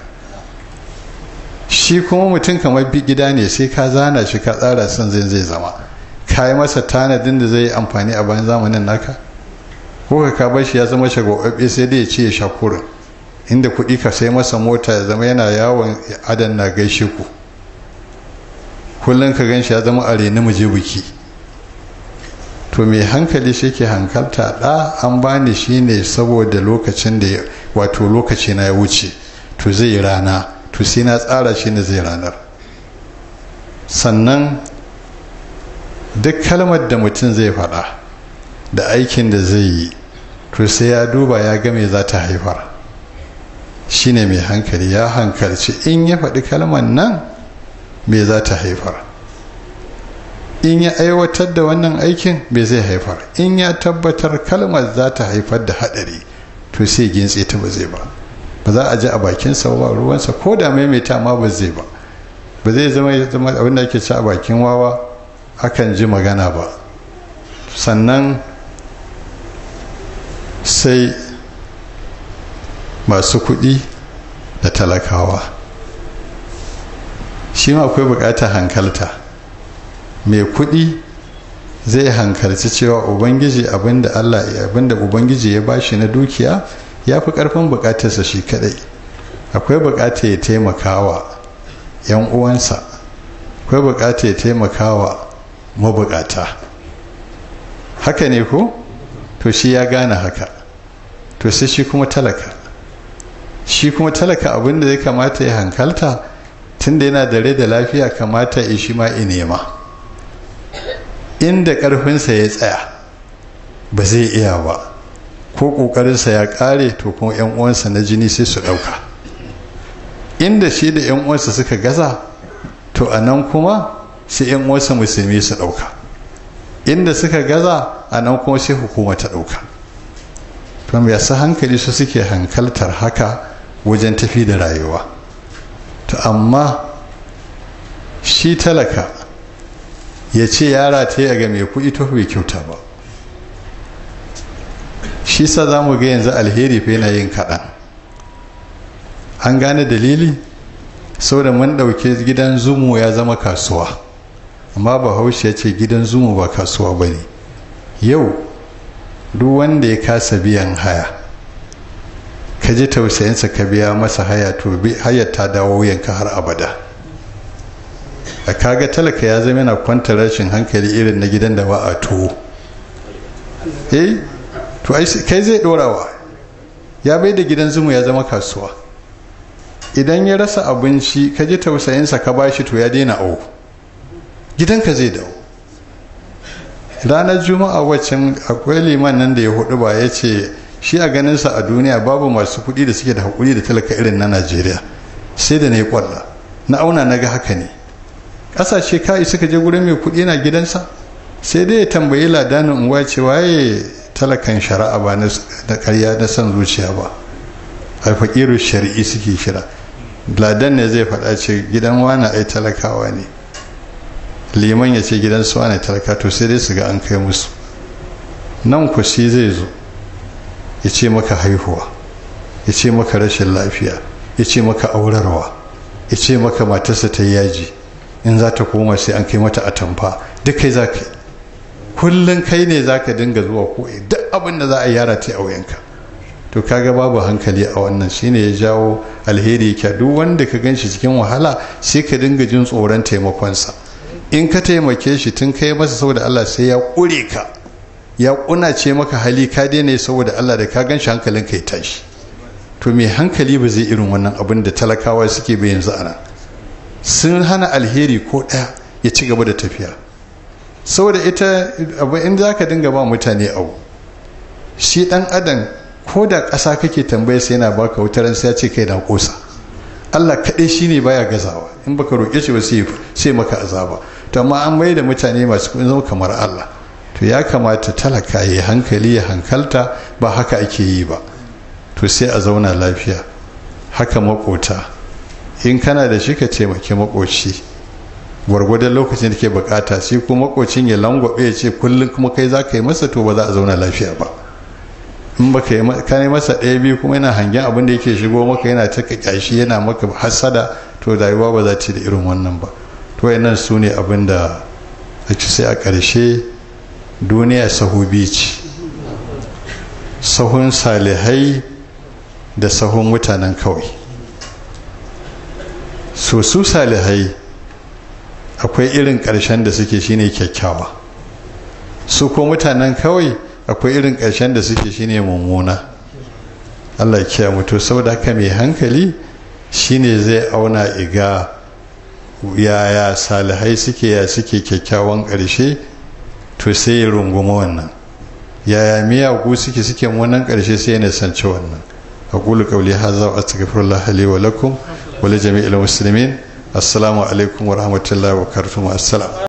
shi kuma mutum kamar bi gida ne sai ka zana shi ka tsara san zai zai zama ka yi masa tanadin da zai yi amfani a bayan zamanin naka ko ka ka shi ya zama ɓaɓɓe sai dai ya ce ya shakurin inda kuɗi ka sai masa mota ya zama yana yawon adan na gaishe ku kullum ka gan shi ya zama are na muje biki to mai hankali shi ke hankalta ɗa an bani shi ne saboda lokacin da wato lokaci na ya wuce to zai yi rana to sai na tsara shi ne zai ranar sannan duk kalmar da mutum zai faɗa da aikin da zai yi to sai ya duba ya ga me za ta haifar shi ne mai hankali ya hankalci in ya faɗi kalmar nan me za ta haifar in ya aiwatar da wannan aikin me zai haifar in ya tabbatar kalmar za ta haifar da hadari to sai gintse ta ba zai ba ba za a ji a bakinsa ba sa ko da maimaita ma ba zai ba ba zai zama abin da ake ci a bakin wawa akan ji magana ba sannan sai masu kuɗi da talakawa shi ma akwai bukatar hankalta mai kudi zai hankalci cewa ubangiji abinda allah abinda ubangiji ya bashi na dukiya ya fi karfin bukatarsa shi kadai akwai bukatar ya taimakawa yan uwansa akwai bukatar ya taimakawa mabukata haka ne ko to shi ya gane haka to sai shi kuma talaka shi kuma talaka abinda ya kamata ya hankalta tunda yana da rai da lafiya kamata ya shi ma nema inda ƙarfinsa ya tsaya ba zai iya ba ko ƙoƙarinsa ya ƙare to kuma 'yan uwansa na jini sai su ɗauka inda shi da 'yan uwansa suka gaza to a nan kuma sai 'yan uwansa musulmi su ɗauka inda suka gaza a nan kuma sai hukuma ta ɗauka to yasa hankali su suke hankaltar haka wajen tafi da rayuwa to amma shi talaka ya ce yara ta yi ga mai kuɗi to bai kyauta ba shi sa za mu ga yanzu alheri fa yana yin kaɗan an gane dalili saboda mun ɗauke gidan zumu ya zama kasuwa amma bahaushe ya ce gidan zumu ba kasuwa ba ne yau duk wanda ya kasa biyan haya ka ji tausayinsa ka biya masa haya to hayar ta dawo yanka har abada a kaga talaka ya zama yana kwanta rashin hankali irin na gidan da ba a tuwo eh to kai zai dorawa ya bai da gidan zumu ya zama kasuwa idan ya rasa abinci ka ji tausayinsa ka bashi to ya daina au gidanka zai dawo ranar juma'a waccan akwai liman nan da ya hudu ba ya ce shi a ganin sa a duniya babu masu kuɗi da suke da hakuri da talaka irin na najeriya sai da na yi ƙwalla na auna na ga haka ne ƙasashe ka'i suka je gurin mai kuɗi na gidansa sai dai ya tambayi ladanin unguwa ce waye talakan shari'a ba na karya na son zuciya ba alfaƙiru shari'i suke kira ladan ne zai faɗa ce gidan wani ai talakawa ne liman ya ce gidan su wani talaka to sai dai su ga an kai musu nan ku shi zai zo ya ce maka haihuwa ya ce maka rashin lafiya ya ce maka aurarwa ya ce maka matarsa ta yaji in za ta koma sai an kai mata atamfa duk kai za ka yi kullum kai ne za ka dinga zuwa ko duk abin da za a yara ta auyanka. to kaga babu hankali a wannan shine ya jawo alheri ka duk wanda ka gan shi cikin wahala sai ka dinga jin tsoron taimakonsa in ka taimake shi tun kai masa saboda Allah sai ya ƙure ka ya ce maka hali ka daina saboda Allah da ka gan shi hankalin kai tashi to me hankali ba zai irin wannan abin da talakawa suke bai yanzu ana sun hana alheri ko ɗaya ya ci gaba da tafiya saboda ita abu in za ka dinga ba mutane abu shi ɗan adam ko da ƙasa kake tambaya sai yana baka wutaran sai ya ce kai na ƙosa Allah kaɗai shi ne baya gazawa in baka roƙe shi ba sai maka azaba to amma an mai da mutane masu zama kamar Allah to ya kamata talaka ya hankali ya hankalta ba haka ake yi ba to sai a zauna lafiya haka makota in kana da shi ka taimaki makoci gwargwadon lokacin da ke bukata shi ko makocin ya langwabe ya ce kullum kuma kai za ka yi masa to ba za a zauna lafiya ba in ba ka yi masa ɗaya biyu kuma yana hangen abin da yake shigo maka yana ta kyashi yana maka hasada to rayuwa ba za ta da irin wannan ba to nan su ne abin da a ci sai a ƙarshe duniya sahu biyu ce sahun salihai da sahun mutanen kawai so su salihai akwai irin ƙarshen da suke shine kyakkyawa su ko mutanen kawai akwai irin ƙarshen da suke shine mummuna allah kiya mutu saboda haka mai hankali shine zai auna iga yaya salihai suke ya suke kyakkyawan ƙarshe to sai ya runguma wannan yaya yami ya suke suke wannan karshe sai ya nisanci wannan a kula kauli ha za a cikin furla hali wa lakum wale jami'ar musulmi assalamu alaikum wa rahmatullahi wa karfin assalam